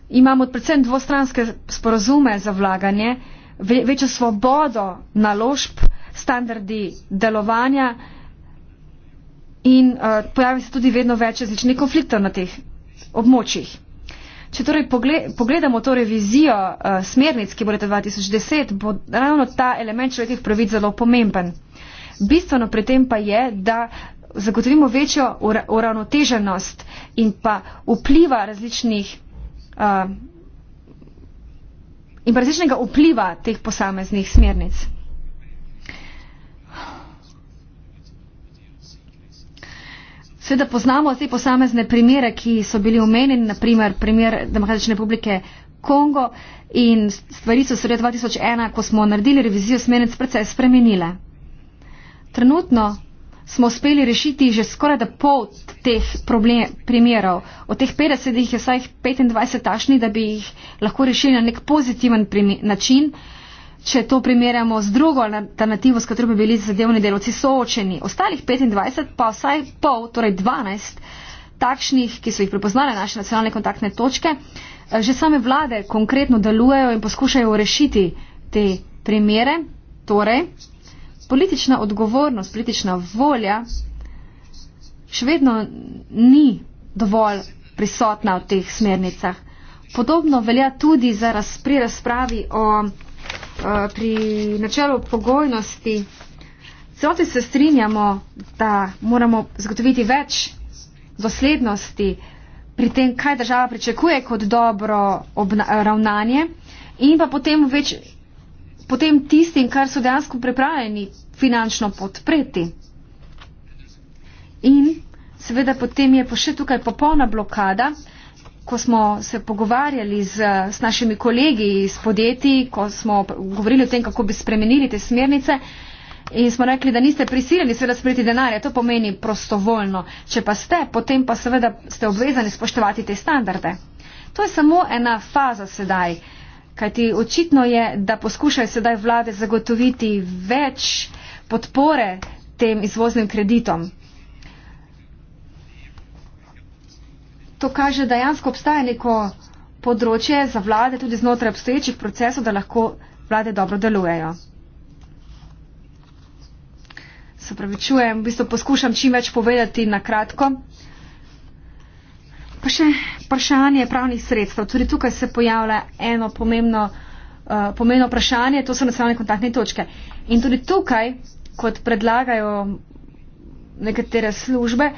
imamo predvsem dvostranske sporozume za vlaganje, večjo svobodo naložb, standardi delovanja in uh, pojavi se tudi vedno več različnih konfliktov na teh območjih. Če torej pogledamo to revizijo uh, smernic, ki bo leta 2010, bo ravno ta element človekovih pravic zelo pomemben. Bistveno pri tem pa je, da zagotovimo večjo ura uravnoteženost in pa vpliva različnih uh, in praktičnega vpliva teh posameznih smernic. Sveda poznamo te posamezne primere, ki so bili omenjeni, naprimer primer Demokratične republike Kongo in stvari so se v 2001, ko smo naredili revizijo smernic, precej spremenile. Trenutno smo uspeli rešiti že skoraj da pol teh problem, primerov. Od teh 50 jih je vsaj 25 tašni, da bi jih lahko rešili na nek pozitiven način, če to primerjamo z drugo alternativo, s katero bi bili zadevni delovci soočeni. Ostalih 25 pa vsaj pol, torej 12 takšnih, ki so jih prepoznale naše nacionalne kontaktne točke, že same vlade konkretno delujejo in poskušajo rešiti te primere. Torej, politična odgovornost, politična volja še vedno ni dovolj prisotna v teh smernicah. Podobno velja tudi za razpri razpravi o, o, eh, pri načelu pogojnosti. Celoti se strinjamo, da moramo zagotoviti več doslednosti pri tem, kaj država pričakuje kot dobro ravnanje in pa potem več potem tistim, kar so dejansko prepravljeni finančno podpreti. In seveda potem je pa še tukaj popolna blokada, ko smo se pogovarjali z, s našimi kolegi iz podjetij, ko smo govorili o tem, kako bi spremenili te smernice. In smo rekli, da niste prisiljeni seveda sprejeti denarja, to pomeni prostovoljno. Če pa ste, potem pa seveda ste obvezani spoštovati te standarde. To je samo ena faza sedaj. Kajti očitno je, da poskušajo sedaj vlade zagotoviti več podpore tem izvoznim kreditom. To kaže, da dejansko obstaja neko področje za vlade tudi znotraj obstoječih procesov, da lahko vlade dobro delujejo. Se pravičujem, v bistvu poskušam čim več povedati na kratko. Pa še vprašanje pravnih sredstev. Tudi tukaj se pojavlja eno pomembno, uh, pomembno vprašanje, to so nacionalne kontaktne točke. In tudi tukaj, kot predlagajo nekatere službe,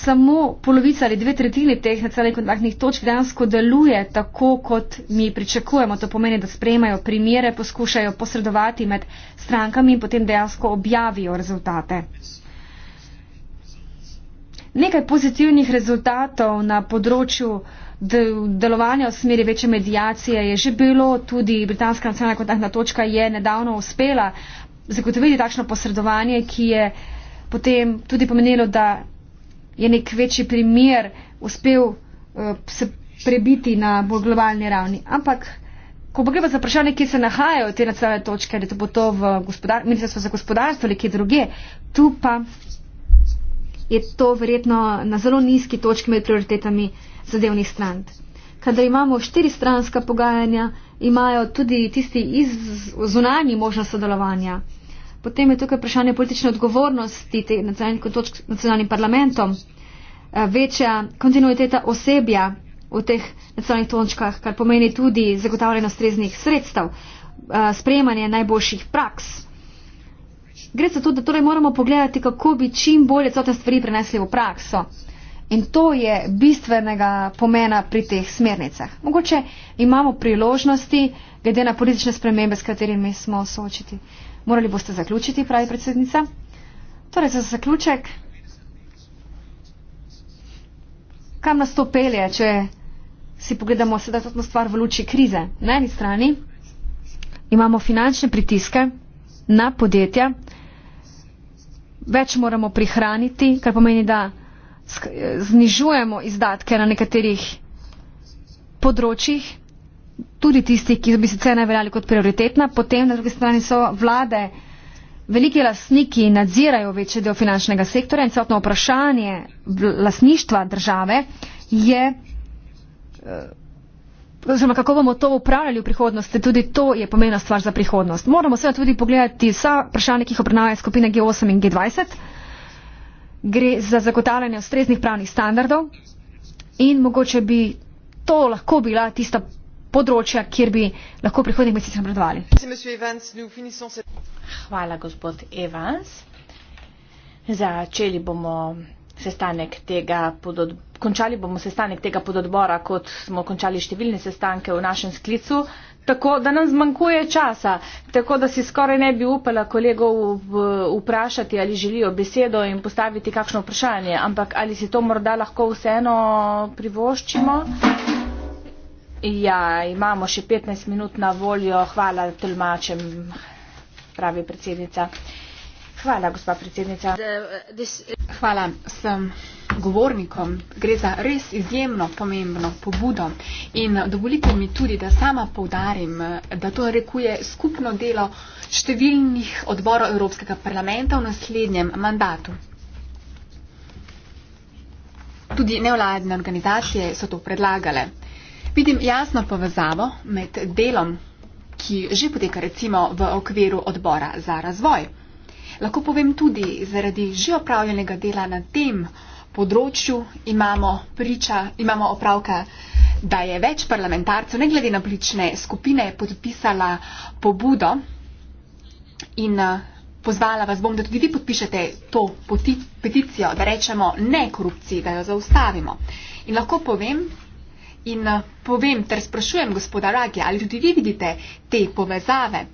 samo polovica ali dve tretjini teh nacionalnih kontaktnih točk dejansko deluje tako, kot mi pričakujemo. To pomeni, da spremajo primere, poskušajo posredovati med strankami in potem dejansko objavijo rezultate nekaj pozitivnih rezultatov na področju delovanja v smeri večje medijacije je že bilo, tudi Britanska nacionalna kontaktna točka je nedavno uspela zagotoviti takšno posredovanje, ki je potem tudi pomenilo, da je nek večji primer uspel eh, se prebiti na bolj globalni ravni. Ampak, ko bo gremo za vprašanje, kje se nahajajo te nacionalne točke, ali to bo to v gospodar ministrstvu za gospodarstvo ali kje druge, tu pa je to verjetno na zelo nizki točki med prioritetami zadevnih stran. Kadar imamo štiri stranska pogajanja, imajo tudi tisti iz zunanji možnost sodelovanja. Potem je tukaj vprašanje politične odgovornosti te nacionalnih točk s nacionalnim parlamentom, eh, večja kontinuiteta osebja v teh nacionalnih točkah, kar pomeni tudi zagotavljanje ustreznih sredstev, eh, sprejemanje najboljših praks Gre za to, da torej moramo pogledati, kako bi čim bolje celotne stvari prenesli v prakso. In to je bistvenega pomena pri teh smernicah. Mogoče imamo priložnosti, glede na politične spremembe, s katerimi smo soočiti. Morali boste zaključiti, pravi predsednica. Torej, za zaključek, kam nas to pelje, če si pogledamo sedaj to stvar v luči krize? Na eni strani imamo finančne pritiske na podjetja, več moramo prihraniti, kar pomeni, da znižujemo izdatke na nekaterih področjih, tudi tistih, ki bi sicer najveljali kot prioritetna, potem na drugi strani so vlade, veliki lasniki nadzirajo večji del finančnega sektora in celotno vprašanje lasništva države je. Uh, oziroma kako bomo to upravljali v prihodnosti, tudi to je pomembna stvar za prihodnost. Moramo seveda tudi pogledati vsa vprašanja, ki jih obravnava skupina G8 in G20. Gre za zagotavljanje ustreznih pravnih standardov in mogoče bi to lahko bila tista področja, kjer bi lahko prihodnjih mesecih napredovali. Hvala, gospod Evans. Začeli bomo sestanek tega pododbora končali bomo sestanek tega pododbora, kot smo končali številne sestanke v našem sklicu, tako da nam zmanjkuje časa, tako da si skoraj ne bi upala kolegov vprašati, ali želijo besedo in postaviti kakšno vprašanje, ampak ali si to morda lahko vseeno privoščimo? Ja, imamo še 15 minut na voljo. Hvala tolmačem, pravi predsednica. Hvala, gospa predsednica. Uh, Hvala, sem govornikom. Gre za res izjemno pomembno pobudo in dovolite mi tudi, da sama povdarim, da to rekuje skupno delo številnih odborov Evropskega parlamenta v naslednjem mandatu. Tudi nevladne organizacije so to predlagale. Vidim jasno povezavo med delom, ki že poteka recimo v okviru odbora za razvoj. Lahko povem tudi zaradi že opravljenega dela na tem odboru, področju imamo, priča, imamo opravka, da je več parlamentarcev, ne glede na politične skupine, podpisala pobudo in eh, pozvala vas bom, da tudi vi podpišete to peticijo, da rečemo ne korupciji, da jo zaustavimo. In lahko povem, in eh, povem ter sprašujem gospoda Ragi, ali tudi vi vidite te povezave.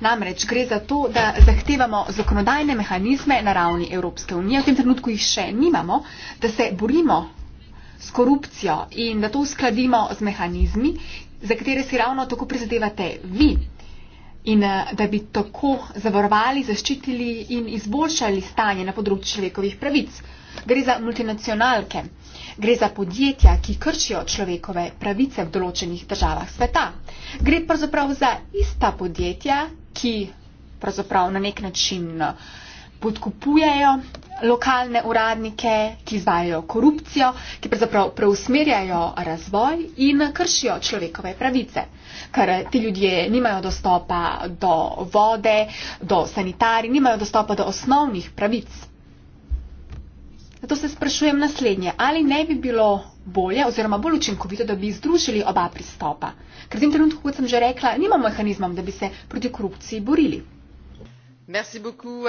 Namreč gre za to, da zahtevamo zakonodajne mehanizme na ravni Evropske unije, v tem trenutku jih še nimamo, da se borimo s korupcijo in da to uskladimo z mehanizmi, za katere si ravno tako prizadevate vi in eh, da bi tako zavarovali, zaščitili in izboljšali stanje na področju človekovih pravic. Gre za multinacionalke, gre za podjetja, ki krčijo človekove pravice v določenih državah sveta. Gre pravzaprav za ista podjetja, ki pravzaprav na nek način eh, podkupujejo lokalne uradnike, ki izvajajo korupcijo, ki pravzaprav preusmerjajo razvoj in kršijo človekove pravice. Ker eh, ti ljudje nimajo dostopa do vode, do sanitari, nimajo dostopa do osnovnih pravic. Zato se sprašujem naslednje, ali ne bi bilo bolje oziroma bolj učinkovito, da bi združili oba pristopa? Ker v tem trenutku, kot sem že rekla, nimamo mehanizmov, da bi se proti korupciji borili. Beaucoup,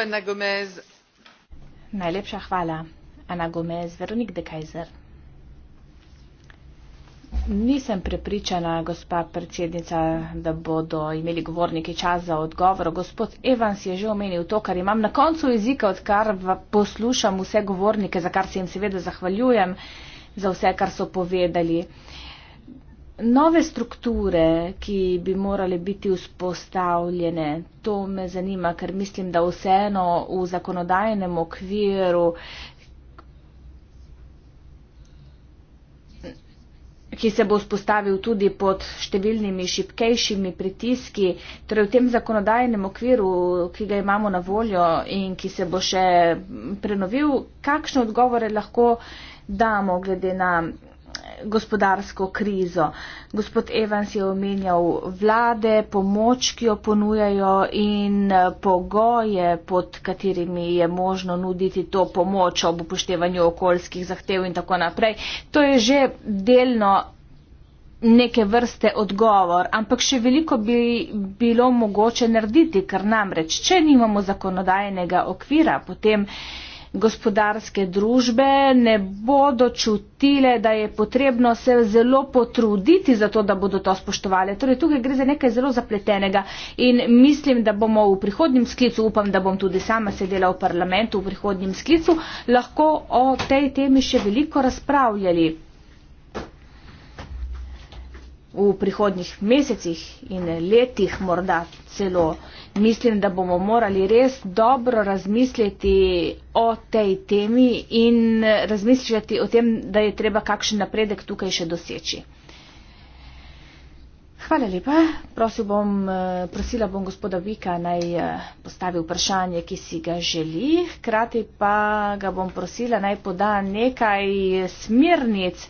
Najlepša hvala, Ana Gomez, Veronik de Kajzer. Nisem prepričana, gospa predsednica, da bodo imeli govorniki čas za odgovor. Gospod Evans je že omenil to, kar imam na koncu jezika, odkar poslušam vse govornike, za kar se jim seveda zahvaljujem za vse, kar so povedali. Nove strukture, ki bi morale biti vzpostavljene, to me zanima, ker mislim, da vseeno v zakonodajnem okviru ki se bo vzpostavil tudi pod številnimi šipkejšimi pritiski. Torej v tem zakonodajnem okviru, ki ga imamo na voljo in ki se bo še prenovil, kakšne odgovore lahko damo glede na gospodarsko krizo. Gospod Evans je omenjal vlade, pomoč, ki jo ponujajo in eh, pogoje, pod katerimi je možno nuditi to pomoč ob upoštevanju okoljskih zahtev in tako naprej. To je že delno neke vrste odgovor, ampak še veliko bi bilo mogoče narediti, ker namreč, če nimamo zakonodajnega okvira, potem gospodarske družbe ne bodo čutile, da je potrebno se zelo potruditi za to, da bodo to spoštovali. Torej, tukaj gre za nekaj zelo zapletenega in mislim, da bomo v prihodnjem sklicu, upam, da bom tudi sama sedela v parlamentu v prihodnjem sklicu, lahko o tej temi še veliko razpravljali v prihodnjih mesecih in letih morda celo mislim, da bomo morali res dobro razmisliti o tej temi in razmisliti o tem, da je treba kakšen napredek tukaj še doseči. Hvala lepa. Prosil bom, eh, prosila bom gospoda Vika naj eh, postavi vprašanje, ki si ga želi. Hkrati pa ga bom prosila naj poda nekaj smernic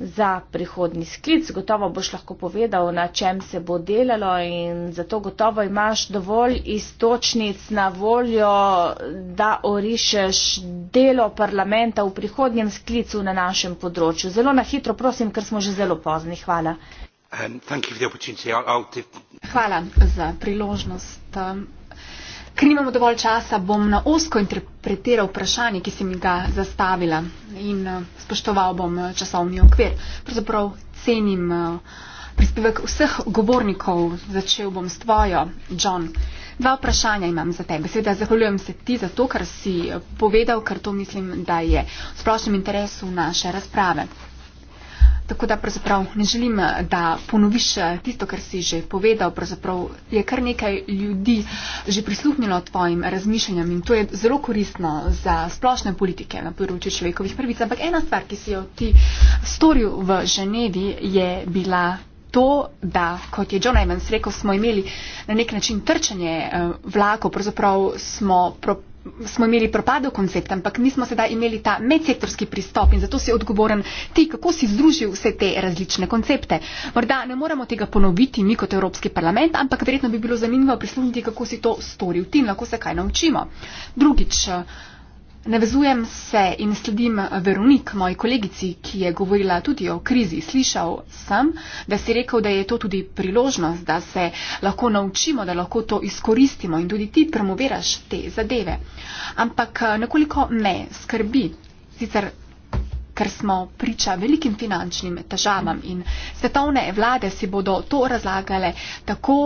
za prihodni sklic. Gotovo boš lahko povedal, na čem se bo delalo in zato gotovo imaš dovolj istočnic na voljo, da orišeš delo parlamenta v prihodnjem sklicu na našem področju. Zelo na hitro, prosim, ker smo že zelo pozni. Hvala. Um, Hvala za priložnost. Um, ker nimamo dovolj časa, bom na osko interpretiral vprašanje, ki sem ga zastavila in eh, spoštoval bom eh, časovni okvir. Pravzaprav cenim eh, prispevek vseh govornikov, začel bom s tvojo, John. Dva vprašanja imam za tebe. Seveda zahvaljujem se ti za to, kar si povedal, ker to mislim, da je v splošnem interesu naše razprave. Tako da pravzaprav ne želim, da ponoviš eh, tisto, kar si že povedal. Pravzaprav je kar nekaj ljudi že prisluhnilo tvojim razmišljanjem in to je zelo koristno za splošne politike na področju človekovih prvic. Ampak ena stvar, ki si jo ti storil v Ženevi, je bila to, da, kot je John Evans rekel, smo imeli na nek način trčanje eh, vlako, pravzaprav smo propadli smo imeli propadel koncept, ampak nismo sedaj imeli ta medsektorski pristop in zato si odgovoren ti, kako si združil vse te različne koncepte. Morda ne moramo tega ponoviti mi kot Evropski parlament, ampak verjetno bi bilo zanimivo prisluhniti, kako si to storil ti in lahko se kaj naučimo. Drugič, uh, Navezujem se in sledim Veronik, moji kolegici, ki je govorila tudi o krizi. Slišal sem, da si rekel, da je to tudi priložnost, da se lahko naučimo, da lahko to izkoristimo in tudi ti promoviraš te zadeve. Ampak nekoliko me skrbi, sicer ker smo priča velikim finančnim težavam in svetovne vlade si bodo to razlagale tako,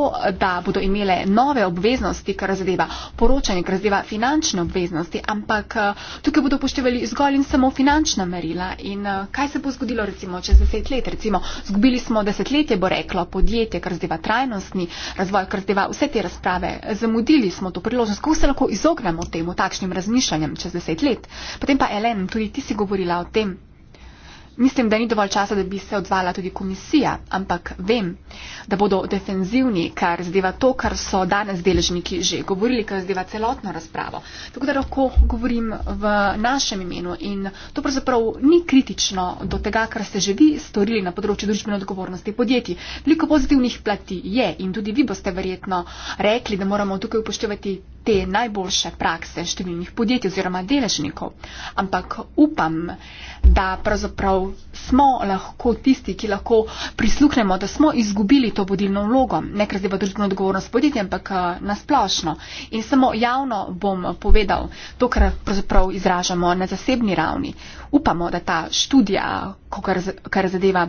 da bodo imele nove obveznosti, kar zadeva poročanje, kar zadeva finančne obveznosti, ampak eh, tukaj bodo poštevali zgolj in samo finančna merila in eh, kaj se bo zgodilo recimo čez deset let, recimo zgubili smo desetletje, bo reklo podjetje, kar zadeva trajnostni razvoj, kar zadeva vse te razprave, zamudili smo to priložnost, kako se lahko izognemo temu takšnim razmišljanjem čez deset let. Potem pa Elen, tudi ti si govorila o tem, Mislim, da ni dovolj časa, da bi se odzvala tudi komisija, ampak vem, da bodo defenzivni, kar zdeva to, kar so danes deležniki že govorili, kar zdeva celotno razpravo. Tako da lahko govorim v našem imenu in to pravzaprav ni kritično do tega, kar ste že vi storili na področju družbene odgovornosti podjetij. Veliko pozitivnih plati je in tudi vi boste verjetno rekli, da moramo tukaj upoštevati te najboljše prakse številnih podjetij oziroma deležnikov. Ampak upam, da pravzaprav smo lahko tisti, ki lahko prisluhnemo, da smo izgubili to vodilno vlogo, ne ker zdaj pa družbeno odgovornost podjetja, ampak nasplošno. In samo javno bom povedal to, kar pravzaprav izražamo na zasebni ravni. Upamo, da ta študija, kar zadeva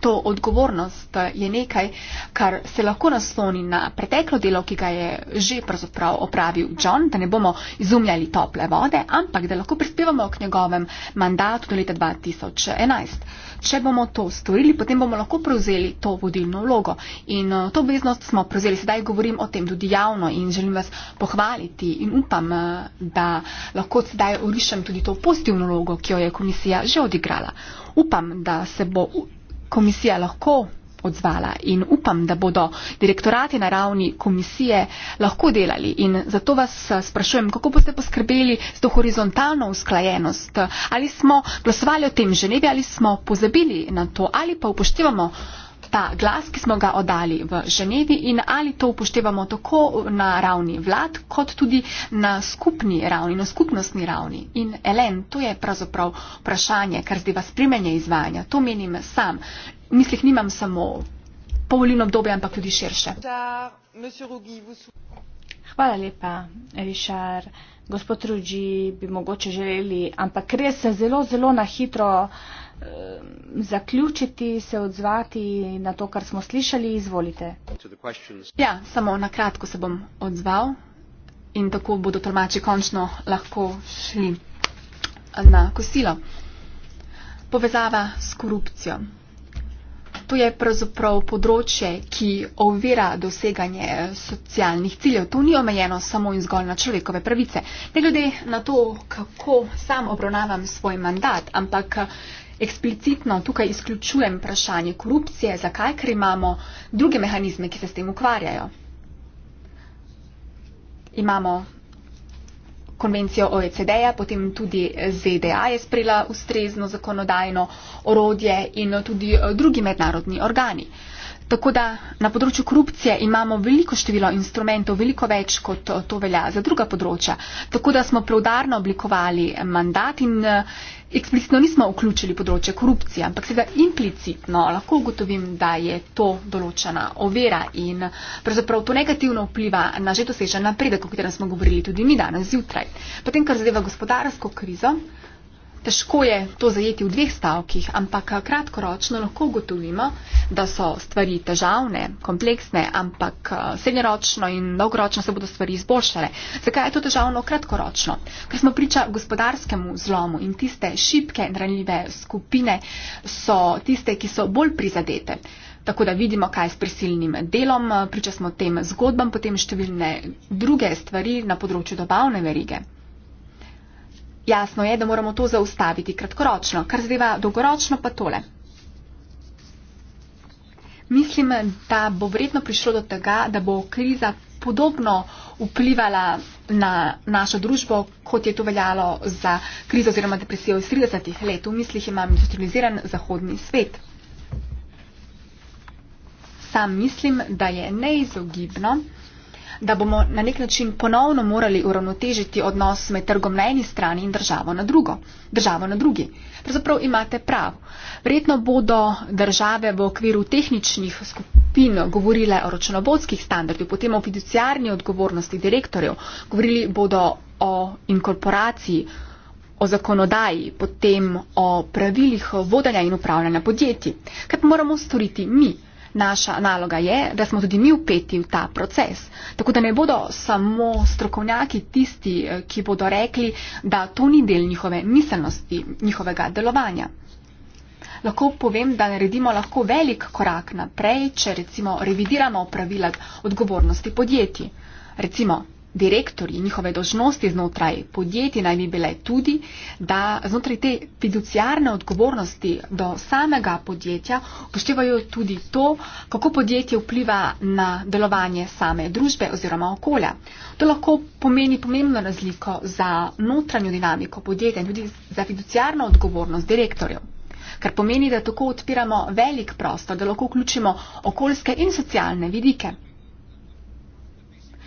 to odgovornost eh, je nekaj, kar se lahko nasloni na preteklo delo, ki ga je že pravzaprav opravil John, da ne bomo izumljali tople vode, ampak da lahko prispevamo k njegovem mandatu do leta 2011. Če bomo to storili, potem bomo lahko prevzeli to vodilno vlogo. In eh, to obveznost smo prevzeli. Sedaj govorim o tem tudi javno in želim vas pohvaliti in upam, eh, da lahko sedaj orišem tudi to pozitivno vlogo, ki jo je komisija že odigrala. Upam, da se bo komisija lahko odzvala in upam, da bodo direktorati na ravni komisije lahko delali. In zato vas eh, sprašujem, kako boste poskrbeli z to horizontalno usklajenost. Ali smo glasovali o tem ženevi, ali smo pozabili na to, ali pa upoštevamo uh, ta glas, ki smo ga odali v Ženevi in ali to upoštevamo tako na ravni vlad, kot tudi na skupni ravni, na skupnostni ravni. In Elen, to je pravzaprav vprašanje, kar zdaj vas spremenja izvajanja. To menim sam. V mislih nimam samo povoljno obdobje, ampak tudi širše. Hvala lepa, Rišar. Gospod Ruđi bi mogoče želeli, ampak res se zelo, zelo na hitro. Ehm, zaključiti, se odzvati na to, kar smo slišali. Izvolite. Ja, samo na kratko se bom odzval in tako bodo tolmači končno lahko šli na kosilo. Povezava s korupcijo. To je pravzaprav področje, ki ovira doseganje socialnih ciljev. To ni omejeno samo in zgolj na človekove pravice. Ne glede na to, kako sam obravnavam svoj mandat, ampak eksplicitno tukaj izključujem vprašanje korupcije, zakaj, ker imamo druge mehanizme, ki se s tem ukvarjajo. Imamo konvencijo OECD-ja, potem tudi ZDA je sprejela ustrezno zakonodajno orodje in tudi eh, drugi mednarodni organi. Tako da na področju korupcije imamo veliko število instrumentov, veliko več kot eh, to velja za druga področja. Tako da smo preudarno oblikovali eh, mandat in eksplicitno nismo vključili področje korupcije, ampak se ga implicitno lahko ugotovim, da je to določena ovira in pravzaprav to negativno vpliva na že dosežen napredek, o katerem smo govorili tudi mi danes zjutraj. Potem, kar zadeva gospodarsko krizo, Težko je to zajeti v dveh stavkih, ampak eh, kratkoročno lahko ugotovimo, da so stvari težavne, kompleksne, ampak eh, srednjeročno in dolgoročno se bodo stvari izboljšale. Zakaj je to težavno kratkoročno? Ker smo priča gospodarskemu zlomu in tiste šipke in ranljive skupine so tiste, ki so bolj prizadete. Tako da vidimo, kaj je s prisilnim delom, eh, priča smo tem zgodbam, potem številne druge stvari na področju dobavne verige. Jasno je, da moramo to zaustaviti kratkoročno, kar zadeva dolgoročno pa tole. Mislim, da bo vredno prišlo do tega, da bo kriza podobno vplivala na našo družbo, kot je to veljalo za krizo oziroma depresijo iz 30-ih let. V mislih imam industrializiran zahodni svet. Sam mislim, da je neizogibno, da bomo na nek način ponovno morali uravnotežiti odnos med trgom na eni strani in državo na, drugo, državo na drugi. Pravzaprav imate prav. Vredno bodo države v okviru tehničnih skupin govorile o računovodskih standardih, potem o fiduciarni odgovornosti direktorjev, govorili bodo o inkorporaciji, o zakonodaji, potem o pravilih vodanja in upravljanja podjetij. Kaj moramo storiti mi? naša naloga je, da smo tudi mi upeti v ta proces. Tako da ne bodo samo strokovnjaki tisti, eh, ki bodo rekli, da to ni del njihove miselnosti, njihovega delovanja. Lahko povem, da naredimo lahko velik korak naprej, če recimo revidiramo pravila odgovornosti podjetij. Recimo, direktori, njihove dožnosti znotraj podjetij naj bi bile tudi, da znotraj te fiduciarne odgovornosti do samega podjetja upoštevajo tudi to, kako podjetje vpliva na delovanje same družbe oziroma okolja. To lahko pomeni pomembno razliko za notranjo dinamiko podjetja in tudi za fiduciarno odgovornost direktorjev. Kar pomeni, da tako odpiramo velik prostor, da lahko vključimo okoljske in socialne vidike.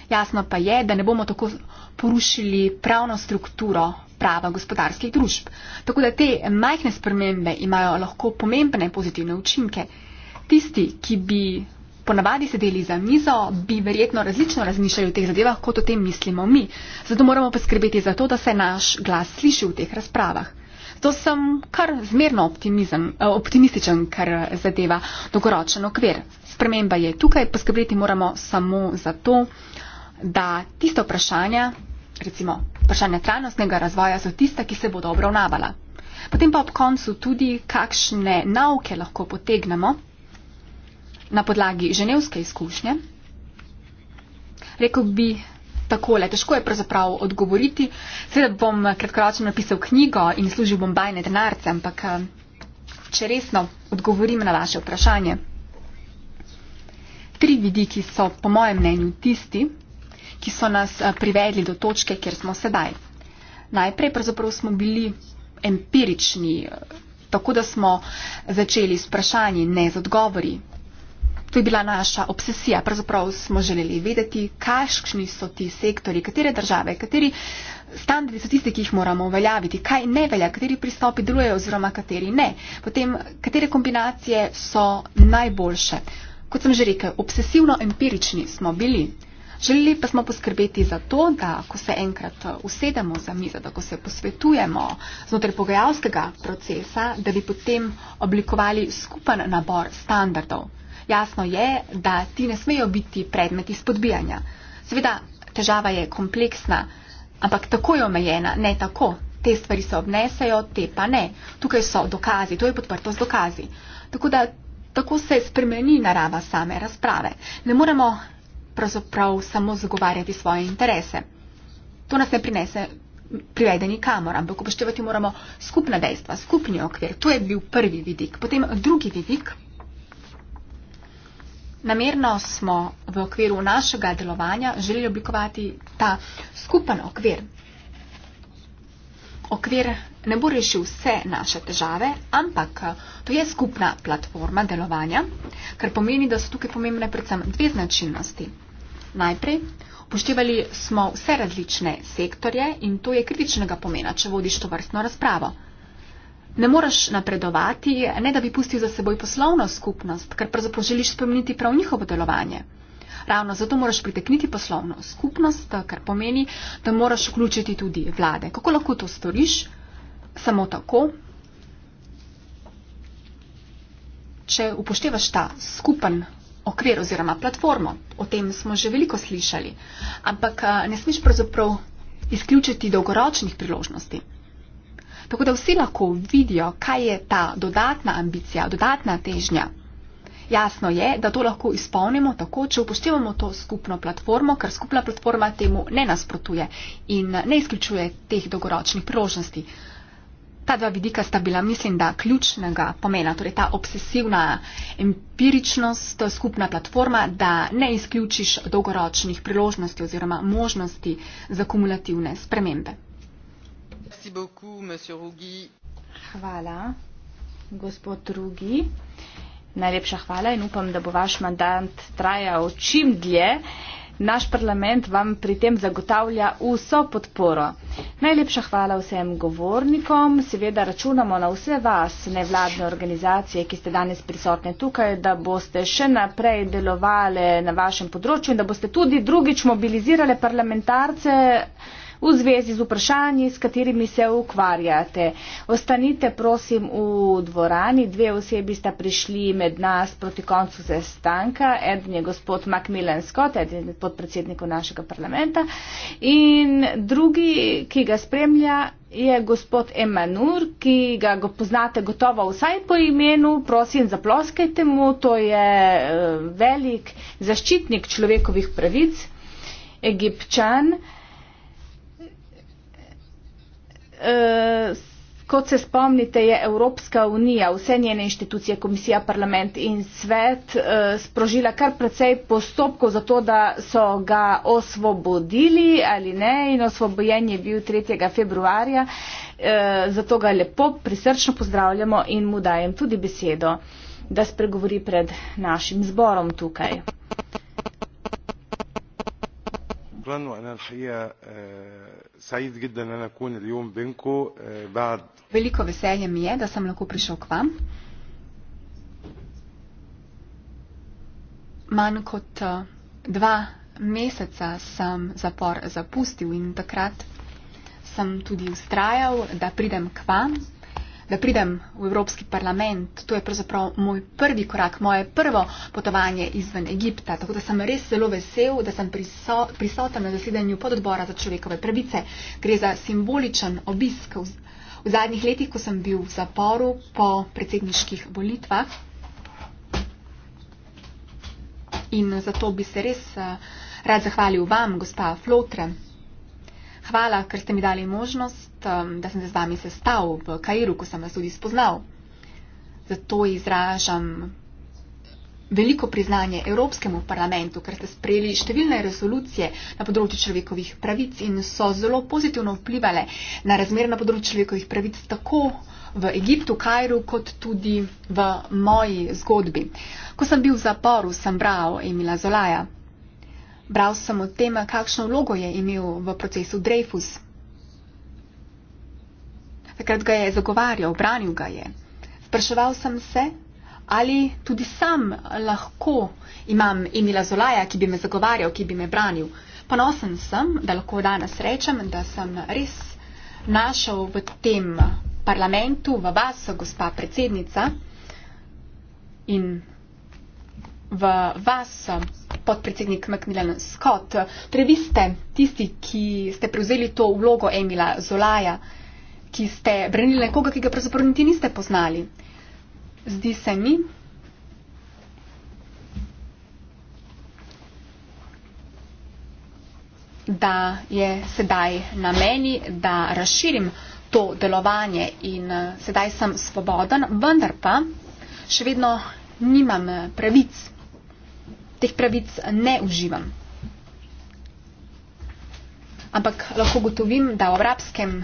Jasno pa je, da ne bomo tako porušili pravno strukturo prava gospodarskih družb. Tako da te majhne spremembe imajo lahko pomembne pozitivne učinke. Tisti, ki bi ponavadi sedeli za mizo, bi verjetno različno razmišljali o teh zadevah, kot o tem mislimo mi. Zato moramo poskrbeti za to, da se naš glas sliši v teh razpravah. Zato sem kar zmerno eh, optimističen, kar zadeva dogoročen okvir. Sprememba je tukaj, poskrbeti moramo samo za to, da tisto vprašanje, recimo vprašanje trajnostnega razvoja, so tiste, ki se bodo obravnavala. Potem pa ob koncu tudi, kakšne nauke lahko potegnemo na podlagi ženevske izkušnje. Rekl bi takole, težko je pravzaprav odgovoriti, seveda bom kratkoročno napisal knjigo in služil bom bajne denarce, ampak eh, če resno odgovorim na vaše vprašanje. Tri vidiki so po mojem mnenju tisti, ki so nas eh, privedli do točke, kjer smo sedaj. Najprej pravzaprav smo bili empirični, eh, tako da smo začeli s vprašanji, ne z odgovori. To je bila naša obsesija. Pravzaprav smo želeli vedeti, kakšni so ti sektori, katere države, kateri standardi so tisti, ki jih moramo uveljaviti, kaj ne velja, kateri pristopi delujejo oziroma kateri ne. Potem, katere kombinacije so najboljše. Kot sem že rekel, obsesivno empirični smo bili. Želeli pa smo poskrbeti za to, da ko se enkrat eh, usedemo za mizo, da ko se posvetujemo znotraj pogajalskega procesa, da bi potem oblikovali skupen nabor standardov. Jasno je, da ti ne smejo biti predmeti spodbijanja. Seveda, težava je kompleksna, ampak tako je omejena, ne tako. Te stvari se obnesejo, te pa ne. Tukaj so dokazi, to je podprto z dokazi. Tako da tako se spremeni narava same razprave. Ne moremo pravzaprav samo zagovarjati svoje interese. To nas ne prinese privedeni kamor, ampak upoštevati moramo skupna dejstva, skupni okvir. To je bil prvi vidik. Potem drugi vidik. Namerno smo v okviru našega delovanja želeli oblikovati ta skupen okvir. Okvir ne bo rešil vse naše težave, ampak to je skupna platforma delovanja, kar pomeni, da so tukaj pomembne predvsem dve značilnosti. Najprej, upoštevali smo vse različne sektorje in to je kritičnega pomena, če vodiš to vrstno razpravo. Ne moreš napredovati, ne da bi pustil za seboj poslovno skupnost, ker pravzaprav želiš spremeniti prav njihovo delovanje. Ravno zato moraš pritekniti poslovno skupnost, kar pomeni, da moraš vključiti tudi vlade. Kako lahko to storiš? Samo tako, če upoštevaš ta skupen okvir oziroma platformo. O tem smo že veliko slišali. Ampak eh, ne smeš pravzaprav izključiti dolgoročnih priložnosti. Tako da vsi lahko vidijo, kaj je ta dodatna ambicija, dodatna težnja. Jasno je, da to lahko izpolnimo tako, če upoštevamo to skupno platformo, ker skupna platforma temu ne nasprotuje in ne izključuje teh dolgoročnih priložnosti ta dva vidika sta bila, mislim, da ključnega pomena, torej ta obsesivna empiričnost, skupna platforma, da ne izključiš dolgoročnih priložnosti oziroma možnosti za kumulativne spremembe. Hvala, gospod Rugi. Najlepša hvala in upam, da bo vaš mandat trajal čim dlje naš parlament vam pri tem zagotavlja vso podporo. Najlepša hvala vsem govornikom, seveda računamo na vse vas, nevladne organizacije, ki ste danes prisotne tukaj, da boste še naprej delovali na vašem področju in da boste tudi drugič mobilizirali parlamentarce v zvezi z vprašanji, s katerimi se ukvarjate. Ostanite prosim v dvorani. Dve osebi sta prišli med nas proti koncu sestanka. Eden je gospod Macmillan Scott, eden je podpredsednik našega parlamenta. In drugi, ki ga spremlja, je gospod Emanur, ki ga go poznate gotovo vsaj po imenu. Prosim, zaploskajte mu. To je eh, velik zaščitnik človekovih pravic, egipčan. Eh, kot se spomnite, je Evropska unija, vse njene inštitucije, komisija, parlament in svet eh, sprožila kar precej postopkov za to, da so ga osvobodili ali ne in osvobojen je bil 3. februarja. Eh, zato ga lepo, prisrčno pozdravljamo in mu dajem tudi besedo, da spregovori pred našim zborom tukaj. شكرا وانا الحقيقه سعيد جدا ان انا اكون اليوم بينكم بعد Veliko veselje mi je, da sem lahko prišel k vam. Manj kot eh, dva meseca sem zapor zapustil in takrat sem tudi ustrajal, da pridem k vam da pridem v Evropski parlament. To je pravzaprav moj prvi korak, moje prvo potovanje izven Egipta. Tako da sem res zelo vesel, da sem priso, prisoten na zasedanju pododbora za človekove pravice. Gre za simboličen obisk v, v zadnjih letih, ko sem bil v zaporu po predsedniških volitvah. In zato bi se res rad zahvalil vam, gospa Flotre. Hvala, ker ste mi dali možnost um, da sem se z vami sestal v Kairu, ko sem vas tudi spoznal. Zato izražam veliko priznanje Evropskemu parlamentu, ker ste sprejeli številne resolucije na področju človekovih pravic in so zelo pozitivno vplivali na razmer na področju človekovih pravic tako v Egiptu, Kairu, kot tudi v moji zgodbi. Ko sem bil v zaporu, sem bral Emila Zolaja. Bral sem o tem, kakšno vlogo je imel v procesu Dreyfus. Takrat ga je zagovarjal, branil ga je. Spraševal sem se, ali tudi sam lahko imam Emila Zolaja, ki bi me zagovarjal, ki bi me branil. Ponosen sem, da lahko danes rečem, da sem res našel v tem parlamentu, v vas, gospa predsednica, in v vas, podpredsednik Macmillan Scott. Torej, vi ste tisti, ki ste prevzeli to vlogo Emila Zolaja ki ste brenili nekoga, ki ga pravzaprav niti niste poznali. Zdi se mi, da je sedaj na meni, da razširim to delovanje in eh, sedaj sem svoboden, vendar pa še vedno nimam pravic. Teh pravic ne uživam. Ampak lahko gotovim, da v arabskem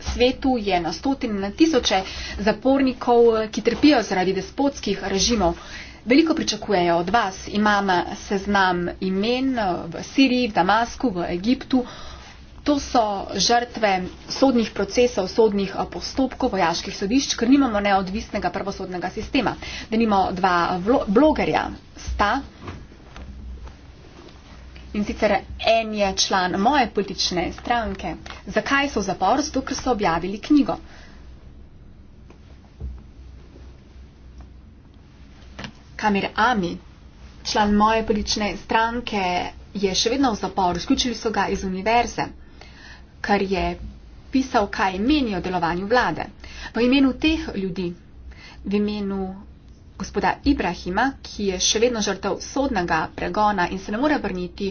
svetu je na stotine, na tisoče zapornikov, ki trpijo zaradi despotskih režimov. Veliko pričakujejo od vas, imam seznam imen v Siriji, v Damasku, v Egiptu. To so žrtve sodnih procesov, sodnih eh, postopkov, vojaških sodišč, ker nimamo neodvisnega pravosodnega sistema. Da nimamo dva blogerja, sta In sicer en je član moje politične stranke. Zakaj so v zaporu? Zato, ker so objavili knjigo. Kamir Ami, član moje politične stranke, je še vedno v zaporu. Izključili so ga iz univerze, ker je pisal, kaj meni o delovanju vlade. V imenu teh ljudi, v imenu gospoda Ibrahima, ki je še vedno žrtev sodnega pregona in se ne more vrniti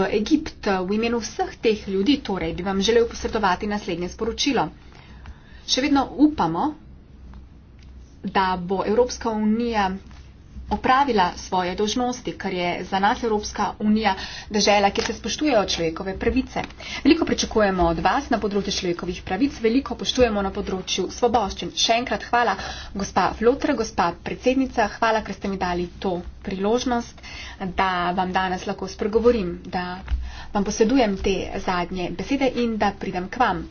v Egipt v imenu vseh teh ljudi, torej bi vam želel posredovati naslednje sporočilo. Še vedno upamo, da bo Evropska unija opravila svoje dožnosti, kar je za nas Evropska unija država, ki se spoštuje od človekove pravice. Veliko pričakujemo od vas na področju človekovih pravic, veliko poštujemo na področju svoboščin. Še enkrat hvala, gospa Flotra, gospa predsednica, hvala, ker ste mi dali to priložnost, da vam danes lahko spregovorim, da vam posedujem te zadnje besede in da pridem k vam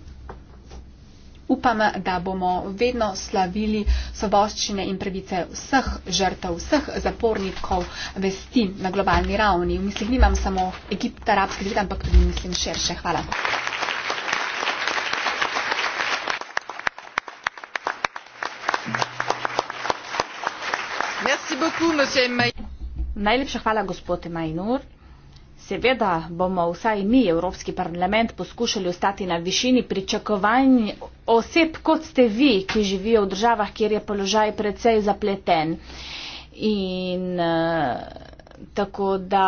upam, da bomo vedno slavili soboščine in pravice vseh žrtev, vseh zapornikov vesti na globalni ravni. V mislih nimam samo Egipta, arabske zveze, ampak tudi mislim širše. Hvala. Najlepša hvala, gospod Majnur. Seveda bomo vsaj mi, Evropski parlament, poskušali ostati na višini pričakovanj oseb, kot ste vi, ki živijo v državah, kjer je položaj predvsej zapleten. In, uh, tako da